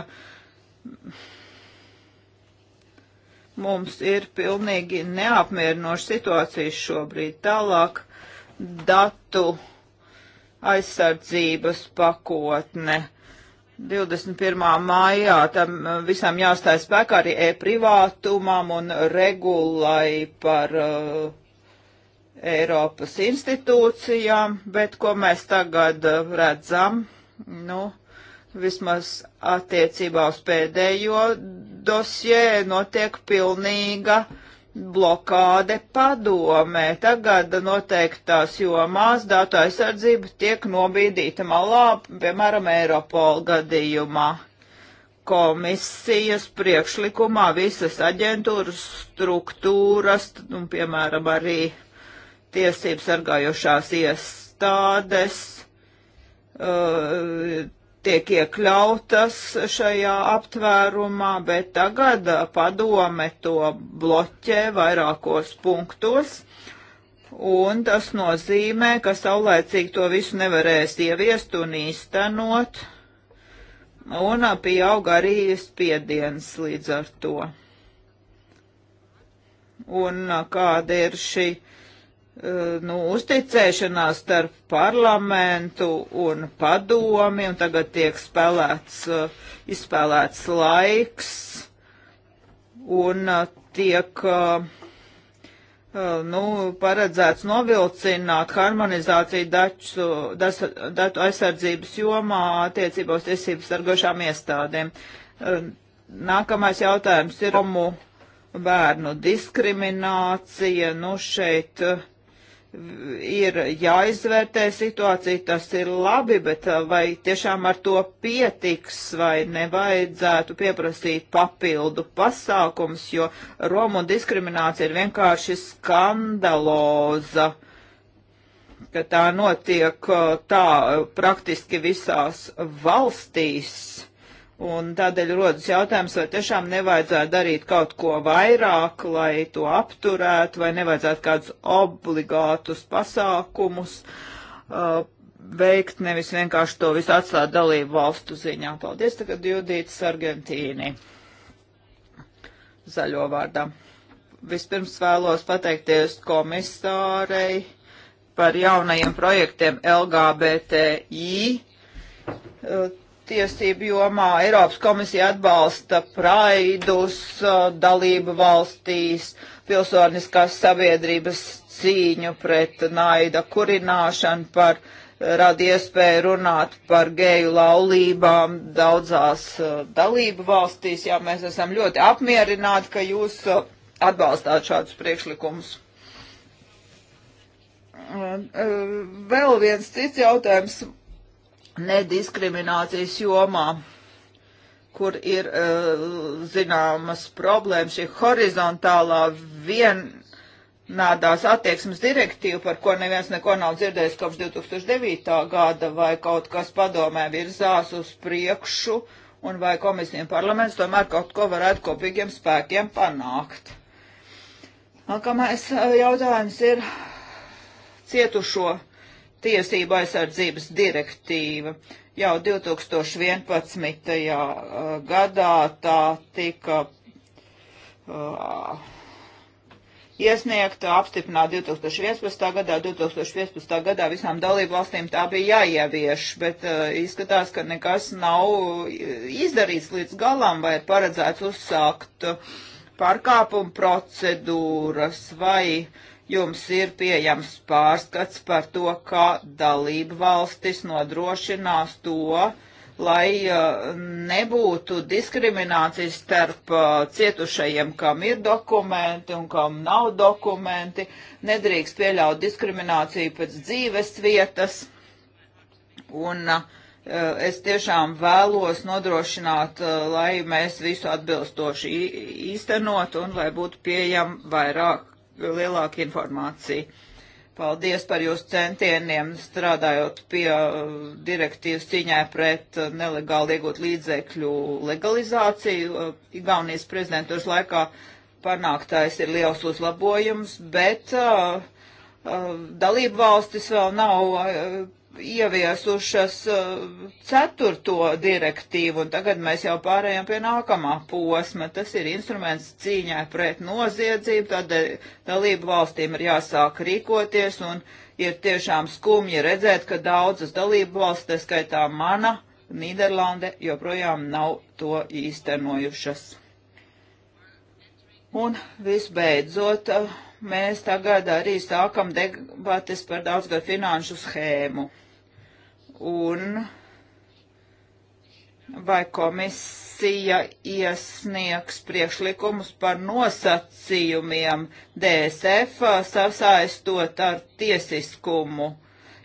Mums ir pilnīgi neapmierinoša situācija šobrīd. Tālāk datu aizsardzības pakotne. 21. maijā tam visam jāstāj spēkā arī e-privātumam un regulai par uh, Eiropas institūcijām, bet ko mēs tagad redzam, nu, vismaz attiecībā uz pēdējo dosjē notiek pilnīga blokāde padomē. Tagad noteiktās jomās datu aizsardzība tiek nobīdīta malā, piemēram, Eiropola gadījumā komisijas priekšlikumā visas aģentūras struktūras, un, piemēram, arī tiesības sargājošās iestādes uh, tiek iekļautas šajā aptvērumā, bet tagad uh, padome to bloķē vairākos punktos. Un tas nozīmē, ka saulēcīgi to visu nevarēs ieviest un īstenot, un uh, pieaug arī spiediens līdz ar to. Un uh, kāda ir šī? Uh, Eh, nu, uzticēšanās starp parlamentu un padomi, un tagad tiek spēlēts, eh, izspēlēts laiks, un eh, tiek, nu, paredzēts novilcināt harmonizāciju daču, das, datu aizsardzības jomā attiecībos tiesības sargošām iestādēm. Nākamais jautājums ir, bērnu diskriminācija, nu šeit uh, ir jāizvērtē situācija, tas ir labi, bet uh, vai tiešām ar to pietiks, vai nevajadzētu pieprasīt papildu pasākums, jo Romu diskriminācija ir vienkārši skandaloza, ka tā notiek uh, tā uh, praktiski visās valstīs Un tādēļ rodas jautājums, vai tiešām nevajadzētu darīt kaut ko vairāk, lai to apturētu, vai nevajadzētu kādus obligātus pasākumus uh, veikt, nevis vienkārši to visu atstāt dalību valstu ziņā. Paldies tagad Judītas Argentīni zaļo vārdā. Vispirms vēlos pateikties komisārei par jaunajiem projektiem LGBTI uh, tiesību jomā. Eiropas komisija atbalsta praidus uh, dalību valstīs, pilsoniskās sabiedrības cīņu pret naida kurināšanu, par uh, rada iespēju runāt par geju laulībām daudzās uh, dalību valstīs. Jā, mēs esam ļoti apmierināti, ka jūs atbalstāt šādus priekšlikumus. Vēl viens cits jautājums nediskriminācijas jomā, kur ir eh, zināmas problēmas, šī horizontālā vienādās attieksmes direktīva, par ko neviens neko nav dzirdējis kopš 2009. gada, vai kaut kas padomē virzās uz priekšu, un vai komisija un parlaments tomēr kaut ko varētu kopīgiem spēkiem panākt. Nākamais eh, jautājums ir cietušo tiesību aizsardzības direktīva. Jau 2011. Uh, gadā tā tika uh, iesniegta, apstiprināta 2011. gadā. 2015. gadā visām dalību valstīm tā bija jāievieš, bet uh, izskatās, ka nekas nav uh, izdarīts līdz galam vai ir paredzēts uzsākt uh, pārkāpumu procedūras vai uh, jums ir pieejams pārskats par to, kā dalību valstis nodrošinās to, lai uh, nebūtu diskriminācijas starp uh, cietušajiem, kam ir dokumenti un kam nav dokumenti, nedrīkst pieļaut diskrimināciju pēc dzīves vietas. Un uh, es tiešām vēlos nodrošināt, lai mēs visu atbilstoši īstenot un lai būtu pieejam vairāk lielāka informācija. Paldies par jūsu centieniem strādājot pie uh, direktīvas cīņai pret uh, nelegāli iegūt līdzekļu legalizāciju. Uh, Igaunijas prezidentūras laikā panāktais ir liels uzlabojums, bet uh, dalību valstis vēl nav ieviesušas uh, ceturto direktīvu, un tagad mēs jau pārējām pie nākamā posma. Tas ir instruments cīņai pret noziedzību, tad eh, dalību valstīm ir jāsāk rīkoties, un ir tiešām skumji redzēt, ka daudzas dalību valsts, tā skaitā mana, Nīderlande, joprojām nav to īstenojušas. Un visbeidzot, eh, mēs tagad arī sākam debates par daudzgad finanšu schēmu un vai komisija iesniegs priekšlikumus par nosacījumiem DSF sasaistot ar tiesiskumu,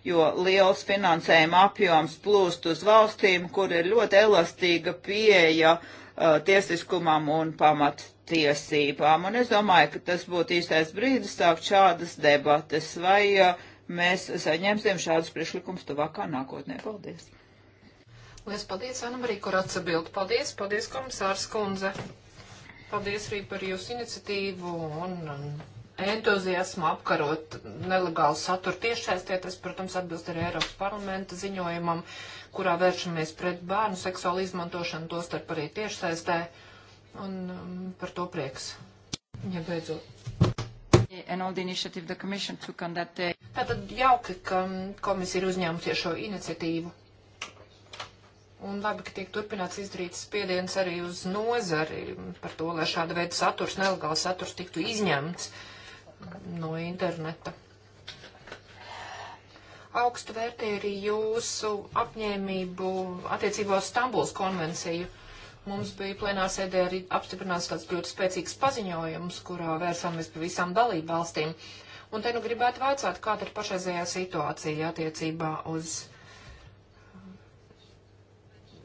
jo liels finansējuma apjoms plūst uz valstīm, kur ir ļoti elastīga pieeja uh, tiesiskumam un pamat tiesībām. Un es domāju, ka tas būtu īstais brīdis sākt šādas debates, vai uh, mēs saņemsim šādus priekšlikumus tuvākā nākotnē. Paldies! Lielas paldies, Anna Marija, kur atsabild. Paldies, paldies, komisārs Kunze. Paldies arī par jūsu iniciatīvu un, un entuziasmu apkarot nelegālu saturu tiešsaistē. Tas, protams, atbilst arī Eiropas parlamenta ziņojumam, kurā vēršamies pret bērnu seksuālu izmantošanu, tostarp arī tiešsaistē. Un um, par to prieks. Ja beidzot and all the initiative the Commission took on that day. Tātad jauki, ka komisija ir uzņēmusies šo iniciatīvu. Un labi, ka tiek turpināts izdarīt spiediens arī uz nozari par to, lai šāda veida saturs, nelegāls saturs tiktu izņemts no interneta. Augstu vērtēju arī jūsu apņēmību attiecībā uz Stambuls konvenciju. Uh, Mums bija plenārsēdē arī apstiprināts tāds ļoti spēcīgs paziņojums, kurā vērsāmies pa visām dalību valstīm. Un te nu gribētu vaicāt, kāda ir pašreizējā situācija attiecībā uz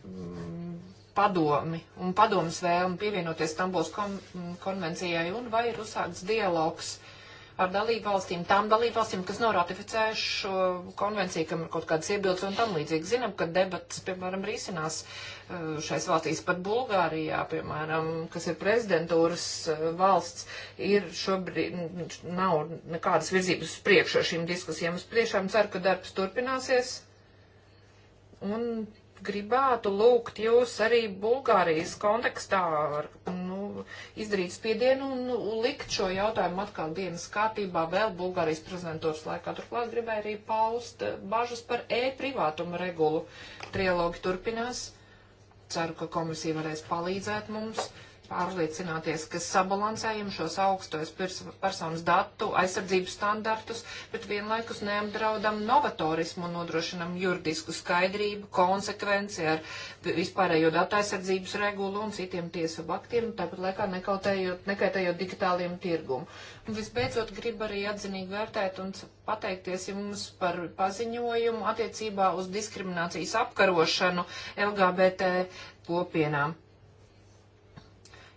mm, padomi un padomas vēlmi pievienoties Stambuls kon konvencijai un vai ir uzsākts dialogs uh, ar dalību valstīm, tām dalību valstīm, kas nav ratificējuši šo konvenciju, kam ir kaut kādas iebildes un tam līdzīgi. Zinām, ka debats, piemēram, risinās uh, šais valstīs, pat Bulgārijā, piemēram, kas ir prezidentūras uh, valsts, ir šobrīd nav nekādas virzības uz priekšu ar šīm diskusijām. Es priešām ceru, ka darbs turpināsies. Un gribētu lūgt jūs arī Bulgārijas kontekstā ar, nu, izdarīt spiedienu un nu, likt šo jautājumu atkal dienas kārtībā vēl Bulgārijas prezidentūras laikā. Turklāt gribēju arī paust bažas par e-privātumu regulu. Trialogi turpinās. Ceru, ka komisija varēs palīdzēt mums pārliecināties, ka sabalansējam šos augstos personas datu aizsardzības standartus, bet vienlaikus neapdraudam novatorismu un nodrošinam juridisku skaidrību, konsekvenci ar vispārējo datu aizsardzības regulu un citiem tiesu aktiem, tāpat laikā nekautējot, nekaitējot digitāliem tirgumu. Un visbeidzot, gribu arī atzinīgi vērtēt un pateikties jums par paziņojumu attiecībā uz diskriminācijas apkarošanu LGBT kopienām.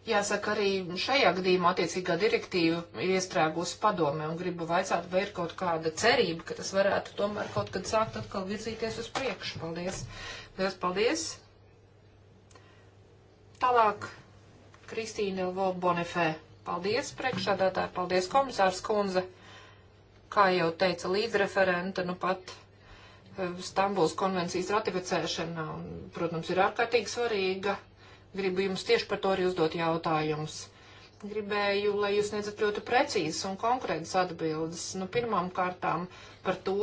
Jāsaka, arī šajā gadījumā attiecīgā direktīva ir iestrēgusi padomē un gribu vaicāt, vai ir kaut kāda cerība, ka tas varētu tomēr kaut kad sākt atkal virzīties uz priekšu. Paldies! Lielas paldies! Tālāk Kristīna Volbonefē. Paldies, priekšādātāji, paldies, komisārs Kunze. Kā jau teica līdzreferente, nu pat eh, Stambuls konvencijas ratificēšana, un, protams, ir ārkārtīgi svarīga Gribu jums tieši par to arī uzdot jautājumus. Gribēju, lai jūs nedzat ļoti precīzas un konkrētas atbildes. Nu, pirmām kārtām par to,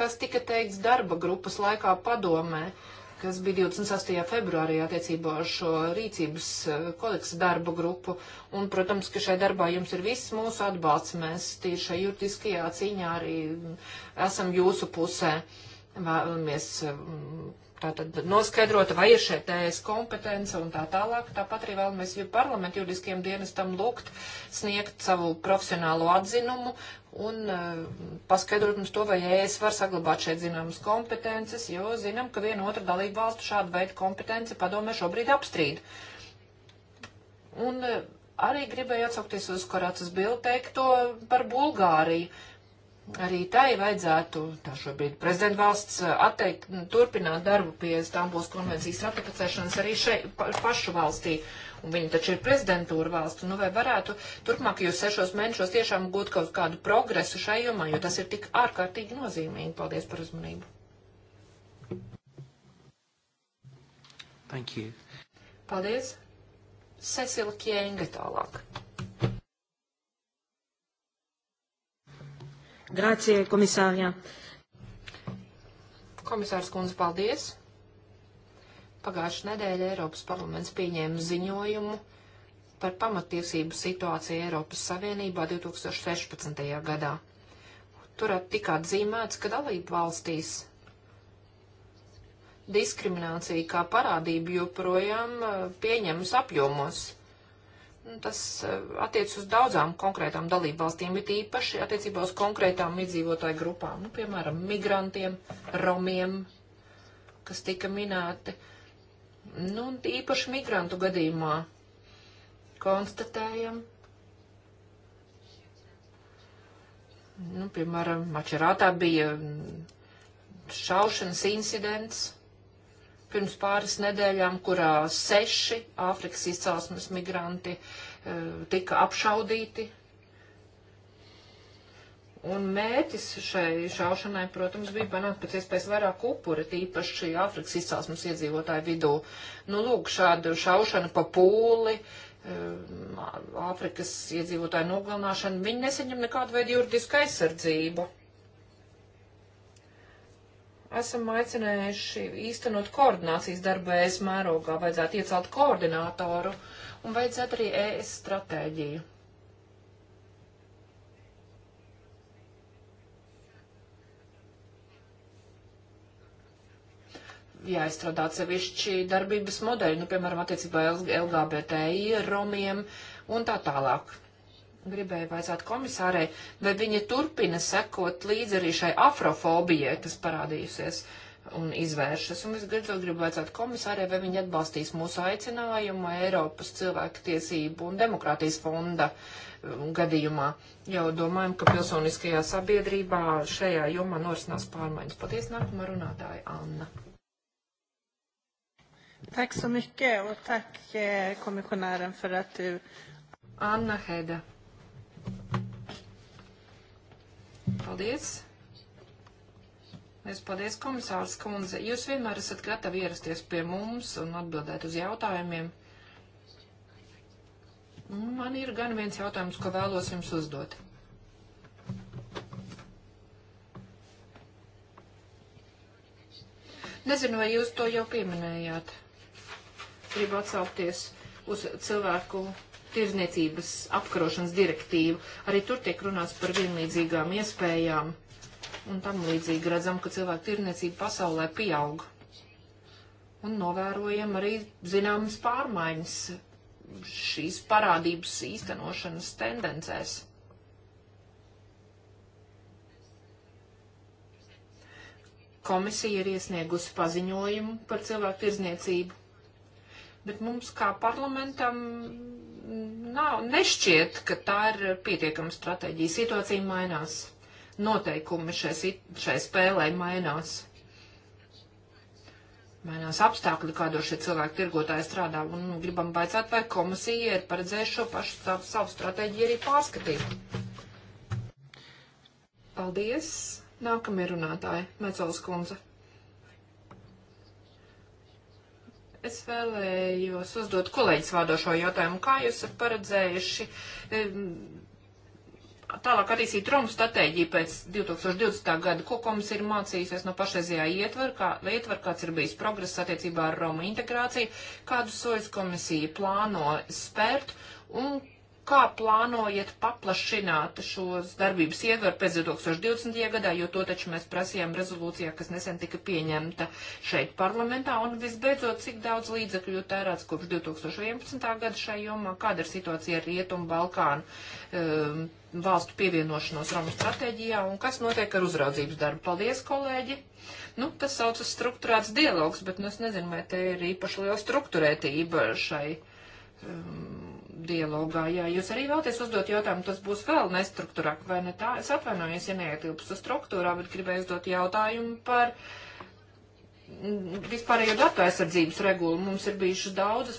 kas tika teikts darba grupas laikā padomē, kas bija 28. februārī attiecībā ar šo rīcības eh, kodeksa darba grupu. Un, protams, ka šai darbā jums ir viss mūsu atbalsts. Mēs tiešai juridiskajā cīņā arī mm, esam jūsu pusē. Vēlamies mm, tātad noskaidrota, vai ir šeit ES kompetence un tā tālāk. Tāpat arī vēlamies parlamentu juridiskiem dienestam lūgt sniegt savu profesionālo atzinumu un uh, paskaidrot mums to, vai ES var saglabāt šeit zināmas kompetences, jo zinām, ka viena otra dalība valstu šādu veidu kompetenci padomē šobrīd apstrīd. Un uh, arī gribēju atsaukties uz Karacas bildu teikto par Bulgāriju. Uh, arī tai vajadzētu, tā šobrīd prezidenta valsts eh, atteikt, turpināt darbu pie Stambuls konvencijas ratificēšanas arī šeit pa, pašu valstī. Un viņi taču ir prezidentūra valsts. Nu, vai varētu turpmākajos sešos mēnešos tiešām gūt kaut kādu progresu šai jomā, jo tas ir tik ārkārtīgi nozīmīgi. Paldies par uzmanību. Thank you. Paldies. Cecil Kienge tālāk. Grācie, komisārjā. Komisārs kundze, paldies. Pagājušajā nedēļā Eiropas parlaments pieņēma ziņojumu par pamatiesību situāciju Eiropas Savienībā 2016. gadā. Tur tika atzīmēts, ka dalību valstīs diskriminācija kā parādība joprojām eh, pieņemas apjomos tas eh, attiec uz daudzām konkrētām dalībvalstīm, bet īpaši attiecībā uz konkrētām iedzīvotāju grupām, nu, piemēram, migrantiem, romiem, kas tika minēti. Nu, īpaši migrantu gadījumā konstatējam, nu, piemēram, mačerātā bija šaušanas incidents pirms pāris nedēļām, kurā seši Āfrikas izcelsmes migranti eh, tika apšaudīti. Un mērķis šai šaušanai, protams, bija panākt pēc iespējas vairāk upuri, tīpaši Āfrikas izcelsmes iedzīvotāju vidū. Nu, lūk, šāda šaušana pa pūli, eh, Āfrikas iedzīvotāju nogalināšana, viņi nesaņem nekādu veidu juridisku aizsardzību esam aicinājuši īstenot koordinācijas darbu ES mērogā, vajadzētu iecelt koordinātoru un vajadzētu arī ES stratēģiju. Jāizstrādā sevišķi darbības modeļi, nu, piemēram, attiecībā LGBTI, romiem un tā tālāk gribēju vaicāt komisārei, vai viņa turpina sekot līdz arī šai afrofobijai, kas parādījusies un izvēršas. Un visgrīdzot gribu vaicāt komisārei, vai viņa atbalstīs mūsu aicinājumu Eiropas cilvēku tiesību un demokrātijas fonda um, gadījumā. Jau domājam, ka pilsoniskajā sabiedrībā šajā jomā norisinās pārmaiņas. Paties nākamā runātāja Anna. Tack så mycket och tack eh, kommissionären för att du... Anna Hedda. Paldies! Es paldies, komisārs Kunze. Jūs vienmēr esat gatavi ierasties pie mums un atbildēt uz jautājumiem. Man ir gan viens jautājums, ko vēlos jums uzdot. Nezinu, vai jūs to jau pieminējāt. Gribu atsaukties uz cilvēku tirzniecības apkarošanas direktīvu. Arī tur tiek runāts par vienlīdzīgām iespējām un tam līdzīgi redzam, ka cilvēku tirzniecība pasaulē pieaug. Un novērojam arī zināmas pārmaiņas šīs parādības īstenošanas tendencēs. Komisija ir iesniegusi paziņojumu par cilvēku tirzniecību, bet mums kā parlamentam nav, nešķiet, ka tā ir pietiekama stratēģija. Situācija mainās, noteikumi šai, šai spēlē mainās. Mainās apstākļi, kādos šie cilvēki tirgotāji strādā, un gribam baicāt, vai komisija ir paredzējuši šo pašu savu, savu stratēģiju arī pārskatīt. Paldies! Nākamie runātāji, Mecols kundze. Es vēlējos uzdot kolēģis vādošo jautājumu. Kā jūs esat paredzējuši tālāk attīstīt Romu stratēģiju pēc 2020. gada? Ko komisija ir mācījusies no pašreizējā ietvara, kā, ietvar, kāds ir bijis progress attiecībā ar Romu integrāciju, kādus soļus komisija plāno spērt un kā plānojat paplašināt šos darbības ietvaru pēc 2020. gadā, jo to taču mēs prasījām rezolūcijā, kas nesen tika pieņemta šeit parlamentā, un visbeidzot, cik daudz līdzekļu tērāts kopš 2011. gada šai jomā, kāda ir situācija ar Rietumu Balkānu um, valstu pievienošanos Romu stratēģijā, un kas notiek ar uzraudzības darbu. Paldies, kolēģi! Nu, tas saucas struktūrēts dialogs, bet nu, es nezinu, vai te ir īpaši liela struktūrētība šai um, dialogā. Jā, jūs arī vēlaties uzdot jautājumu, tas būs vēl nestruktūrāk, vai ne tā? Es atvainojos, ja neietilpstu struktūrā, bet gribēju uzdot jautājumu par vispārējo datu aizsardzības regulu. Mums ir bijuši daudzas,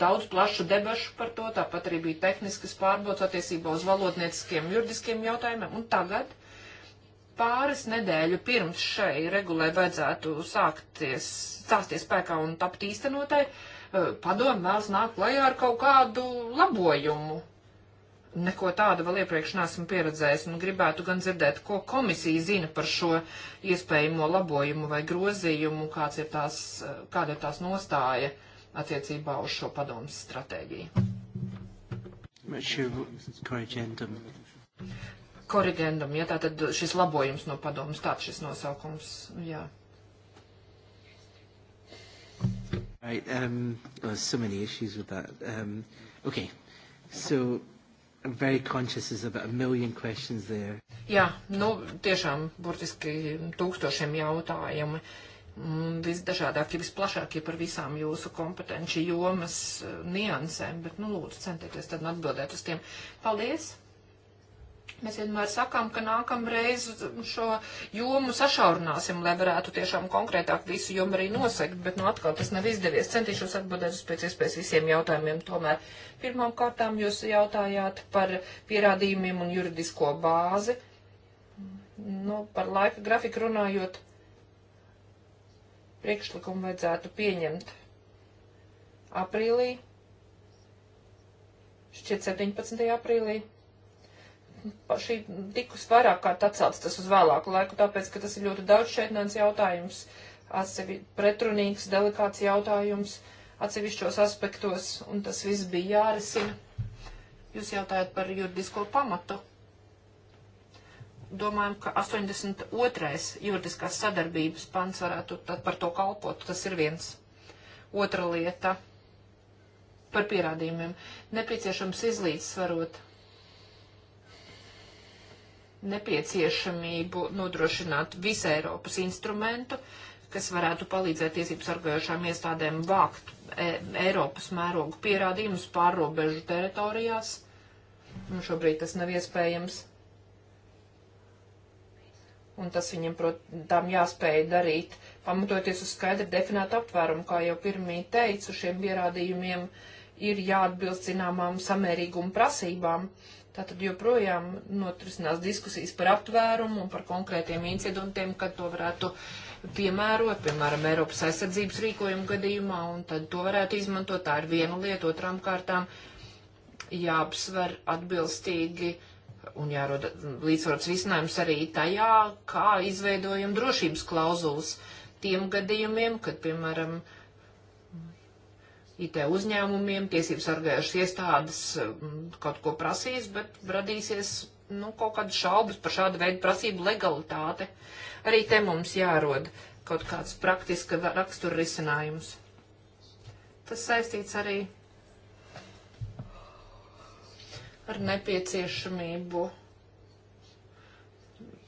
daudz plašu debašu par to, tāpat arī bija tehniskas pārbaudas attiecībā uz valodnieciskiem, juridiskiem jautājumiem. Un tagad, pāris nedēļu pirms šai regulai vajadzētu sākties, sākties spēkā un tapt īstenotai, uh, padomu vēlas nākt klajā ar kaut kādu labojumu. Neko tādu vēl iepriekš neesmu pieredzējis un gribētu gan dzirdēt, ko komisija zina par šo iespējamo labojumu vai grozījumu, kāds ir tās, kāda ir tās nostāja attiecībā uz šo padomas stratēģiju. Korigendum, ja tā tad šis labojums no padomas, tāds šis nosaukums, jā. Yeah. Right, um, oh, so many issues with that. Um, okay, so I'm very conscious there's about a million questions there. Jā, nu, tiešām burtiski tūkstošiem jautājumu. Mm, Visdažādākie, visplašākie par visām jūsu kompetenci jomas eh, niansēm, bet, nu, lūdzu, centieties tad atbildēt uz tiem. Paldies! Mēs vienmēr sakām, ka nākamreiz šo jomu sašaurināsim, lai varētu tiešām konkrētāk visu jomu arī nosegt, bet nu atkal tas nav izdevies. Centīšos atbildēt uz pēc iespējas visiem jautājumiem tomēr. Pirmām kārtām jūs jautājāt par pierādījumiem un juridisko bāzi. Nu, par laika grafiku runājot, priekšlikumu vajadzētu pieņemt aprīlī, šķiet 17. aprīlī šī tikus vairāk kārt atcelts tas uz vēlāku laiku, tāpēc, ka tas ir ļoti daudz šeitnēns jautājums, atsevi pretrunīgs, delikāts jautājums atsevišķos aspektos, un tas viss bija jārisina. Jūs jautājat par juridisko pamatu. Domājam, ka 82. juridiskās sadarbības pants varētu par to kalpot. Tas ir viens. Otra lieta par pierādījumiem. Nepieciešams izlīdzsvarot nepieciešamību nodrošināt visu Eiropas instrumentu, kas varētu palīdzēt tiesību sargājošām iestādēm vākt e Eiropas mērogu pierādījumus pārrobežu teritorijās. Un šobrīd tas nav iespējams. Un tas viņam, protams, jāspēj darīt, pamatoties uz skaidri definētu apvērumu, kā jau pirmī teicu, šiem pierādījumiem ir jāatbilst zināmām samērīguma prasībām, Tātad joprojām notrisinās diskusijas par aptvērumu un par konkrētiem incidentiem, kad to varētu piemērot, piemēram, Eiropas aizsardzības rīkojumu gadījumā, un tad to varētu izmantot. Tā ir viena lieta, otrām kārtām jāapsver atbilstīgi un jārod līdzsvarots risinājums arī tajā, kā izveidojam drošības klauzulas tiem gadījumiem, kad, piemēram, uh, IT uzņēmumiem, tiesības sargājušas iestādes mm, kaut ko prasīs, bet radīsies nu, kaut kādas šaubas par šādu veidu prasību legalitāti. Arī te mums jārod kaut kāds praktiska rakstura risinājums. Tas saistīts arī ar nepieciešamību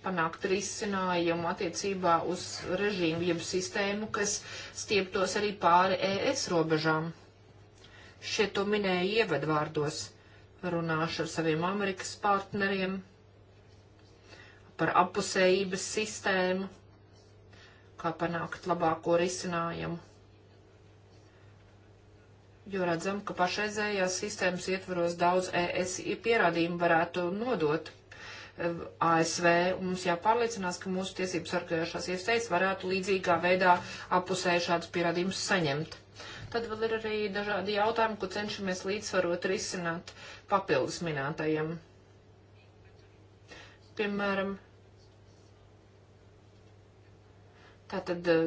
panākt risinājumu attiecībā uz režīmu, jeb sistēmu, kas stieptos arī pāri ES robežām. Šie to minēja ievadvārdos, runāšu ar saviem Amerikas partneriem par apusējības sistēmu, kā panākt labāko risinājumu. Jo redzam, ka pašreizējās sistēmas ietvaros daudz ES pierādījumu varētu nodot ASV, un mums jāpārliecinās, ka mūsu tiesības sargājušās iestādes varētu līdzīgā veidā apusēju šādus pierādījumus saņemt. Tad vēl ir arī dažādi jautājumi, ko cenšamies līdzsvarot risināt papildus minētajiem. Piemēram, Tātad eh,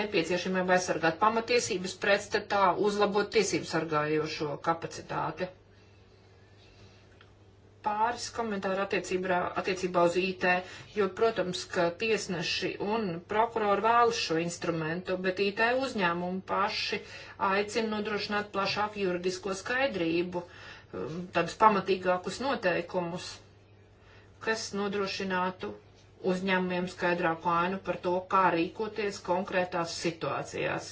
nepieciešamība aizsargāt pamatiesības pretstatā uzlabot tiesību sargājošo kapacitāti pāris komentāru attiecībā uz IT, jo, protams, ka tiesneši un prokurori vēlas šo instrumentu, bet IT uzņēmumi paši aicina nodrošināt plašāku juridisko skaidrību, um, tādus pamatīgākus noteikumus, kas nodrošinātu uzņēmumiem skaidrāku ainu par to, kā rīkoties konkrētās situācijās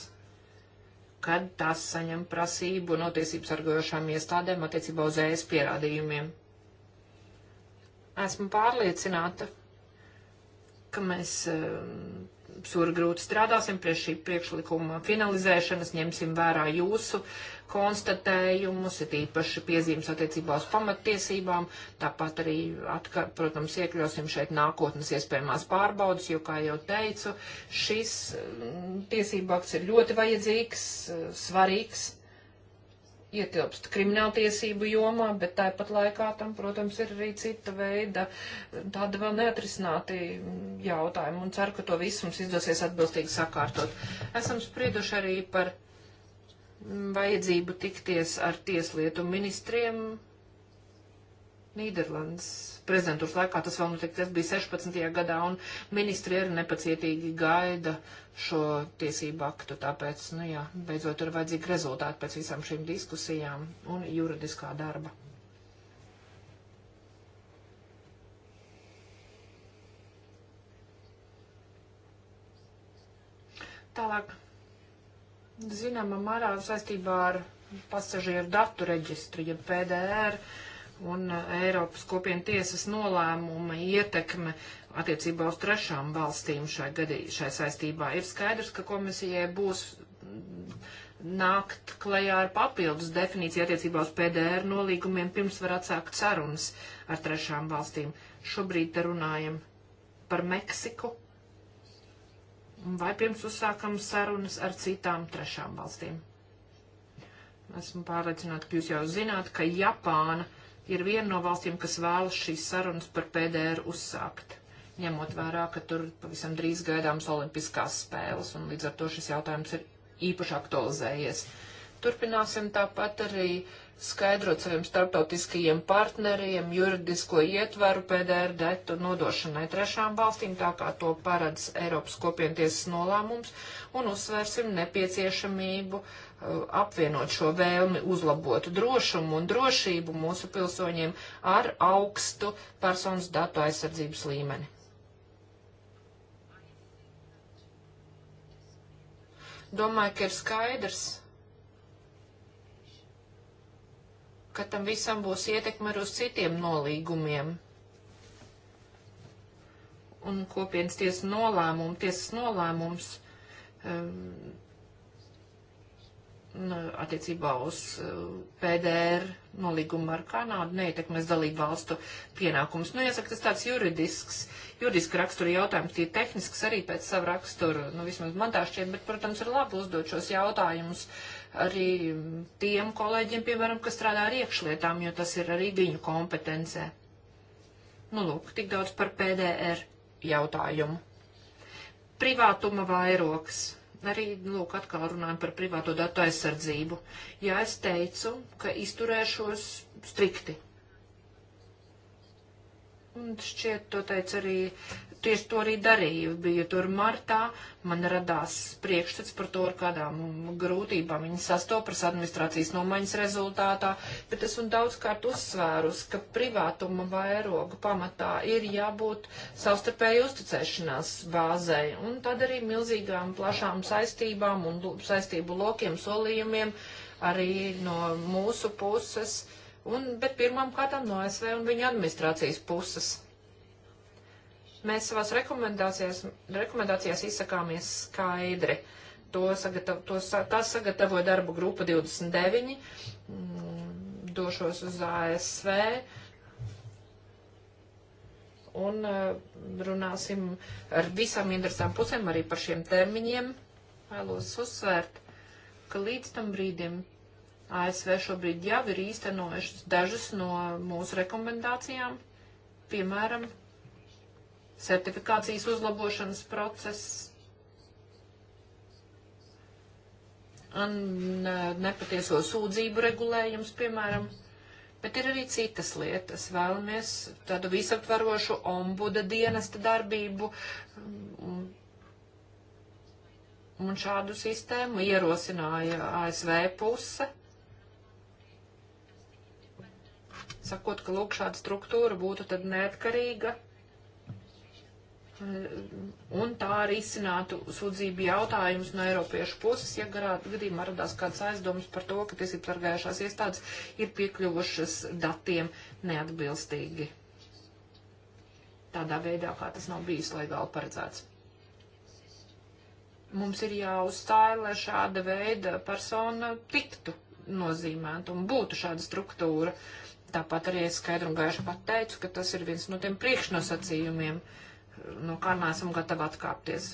kad tas saņem prasību no tiesības argojošām iestādēm attiecībā uz ēs pierādījumiem. Esmu pārliecināta, ka mēs um, suri grūti strādāsim pie šī priekšlikuma finalizēšanas, ņemsim vērā jūsu konstatējumus, ir īpaši piezīmes attiecībā uz pamattiesībām, tāpat arī, atka, protams, iekļausim šeit nākotnes iespējamās pārbaudas, jo, kā jau teicu, šis um, tiesībāks ir ļoti vajadzīgs, uh, svarīgs ietilpst krimināltiesību jomā, bet tāpat laikā tam, protams, ir arī cita veida tāda vēl neatrisināti jautājumi un ceru, ka to visu mums izdosies atbilstīgi sakārtot. Esam sprieduši arī par mm, vajadzību tikties ar tieslietu ministriem Nīderlandes prezidentūras laikā tas vēl notika, tas bija 16. gadā, un ministri ir nepacietīgi gaida šo tiesību aktu, tāpēc, nu jā, beidzot ir vajadzīgi rezultāti pēc visām šīm diskusijām un juridiskā darba. Tālāk, zināmā mērā saistībā ar pasažieru datu reģistru, ja PDR, uh, un uh, Eiropas kopienu tiesas nolēmuma ietekme attiecībā uz trešām valstīm šai, gadī, šai saistībā. Ir skaidrs, ka komisijai būs mm, nākt klajā ar papildus definīciju attiecībā uz PDR nolīgumiem, pirms var atsākt sarunas ar trešām valstīm. Šobrīd te runājam par Meksiku. Vai pirms uzsākam sarunas ar citām trešām valstīm? Esmu pārliecināta, ka jūs jau zināt, ka Japāna uh, ir viena no valstīm, kas vēlas šīs sarunas par PDR uzsākt, ņemot vērā, ka tur pavisam drīz gaidāms olimpiskās spēles, un līdz ar to šis jautājums ir īpaši aktualizējies. Turpināsim tāpat arī skaidrot saviem starptautiskajiem partneriem juridisko ietvaru PDR detu nodošanai trešām valstīm, tā kā to paredz Eiropas kopientiesas nolēmums, un uzsvērsim nepieciešamību Eh, apvienot šo vēlmi uzlabot drošumu un drošību mūsu pilsoņiem ar augstu personas datu aizsardzības līmeni. Domāju, ka ir skaidrs, ka tam visam būs ietekme uz citiem nolīgumiem un kopienas tiesas nolēmumu, tiesas nolēmums um, nu, attiecībā uz eh, PDR nolīgumu ar Kanādu neietekmēs dalību valstu pienākumus. Nu, jāsaka, tas tāds juridisks, juridiski rakstura jautājums, tie tehnisks arī pēc savu raksturu, nu, vismaz man tā šķiet, bet, protams, ir labi uzdot šos jautājumus arī tiem kolēģiem, piemēram, kas strādā ar iekšlietām, jo tas ir arī viņu kompetencē. Nu, lūk, tik daudz par PDR jautājumu. Privātuma vairoks arī, lūk, atkal runājam par privāto datu aizsardzību. Jā, es teicu, ka izturēšos strikti. Un šķiet, to teica arī tieši to arī darīju. Biju tur martā, man radās priekšstats par to, ar kādām grūtībām viņi sastopas administrācijas nomaiņas rezultātā, bet es un daudzkārt uzsvērus, ka privātuma vairogu pamatā ir jābūt savstarpēju uzticēšanās bāzei un tad arī milzīgām plašām saistībām un saistību lokiem, solījumiem arī no mūsu puses. Un, bet pirmām kārtām no ASV un viņa administrācijas puses. Mēs savās rekomendācijās, rekomendācijās izsakāmies skaidri. To sagatav, to, tā sagatavoja darbu grupa 29, mm, došos uz ASV un eh, runāsim ar visām interesantām pusēm arī par šiem termiņiem. Vēlos uzsvērt, ka līdz tam brīdim ASV šobrīd jau ir īstenojušas dažas no mūsu rekomendācijām, piemēram, certifikācijas uzlabošanas process. Un e, nepatieso sūdzību regulējums, piemēram, bet ir arī citas lietas. Vēlamies tādu visaptvarošu ombuda dienesta darbību un šādu sistēmu ierosināja ASV puse. Sakot, ka lūk šāda struktūra būtu tad neatkarīga un tā arī izcinātu sūdzību jautājumus no Eiropiešu puses, ja garā gadījumā radās kāds aizdoms par to, ka tiesību sargājušās iestādes ir piekļuvušas datiem neatbilstīgi. Tādā veidā, kā tas nav bijis legāli paredzēts. Mums ir jāuzstāja, lai šāda veida persona tiktu nozīmēta un būtu šāda struktūra. Tāpat arī es skaidru un gaišu pateicu, ka tas ir viens no tiem priekšnosacījumiem. Uh, no nu, kā neesam gatavi atkāpties.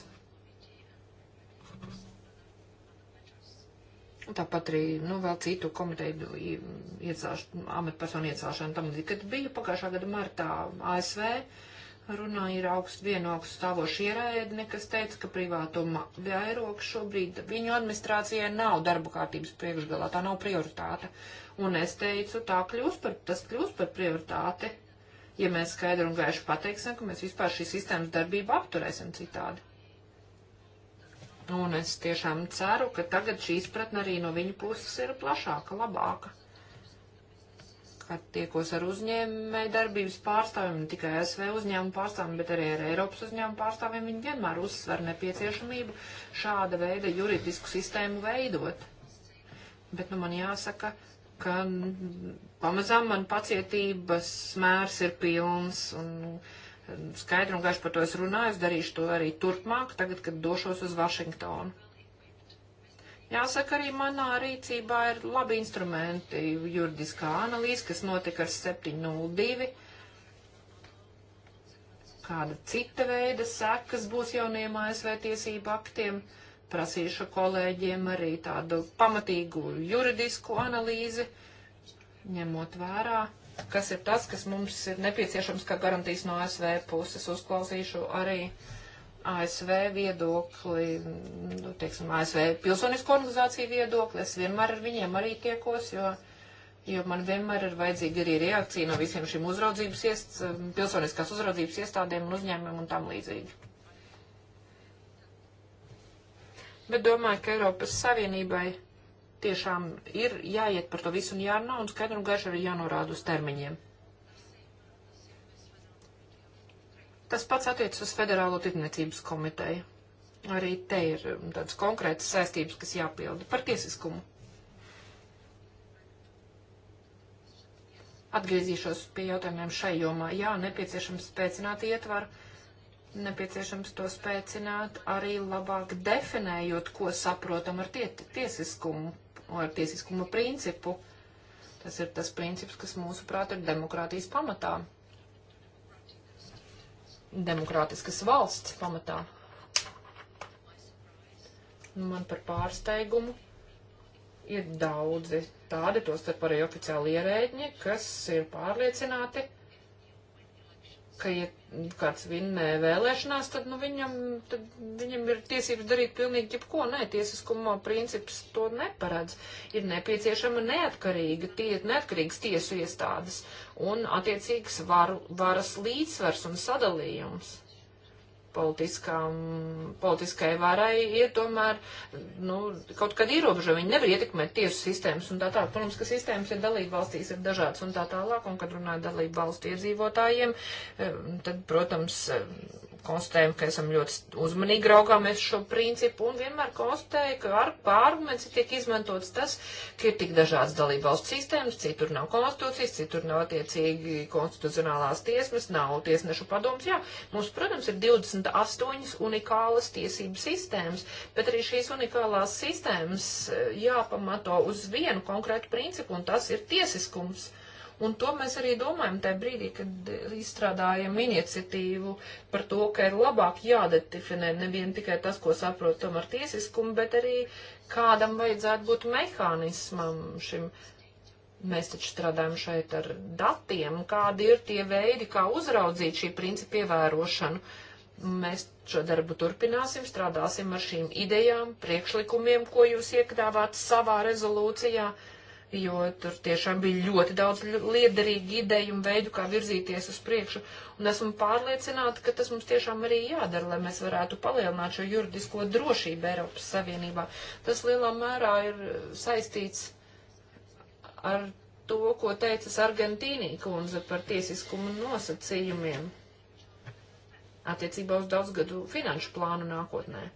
Tāpat arī, nu, vēl citu komiteju iecelš, amatpersonu iecelšanu tam, kad bija pagājušā gada martā ASV, runāja ir augst, vienu augstu stāvošu ierēdni, kas teica, ka privātuma vairoks šobrīd viņu administrācijai nav darba kārtības priekšgalā, tā nav prioritāte. Un es teicu, tā kļūst par, tas kļūst par prioritāti ja mēs skaidri un gaiši pateiksim, ka mēs vispār šīs sistēmas darbību apturēsim citādi. Un es tiešām ceru, ka tagad šī izpratne arī no viņa puses ir plašāka, labāka. Kad tiekos ar uzņēmēju darbības pārstāvjiem, ne tikai ASV uzņēmumu pārstāvjiem, bet arī ar Eiropas uzņēmumu pārstāvjiem, viņi vienmēr uzsver nepieciešamību šāda veida juridisku sistēmu veidot. Bet, nu, man jāsaka, ka pamazām man pacietības mērs ir pilns un skaidri un gaiši par to es runāju, es darīšu to arī turpmāk, tagad, kad došos uz Vašingtonu. Jāsaka, arī manā rīcībā ir labi instrumenti juridiskā analīze, kas notika ar 702 kāda cita veida sekas būs jauniem ASV tiesību aktiem. Uh, prasīšu kolēģiem arī tādu pamatīgu juridisku analīzi, ņemot vērā, kas ir tas, kas mums ir nepieciešams, kā garantīs no ASV puses. Uzklausīšu arī ASV viedokli, nu, teiksim, ASV pilsonisko organizāciju viedokli. Es vienmēr ar viņiem arī tiekos, jo, jo man vienmēr ir vajadzīga arī reakcija no visiem šiem uzraudzības iest, pilsoniskās uzraudzības iestādēm un uzņēmumiem un tam līdzīgi. bet domāju, ka Eiropas Savienībai tiešām ir jāiet par to visu un jārunā, un skaidri un gaiši arī jānorāda uz termiņiem. Tas pats attiecas uz Federālo tirdzniecības komiteju. Arī te ir um, tādas konkrētas saistības, kas jāpilda par tiesiskumu. Atgriezīšos pie jautājumiem šai jomā. Jā, nepieciešams spēcināt ietvaru nepieciešams to spēcināt, arī labāk definējot, ko saprotam ar tie, tiesiskumu, ar tiesiskumu principu. Tas ir tas princips, kas mūsuprāt ir demokrātijas pamatā. Demokrātiskas valsts pamatā. Nu, man par pārsteigumu ir daudzi tādi, tostarp arī oficiāli ierēģi, kas ir pārliecināti, ka, ja kāds vinnē e, vēlēšanās, tad, nu, viņam, tad viņam ir tiesības darīt pilnīgi jebko. Nē, tiesiskumā princips to neparedz. Ir nepieciešama neatkarīga, tie, neatkarīgas tiesu iestādes un attiecīgs varu, varas līdzsvers un sadalījums politiskai varai ir tomēr nu, kaut kāda ierobežojuma. Viņi nevar ietekmēt tiesu sistēmas un tā tālāk. Protams, ka sistēmas ir dalība valstīs ir dažādas un tā tālāk. Un, kad runāju dalību valstu iedzīvotājiem, eh, tad, protams, konstatējam, ka esam ļoti uzmanīgi raugāmies šo principu un vienmēr konstatēju, ka ar pārarguments tiek izmantots tas, ka ir tik dažādas dalībvalsts sistēmas, citur nav konstitūcijas, citur nav attiecīgi konstitucionālās tiesmas, nav tiesnešu padoms. Jā, mums, protams, ir 28 unikālas tiesību sistēmas, bet arī šīs unikālās sistēmas eh, jāpamato uz vienu konkrētu principu, un tas ir tiesiskums. Un to mēs arī domājam tajā brīdī, kad izstrādājam iniciatīvu par to, ka ir labāk jādefinē nevien tikai tas, ko saprotam ar tiesiskumu, bet arī kādam vajadzētu būt mehānismam šim. Mēs taču strādājam šeit ar datiem, kādi ir tie veidi, kā uzraudzīt šī principa ievērošanu. Mēs šo darbu turpināsim, strādāsim ar šīm idejām, priekšlikumiem, ko jūs iekļāvāt savā rezolūcijā. Uh, jo tur tiešām bija ļoti daudz liederīgu ideju un veidu, kā virzīties uz priekšu. Un esmu pārliecināta, ka tas mums tiešām arī jādara, lai mēs varētu palielināt šo juridisko drošību Eiropas Savienībā. Tas lielā mērā ir saistīts ar to, ko teica Argentīnī kundze par tiesiskumu nosacījumiem attiecībā uz daudzgadu finanšu plānu nākotnē.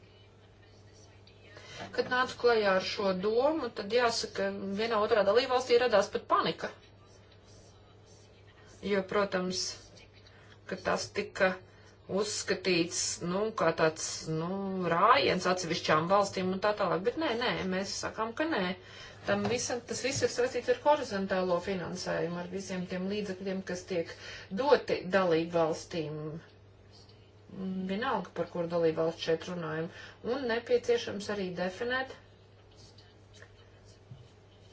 Kad nācu klajā ar šo domu, tad jāsaka, vienā otrā dalībvalstī radās pat panika. Jo, protams, ka tas tika uzskatīts, nu, kā tāds, nu, rājiens atsevišķām valstīm un tā tālāk. Bet nē, nē, mēs sakām, ka nē. Tam visam, tas viss ir saistīts ar horizontālo finansējumu, ar visiem tiem līdzekļiem, kas tiek doti dalību valstīm. Uh, vienalga, par kuru dalībvalstu šeit runājam, un nepieciešams arī definēt,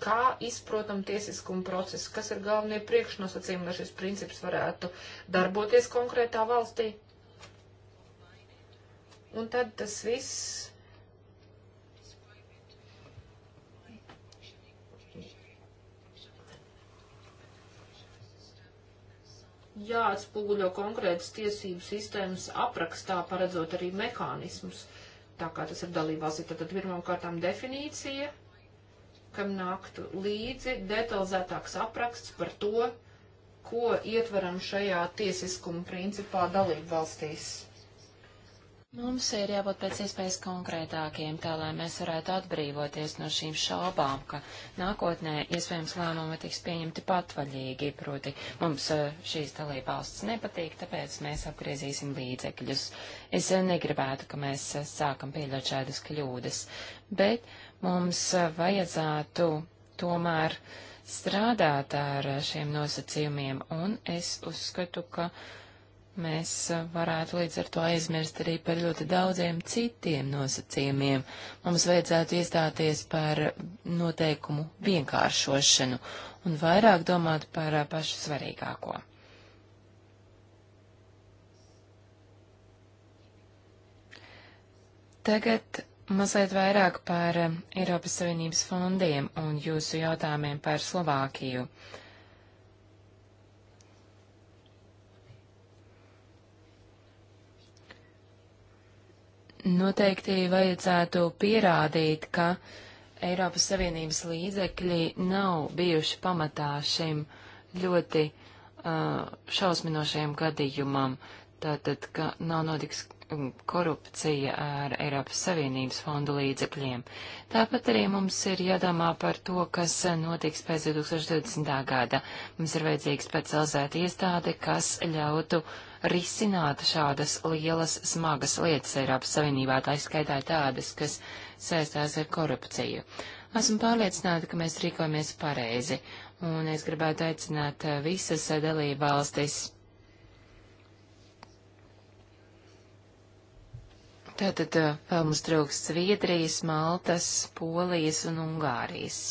kā izprotam tiesiskumu procesu, kas ir galvenie priekšnosacījumi, lai šis princips varētu darboties konkrētā valstī. Un tad tas viss jāatspoguļo konkrētas tiesību sistēmas aprakstā, paredzot arī mehānismus, tā kā tas ir dalībvalstī. Tad pirmām kārtām definīcija, kam nāktu līdzi detalizētāks apraksts par to, ko ietveram šajā tiesiskuma principā dalībvalstīs. valstīs Mums ir jābūt pēc iespējas konkrētākiem, tā lai mēs varētu atbrīvoties no šīm šaubām, ka nākotnē iespējams lēmumi tiks pieņemti patvaļīgi, proti mums eh, šīs dalībvalsts nepatīk, tāpēc mēs apgriezīsim līdzekļus. Es eh, negribētu, ka mēs eh, sākam pieļaut šādas kļūdas, bet mums vajadzētu tomēr strādāt ar šiem nosacījumiem, un es uzskatu, ka mēs eh, varētu līdz ar to aizmirst arī par ļoti daudziem citiem nosacījumiem. Mums vajadzētu iestāties par noteikumu vienkāršošanu un vairāk domāt par eh, pašu svarīgāko. Tagad mazliet vairāk par eh, Eiropas Savienības fondiem un jūsu jautājumiem par Slovākiju. Uh, Noteikti vajadzētu pierādīt, ka Eiropas Savienības līdzekļi nav bijuši pamatā šim ļoti uh, šausminošajam gadījumam, tātad, ka nav notiks um, korupcija ar Eiropas Savienības fondu līdzekļiem. Tāpat arī mums ir jādomā par to, kas notiks pēc 2020. gada. Mums ir vajadzīgs specializēta iestāde, kas ļautu uh, risināt šādas lielas, smagas lietas Eiropas Savienībā, tā izskaitā tādas, kas saistās ar korupciju. Esmu pārliecināta, ka mēs rīkojamies pareizi, un es gribētu aicināt eh, visas dalība valstis. Tātad eh, vēl mums trūkst Zviedrijas, Maltas, Polijas un Ungārijas.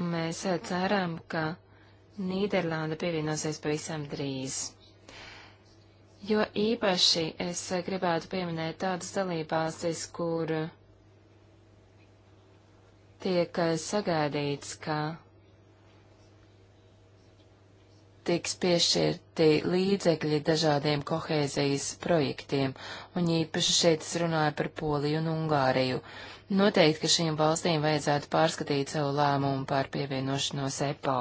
Mēs eh, ceram, ka Nīderlanda pievienosies pavisam drīz. Jo īpaši es gribētu pieminēt tādas dalībvalstis, kur tiek sagaidīts, ka tiks piešķirti līdzekļi dažādiem kohēzijas projektiem, un īpaši šeit es runāju par Poliju un Ungāriju. Noteikti, ka šīm valstīm vajadzētu pārskatīt savu lēmumu par pievienošanos EPO.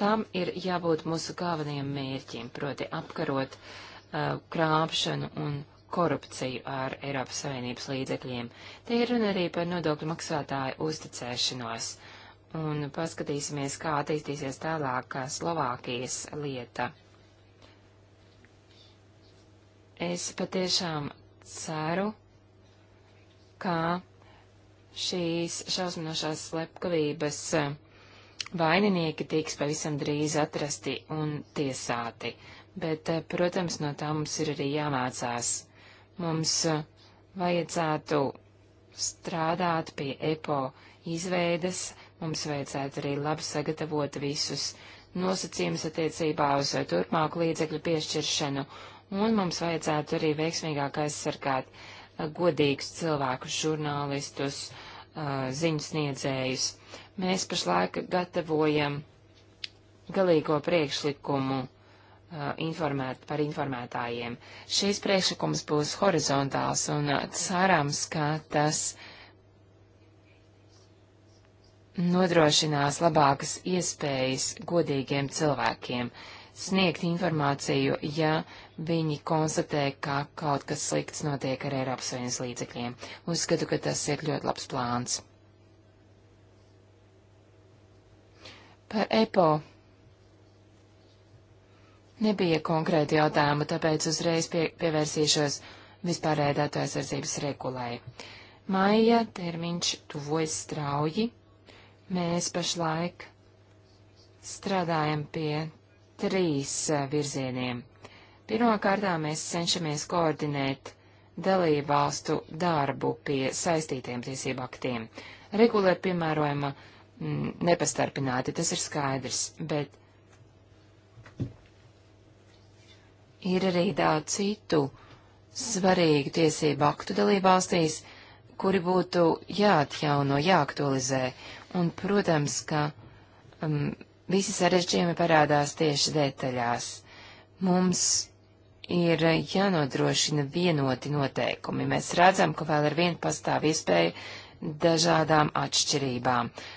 Tam ir jābūt mūsu galvenajiem mērķim, proti apkarot uh, krāpšanu un korupciju ar Eiropas Savienības līdzekļiem. Te ir runa arī par nodokļu maksātāju uzticēšanos. Un paskatīsimies, kā attīstīsies tālāk Slovākijas lieta. Es patiešām ceru, ka šīs šausminošās slepkavības uh, Vaininieki tiks pavisam drīz atrasti un tiesāti, bet, eh, protams, no tā mums ir arī jāmācās. Mums eh, vajadzētu strādāt pie EPO izveides, mums vajadzētu arī labi sagatavot visus nosacījumus attiecībā uz turpmāku līdzekļu piešķiršanu, un mums vajadzētu arī veiksmīgāk aizsargāt eh, godīgus cilvēkus, žurnālistus, ziņu sniedzējus. Mēs pašlaik gatavojam galīgo priekšlikumu uh, informēt, par informētājiem. Šīs priekšlikums būs horizontāls un uh, cerams, ka tas nodrošinās labākas iespējas godīgiem cilvēkiem sniegt informāciju, ja viņi konstatē, ka kaut kas slikts notiek ar Eiropas Savienības līdzekļiem. Uzskatu, ka tas ir ļoti labs plāns. Par EPO nebija konkrēti jautājumi, tāpēc uzreiz pie, pievērsīšos vispārējai datu aizsardzības regulai. Maija termiņš tuvojas strauji. Mēs pašlaik strādājam pie trīs virzieniem. Pirmkārt, mēs cenšamies koordinēt dalību valstu darbu pie saistītiem tiesību aktiem. Regulē piemērojama uh, mm, nepastarpināti, tas ir skaidrs, bet ir arī daudz citu svarīgu tiesību aktu dalībvalstīs, kuri būtu jāatjauno, jāaktualizē, un, protams, ka um, visi sarežģījumi parādās tieši detaļās. Mums ir jānodrošina vienoti noteikumi. Mēs redzam, ka vēl ar vienu pastāv iespēja dažādām atšķirībām. Uh,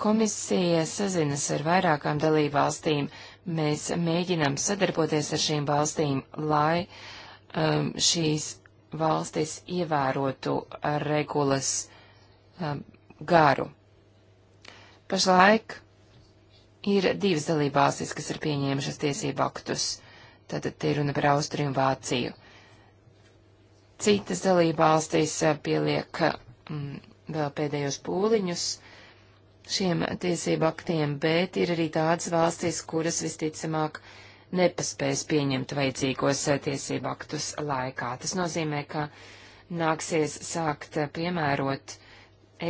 Komisija sazinas ar vairākām dalībvalstīm. Mēs mēģinām sadarboties ar šīm valstīm, lai um, šīs valstis ievērotu regulas um, garu. Pašlaik ir divas dalībvalstis, kas ir pieņēmušas tiesību aktus. Tātad te ir runa par Austriju un Vāciju. Citas dalībvalstis uh, pieliek mm, vēl pēdējos pūliņus. Uh, šiem tiesību aktiem, bet ir arī tādas valstis, kuras visticamāk nepaspēs pieņemt vajadzīgos eh, tiesību aktus laikā. Tas nozīmē, ka nāksies sākt eh, piemērot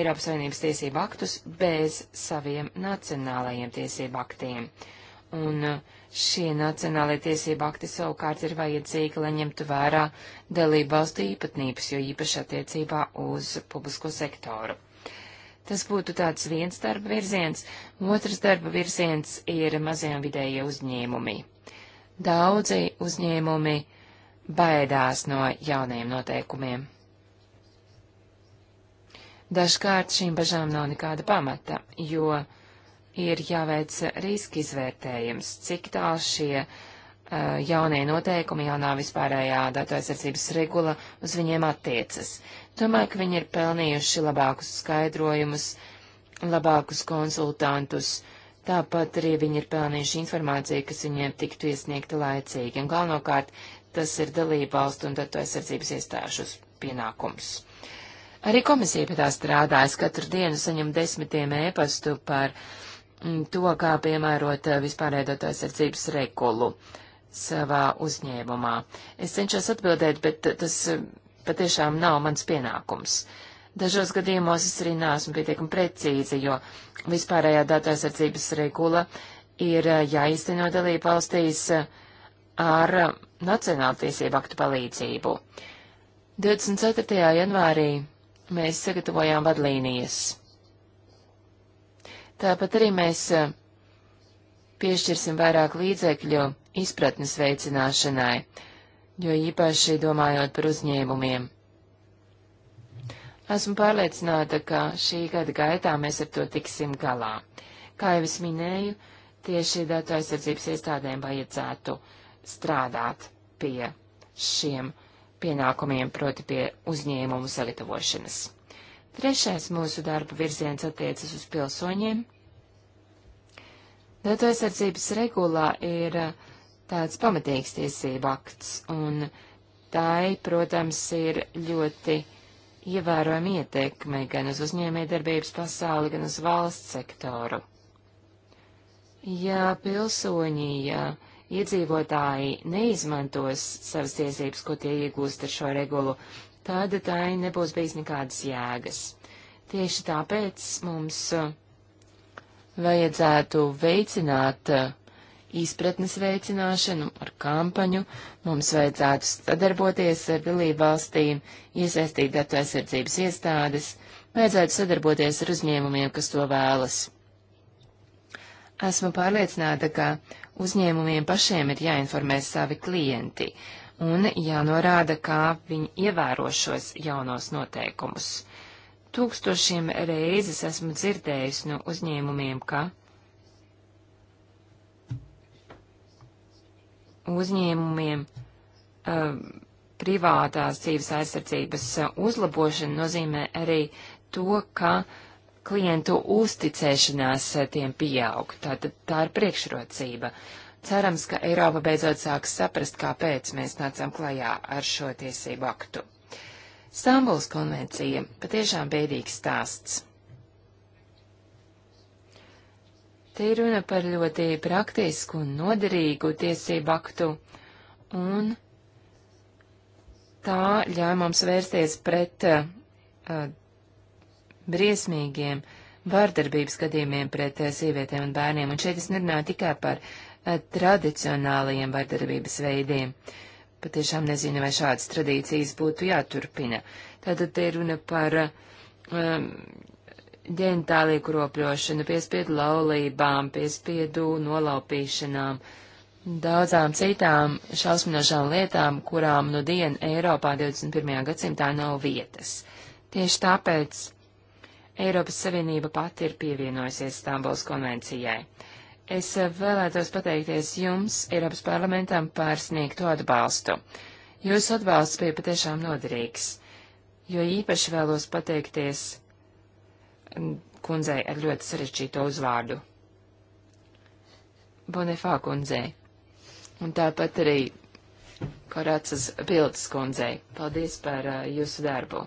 Eiropas Savienības tiesību aktus bez saviem nacionālajiem tiesību aktiem. Un eh, šie nacionālajie tiesību akti savukārt ir vajadzīgi, lai ņemtu vērā dalību valstu īpatnības, jo īpaši attiecībā uz publisko sektoru. Tas būtu tāds viens darba virziens, otrs darba virziens ir mazie un vidējie uzņēmumi. Daudzi uzņēmumi baidās no jaunajiem noteikumiem. Dažkārt šīm bažām nav nekāda pamata, jo ir jāveic riski izvērtējums, cik tālu šie uh, jaunie noteikumi, jaunā vispārējā datu aizsardzības regula uz viņiem attiecas. Domāju, ka viņi ir pelnījuši labākus skaidrojumus, labākus konsultantus, tāpat arī viņi ir pelnījuši informāciju, kas viņiem tiktu iesniegta laicīgi, un galvenokārt tas ir dalība valstu un datu aizsardzības iestāšus pienākums. Arī komisija pie tā strādājas, katru dienu saņem desmitiem ēpastu par mm, to, kā piemērot eh, vispārējot aizsardzības regulu savā uzņēmumā. Es cenšos atbildēt, bet tas eh, patiešām nav mans pienākums. Dažos gadījumos es arī neesmu pietiekami precīzi, jo vispārējā datu aizsardzības regula ir eh, jāizteno dalību valstīs eh, ar eh, nacionālu tiesību aktu palīdzību. 24. janvārī mēs sagatavojām vadlīnijas. Tāpat arī mēs piešķirsim vairāk līdzekļu izpratnes veicināšanai jo īpaši domājot par uzņēmumiem. Esmu pārliecināta, ka šī gada gaitā mēs ar to tiksim galā. Kā jau es minēju, tieši datu aizsardzības iestādēm vajadzētu strādāt pie šiem pienākumiem, proti pie uzņēmumu sagatavošanas. Trešais mūsu darba virziens attiecas uz pilsoņiem. Datu aizsardzības regulā ir uh, tāds pamatīgs tiesība akts, un tai, protams, ir ļoti ievērojama ietekme gan uz uzņēmējdarbības pasauli, gan uz valsts sektoru. Ja pilsoņi, ja iedzīvotāji neizmantos savas tiesības, ko tie iegūst ar šo regulu, tad tai nebūs bijis nekādas jēgas. Tieši tāpēc mums vajadzētu veicināt uh, izpratnes veicināšanu, ar kampaņu. Mums vajadzētu sadarboties ar dalību valstīm, iesaistīt datu aizsardzības iestādes, vajadzētu sadarboties ar uzņēmumiem, kas to vēlas. Esmu pārliecināta, ka uzņēmumiem pašiem ir jāinformē savi klienti un jānorāda, kā viņi ievēro šos jaunos noteikumus. Tūkstošiem reizes esmu dzirdējis no uzņēmumiem, ka uzņēmumiem privātās dzīves aizsardzības uzlabošana nozīmē arī to, ka klientu uzticēšanās tiem pieaug. Tātad tā ir priekšrocība. Cerams, ka Eiropa beidzot sāks saprast, kāpēc mēs nācām klajā ar šo tiesību aktu. Stambuls konvencija patiešām bēdīgs stāsts. Te ir runa par ļoti praktisku un noderīgu tiesību aktu, un tā ļauj mums vērsties pret uh, briesmīgiem vārdarbības gadījumiem pret uh, sievietēm un bērniem, un šeit es nerunāju tikai par uh, tradicionālajiem vārdarbības veidiem. Patiešām nezinu, vai šādas tradīcijas būtu jāturpina. Tātad te ir runa par um, ģentāli kropļošanu, piespiedu laulībām, piespiedu nolaupīšanām, daudzām citām šausminošām lietām, kurām nu dien Eiropā 21. gadsimtā nav vietas. Tieši tāpēc Eiropas Savienība pati ir pievienojusies Stambuls konvencijai. Es vēlētos pateikties jums, Eiropas parlamentam, par sniegto atbalstu. Jūsu atbalsts bija patiešām noderīgs, jo īpaši vēlos pateikties kundzei ar ļoti sarežģīto uzvārdu. Bonifā kundzei. Un tāpat arī Korācas Piltas kundzei. Paldies par uh, jūsu darbu.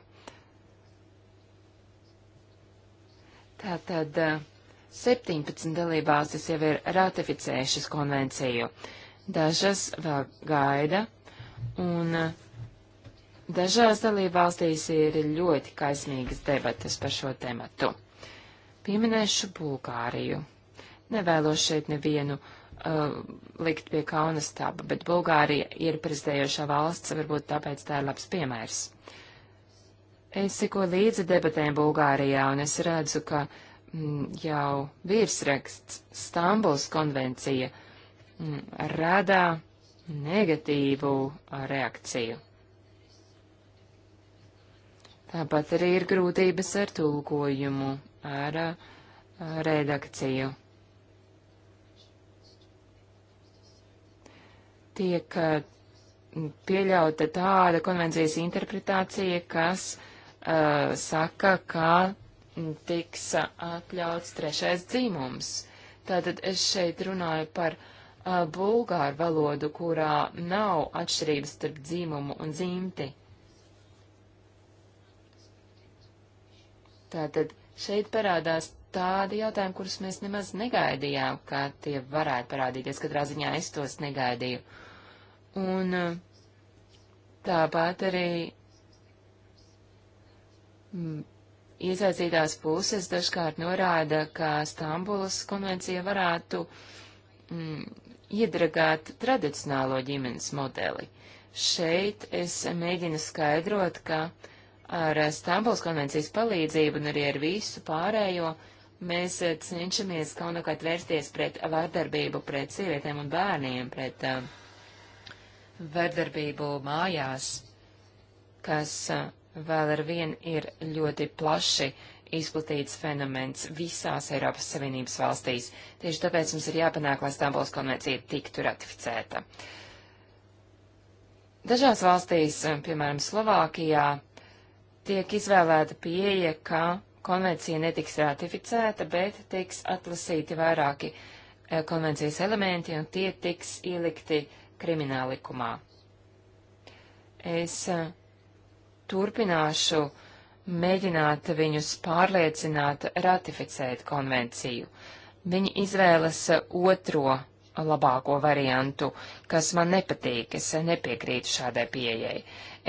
Tātad 17 uh, dalībvalstis jau ir ratificējušas konvenciju. Dažas vēl gaida, un uh, Dažās dalībvalstīs ir ļoti kaismīgas debatas par šo tematu. Pieminēšu Bulgāriju. Nevēlos šeit nevienu uh, likt pie kauna staba, bet Bulgārija ir prezidējošā valsts, varbūt tāpēc tā ir labs piemērs. Es seko līdzi debatēm Bulgārijā, un es redzu, ka mm, jau virsraksts Stambuls konvencija mm, rada negatīvu uh, reakciju. Tāpat arī ir grūtības ar tulkojumu, ar, ar redakciju. Tiek uh, pieļauta tāda konvencijas interpretācija, kas uh, saka, ka tiks atļauts trešais dzimums. Tātad es šeit runāju par uh, bulgāru valodu, kurā nav atšķirības starp dzimumu un dzimti. Tātad šeit parādās tādi jautājumi, kurus mēs nemaz negaidījām, kā tie varētu parādīties. Katrā ziņā es tos negaidīju. Un eh, tāpat arī mm, iesaistītās puses dažkārt norāda, ka Stambulas konvencija varētu mm, iedragāt tradicionālo ģimenes modeli. Šeit es mēģinu skaidrot, ka uh, Ar Stambuls konvencijas palīdzību un arī ar visu pārējo mēs eh, cenšamies kaunokārt nu vērsties pret vārdarbību pret sievietēm un bērniem, pret uh, vardarbību mājās, kas uh, vēl ar vien ir ļoti plaši izplatīts fenomens visās Eiropas Savienības valstīs. Tieši tāpēc mums ir jāpanāk, lai Stambuls konvencija tiktu ratificēta. Dažās valstīs, piemēram, Slovākijā, tiek izvēlēta pieeja, ka konvencija netiks ratificēta, bet tiks atlasīti vairāki eh, konvencijas elementi un tie tiks ielikti krimināllikumā. Es eh, turpināšu mēģināt viņus pārliecināt ratificēt konvenciju. Viņi izvēlas otro labāko variantu, kas man nepatīk, es nepiekrītu šādai pieejai.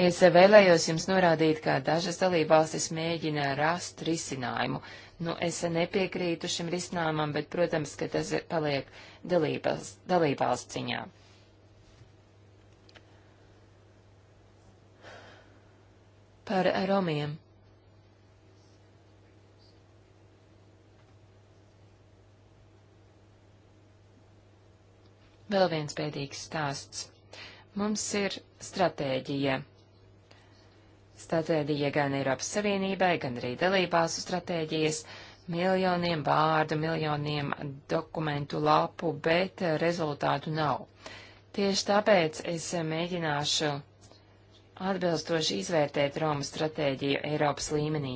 Es vēlējos jums norādīt, ka dažas dalībvalstis mēģina rast risinājumu. Nu, es nepiekrītu šim risinājumam, bet, protams, ka tas paliek dalībvalsts ciņā. Par romiem. Vēl viens pēdīgs stāsts. Mums ir stratēģija Stratēģija gan Eiropas Savienībai, gan arī dalībās stratēģijas, miljoniem vārdu, miljoniem dokumentu lapu, bet rezultātu nav. Tieši tāpēc es mēģināšu atbilstoši izvērtēt Romas stratēģiju Eiropas līmenī.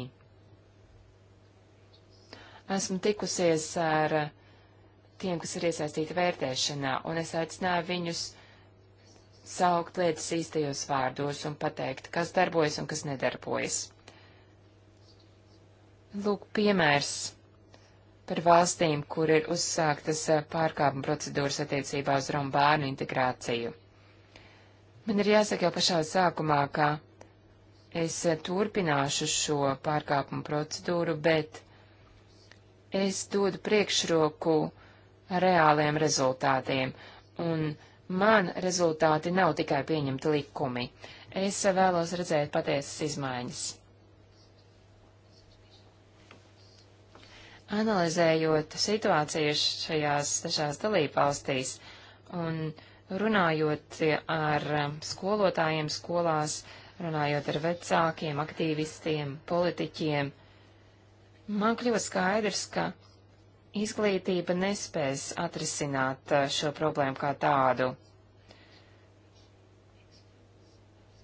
Esmu tikusies ar tiem, kas ir iesaistīti vērtēšanā, un es aicināju viņus saukt lietas īstajos vārdos un pateikt, kas darbojas un kas nedarbojas. Lūk, piemērs par valstīm, kur ir uzsāktas eh, pārkāpuma procedūras attiecībā uz Romu bērnu integrāciju. Man ir jāsaka jau pašā sākumā, ka es eh, turpināšu šo pārkāpumu procedūru, bet es dodu priekšroku reāliem rezultātiem, un man rezultāti nav tikai pieņemti likumi. Es vēlos redzēt patiesas izmaiņas. Analizējot situāciju šajās dažās dalībvalstīs un runājot ar um, skolotājiem skolās, runājot ar vecākiem, aktīvistiem, politiķiem, man kļuva skaidrs, ka izglītība nespēs atrisināt eh, šo problēmu kā tādu.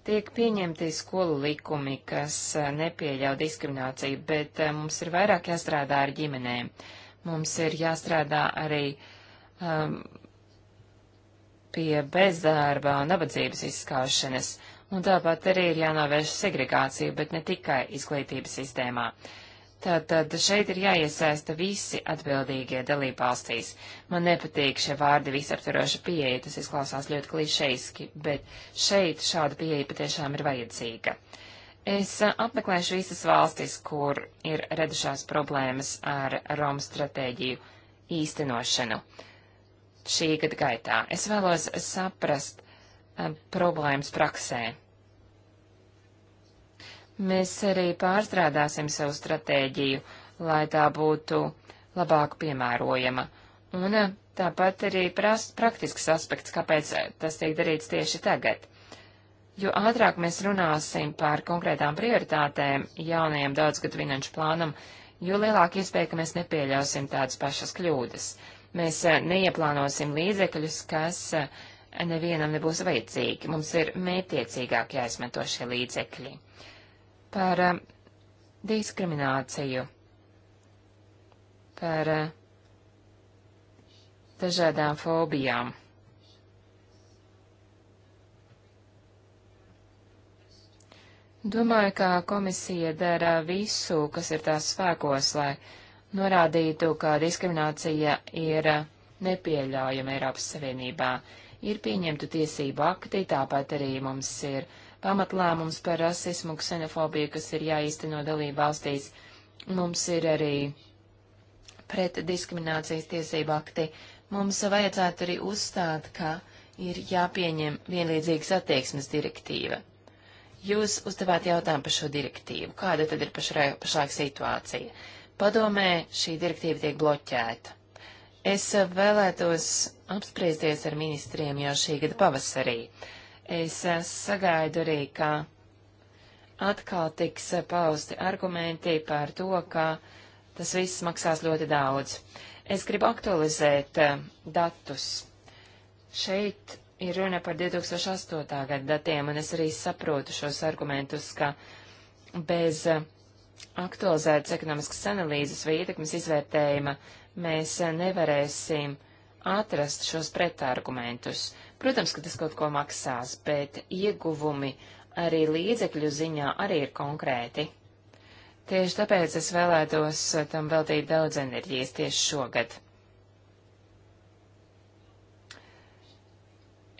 Tiek pieņemti skolu likumi, kas eh, nepieļauj diskrimināciju, bet eh, mums ir vairāk jāstrādā ar ģimenēm. Mums ir jāstrādā arī um, pie bezdarba un nabadzības izskaušanas, un tāpat arī ir jānovērš segregācija, bet ne tikai izglītības sistēmā. Uh, Tātad šeit ir jāiesaista visi atbildīgie dalībvalstīs. Man nepatīk šie vārdi visaptveroša pieeja, tas izklausās ļoti klišeiski, bet šeit šāda pieeja patiešām ir vajadzīga. Es apmeklēšu visas valstis, kur ir redušās problēmas ar Romu stratēģiju īstenošanu šī gada gaitā. Es vēlos saprast um, problēmas praksē. Mēs arī pārstrādāsim savu stratēģiju, lai tā būtu labāk piemērojama. Un eh, tāpat arī pras, praktisks aspekts, kāpēc eh, tas tiek darīts tieši tagad. Jo ātrāk mēs runāsim par konkrētām prioritātēm jaunajam daudzgadu finanšu plānam, jo lielāka iespēja, ka mēs nepieļausim tādas pašas kļūdas. Mēs eh, neieplānosim līdzekļus, kas nevienam nebūs vajadzīgi. Mums ir mētiecīgāk jāizmanto šie līdzekļi par eh, diskrimināciju, par eh, dažādām fobijām. Domāju, ka komisija dara visu, kas ir tās spēkos, lai norādītu, ka diskriminācija ir eh, nepieļaujama Eiropas Savienībā. Ir pieņemtu tiesību akti, tāpat arī mums ir uh, pamatlēmums par rasismu, ksenofobiju, kas ir jāīsteno dalību valstīs. Mums ir arī pret diskriminācijas tiesību akti. Mums vajadzētu arī uzstāt, ka ir jāpieņem vienlīdzīgas attieksmes direktīva. Jūs uzdevāt jautājumu par šo direktīvu. Kāda tad ir pašrai, pašlaik situācija? Padomē šī direktīva tiek bloķēta. Es vēlētos apspriesties ar ministriem jau šī gada pavasarī. Uh, Es eh, sagaidu arī, ka atkal tiks eh, pausti argumenti par to, ka tas viss maksās ļoti daudz. Es gribu aktualizēt eh, datus. Šeit ir runa par 2008. gada datiem, un es arī saprotu šos argumentus, ka bez aktualizētas ekonomiskas analīzes vai ietekmes izvērtējuma mēs nevarēsim atrast šos pretargumentus. Protams, ka tas kaut ko maksās, bet ieguvumi arī līdzekļu ziņā arī ir konkrēti. Tieši tāpēc es vēlētos tam veltīt daudz enerģijas tieši šogad.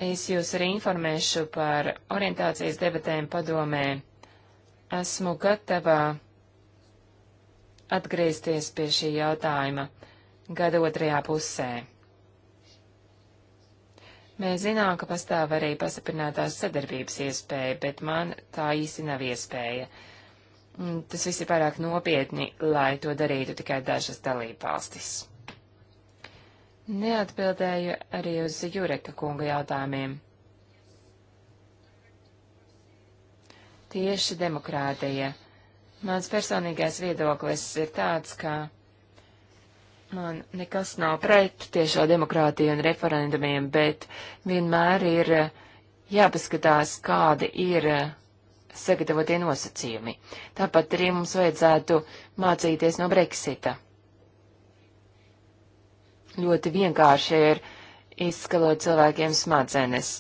Es jūs arī informēšu par orientācijas debatēm padomē. Esmu gatava atgriezties pie šī jautājuma gada otrajā pusē. Mēs zinām, ka pastāv arī pastiprinātās sadarbības iespēja, bet man tā īsti nav iespēja. Mm, tas viss ir pārāk nopietni, lai to darītu tikai dažas dalībvalstis. Neatbildēju arī uz Jureka kunga jautājumiem. Tieši demokrātija. Mans personīgais viedoklis ir tāds, ka Man nekas nav pret tiešā demokrātiju un referendumiem, bet vienmēr ir eh, jāpaskatās, kādi ir eh, sagatavotie nosacījumi. Tāpat arī mums vajadzētu mācīties no Brexita. Ļoti vienkārši ir izskalot cilvēkiem smadzenes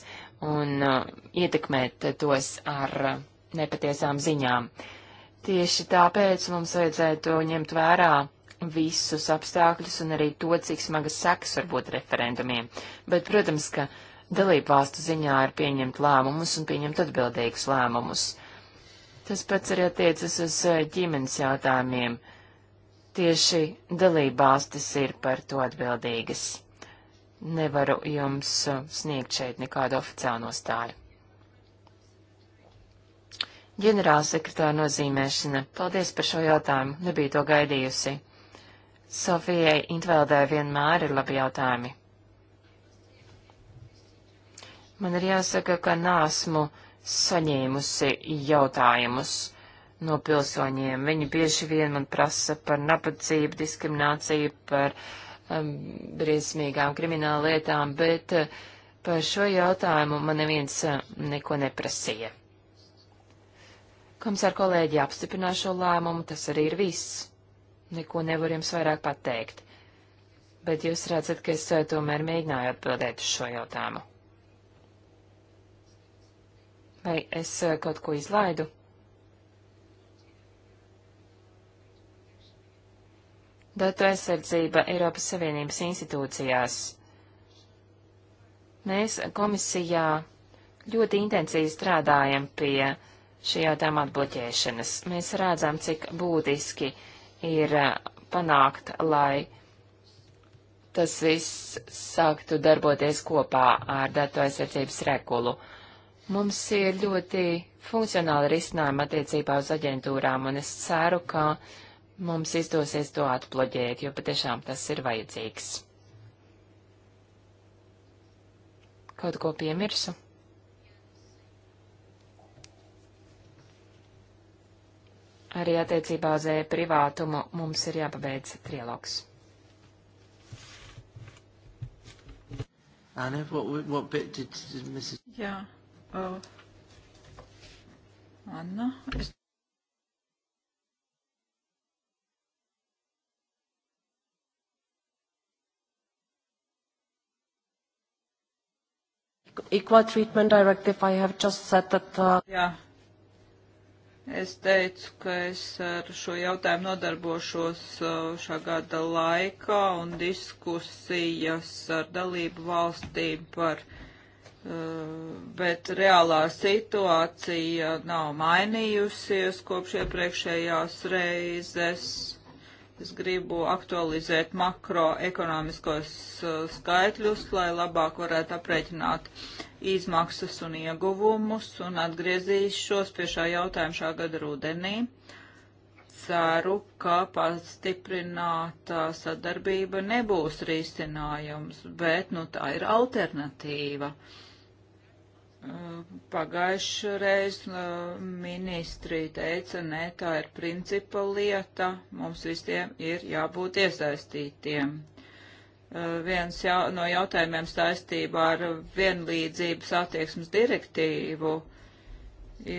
un uh, ietekmēt tos ar uh, nepatiesām ziņām. Tieši tāpēc mums vajadzētu ņemt vērā visus apstākļus un arī to, cik smagas sekas var būt referendumiem. Bet, protams, ka dalību valstu ziņā ir pieņemt lēmumus un pieņemt atbildīgus lēmumus. Tas pats arī attiecas uz eh, ģimenes jautājumiem. Tieši dalību valstis ir par to atbildīgas. Nevaru jums eh, sniegt šeit nekādu oficiālu nostāju. Ģenerālsekretāra nozīmēšana. Paldies par šo jautājumu. Nebija to gaidījusi. Sofijai Intveldē vienmēr ir labi jautājumi. Man ir jāsaka, ka nāsmu saņēmusi jautājumus no pilsoņiem. Viņi bieži vien man prasa par nabadzību, diskrimināciju, par um, briesmīgām krimināla lietām, bet uh, par šo jautājumu man neviens uh, neko neprasīja. Komisār kolēģi apstiprināja šo lēmumu, tas arī ir viss neko nevar jums vairāk pateikt. Bet jūs redzat, ka es eh, tomēr mēģināju atbildēt uz šo jautājumu. Vai es eh, kaut ko izlaidu? Datu aizsardzība Eiropas Savienības institūcijās. Mēs komisijā ļoti intensīvi strādājam pie šī jautājuma atbloķēšanas. Mēs rādzām, cik būtiski ir ir eh, panākt, lai tas viss sāktu darboties kopā ar datu aizsardzības regulu. Mums ir ļoti funkcionāli risinājumi attiecībā uz aģentūrām, un es ceru, ka mums izdosies to atploģēt, jo patiešām tas ir vajadzīgs. Kaut ko piemirsu? Arī attiecībā uz e-privātumu mums ir jāpabeidz trialogs. Anna, what, what bit did, did Mrs. Jā, uh, Anna, es. Equal treatment directive, I have just said that. Uh... Yeah. Es teicu, ka es ar šo jautājumu nodarbošos uh, šā gada laikā un diskusijas ar dalību valstīm par, uh, bet reālā situācija nav mainījusies kopš iepriekšējās reizes Es gribu aktualizēt makroekonomiskos uh, skaitļus, lai labāk varētu aprēķināt izmaksas un ieguvumus, un atgriezīšos pie šā jautājuma šā gada rudenī. Ceru, ka pastiprinātā sadarbība nebūs risinājums, bet nu tā ir alternatīva. Uh, Pagājušajā reizē uh, ministri teica, nē, tā ir principa lieta, mums visiem ir jābūt iesaistītiem. Uh, viens jau, no jautājumiem saistībā ar vienlīdzības attieksmes direktīvu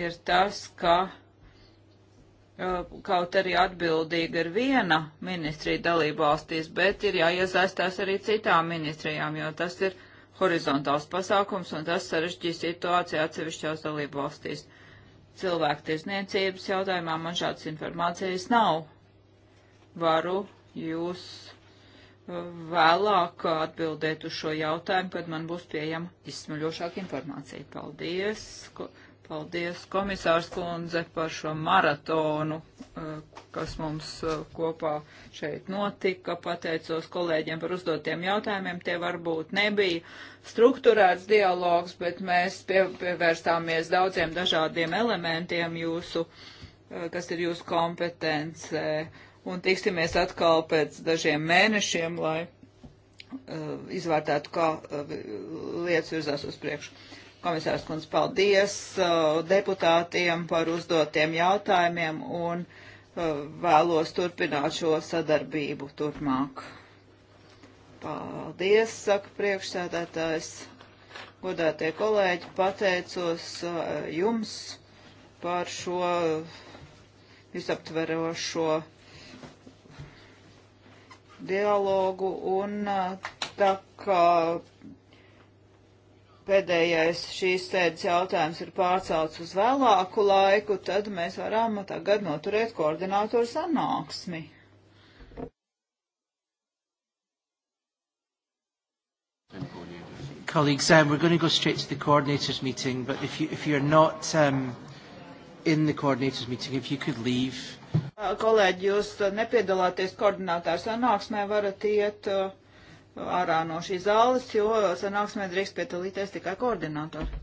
ir tas, ka uh, kaut arī atbildīga ir viena ministrija dalībvalstīs, bet ir jāiesaistās arī citām ministrijām, jo tas ir horizontāls pasākums, un tas sarežģīja situāciju atsevišķās dalību valstīs. Cilvēku tiesniecības jautājumā man šādas informācijas nav. Varu jūs uh, vēlāk atbildēt uz šo jautājumu, kad man būs pieejama izsmuļošāka informācija. Paldies! Ko... Paldies, komisārs kundze, par šo maratonu, eh, kas mums eh, kopā šeit notika. Pateicos kolēģiem par uzdotiem jautājumiem. Tie varbūt nebija struktūrēts dialogs, bet mēs pie, pievērstāmies daudziem dažādiem elementiem jūsu, eh, kas ir jūsu kompetence. Un tiksimies atkal pēc dažiem mēnešiem, lai izvērtētu, kā lietas virzās uz priekšu. Komisārs kundz, paldies uh, deputātiem par uzdotiem jautājumiem un uh, vēlos turpināt šo sadarbību turpmāk. Paldies, saka priekšsēdētājs. Godātie kolēģi, pateicos uh, jums par šo visaptverošo dialogu un uh, tā kā pēdējais šīs sēdes jautājums ir pārcelts uz vēlāku laiku, tad mēs varam tagad noturēt koordinātoru sanāksmi. Colleagues, um, we're going to go straight to the coordinators meeting, but if, you, if you're not um, in the coordinators meeting, if you could leave. Kolēģi, jūs nepiedalāties koordinātāru sanāksmē, varat iet. Uh, ārā no šīs zāles, jo sanāksmē drīkst piedalīties tikai koordinātori.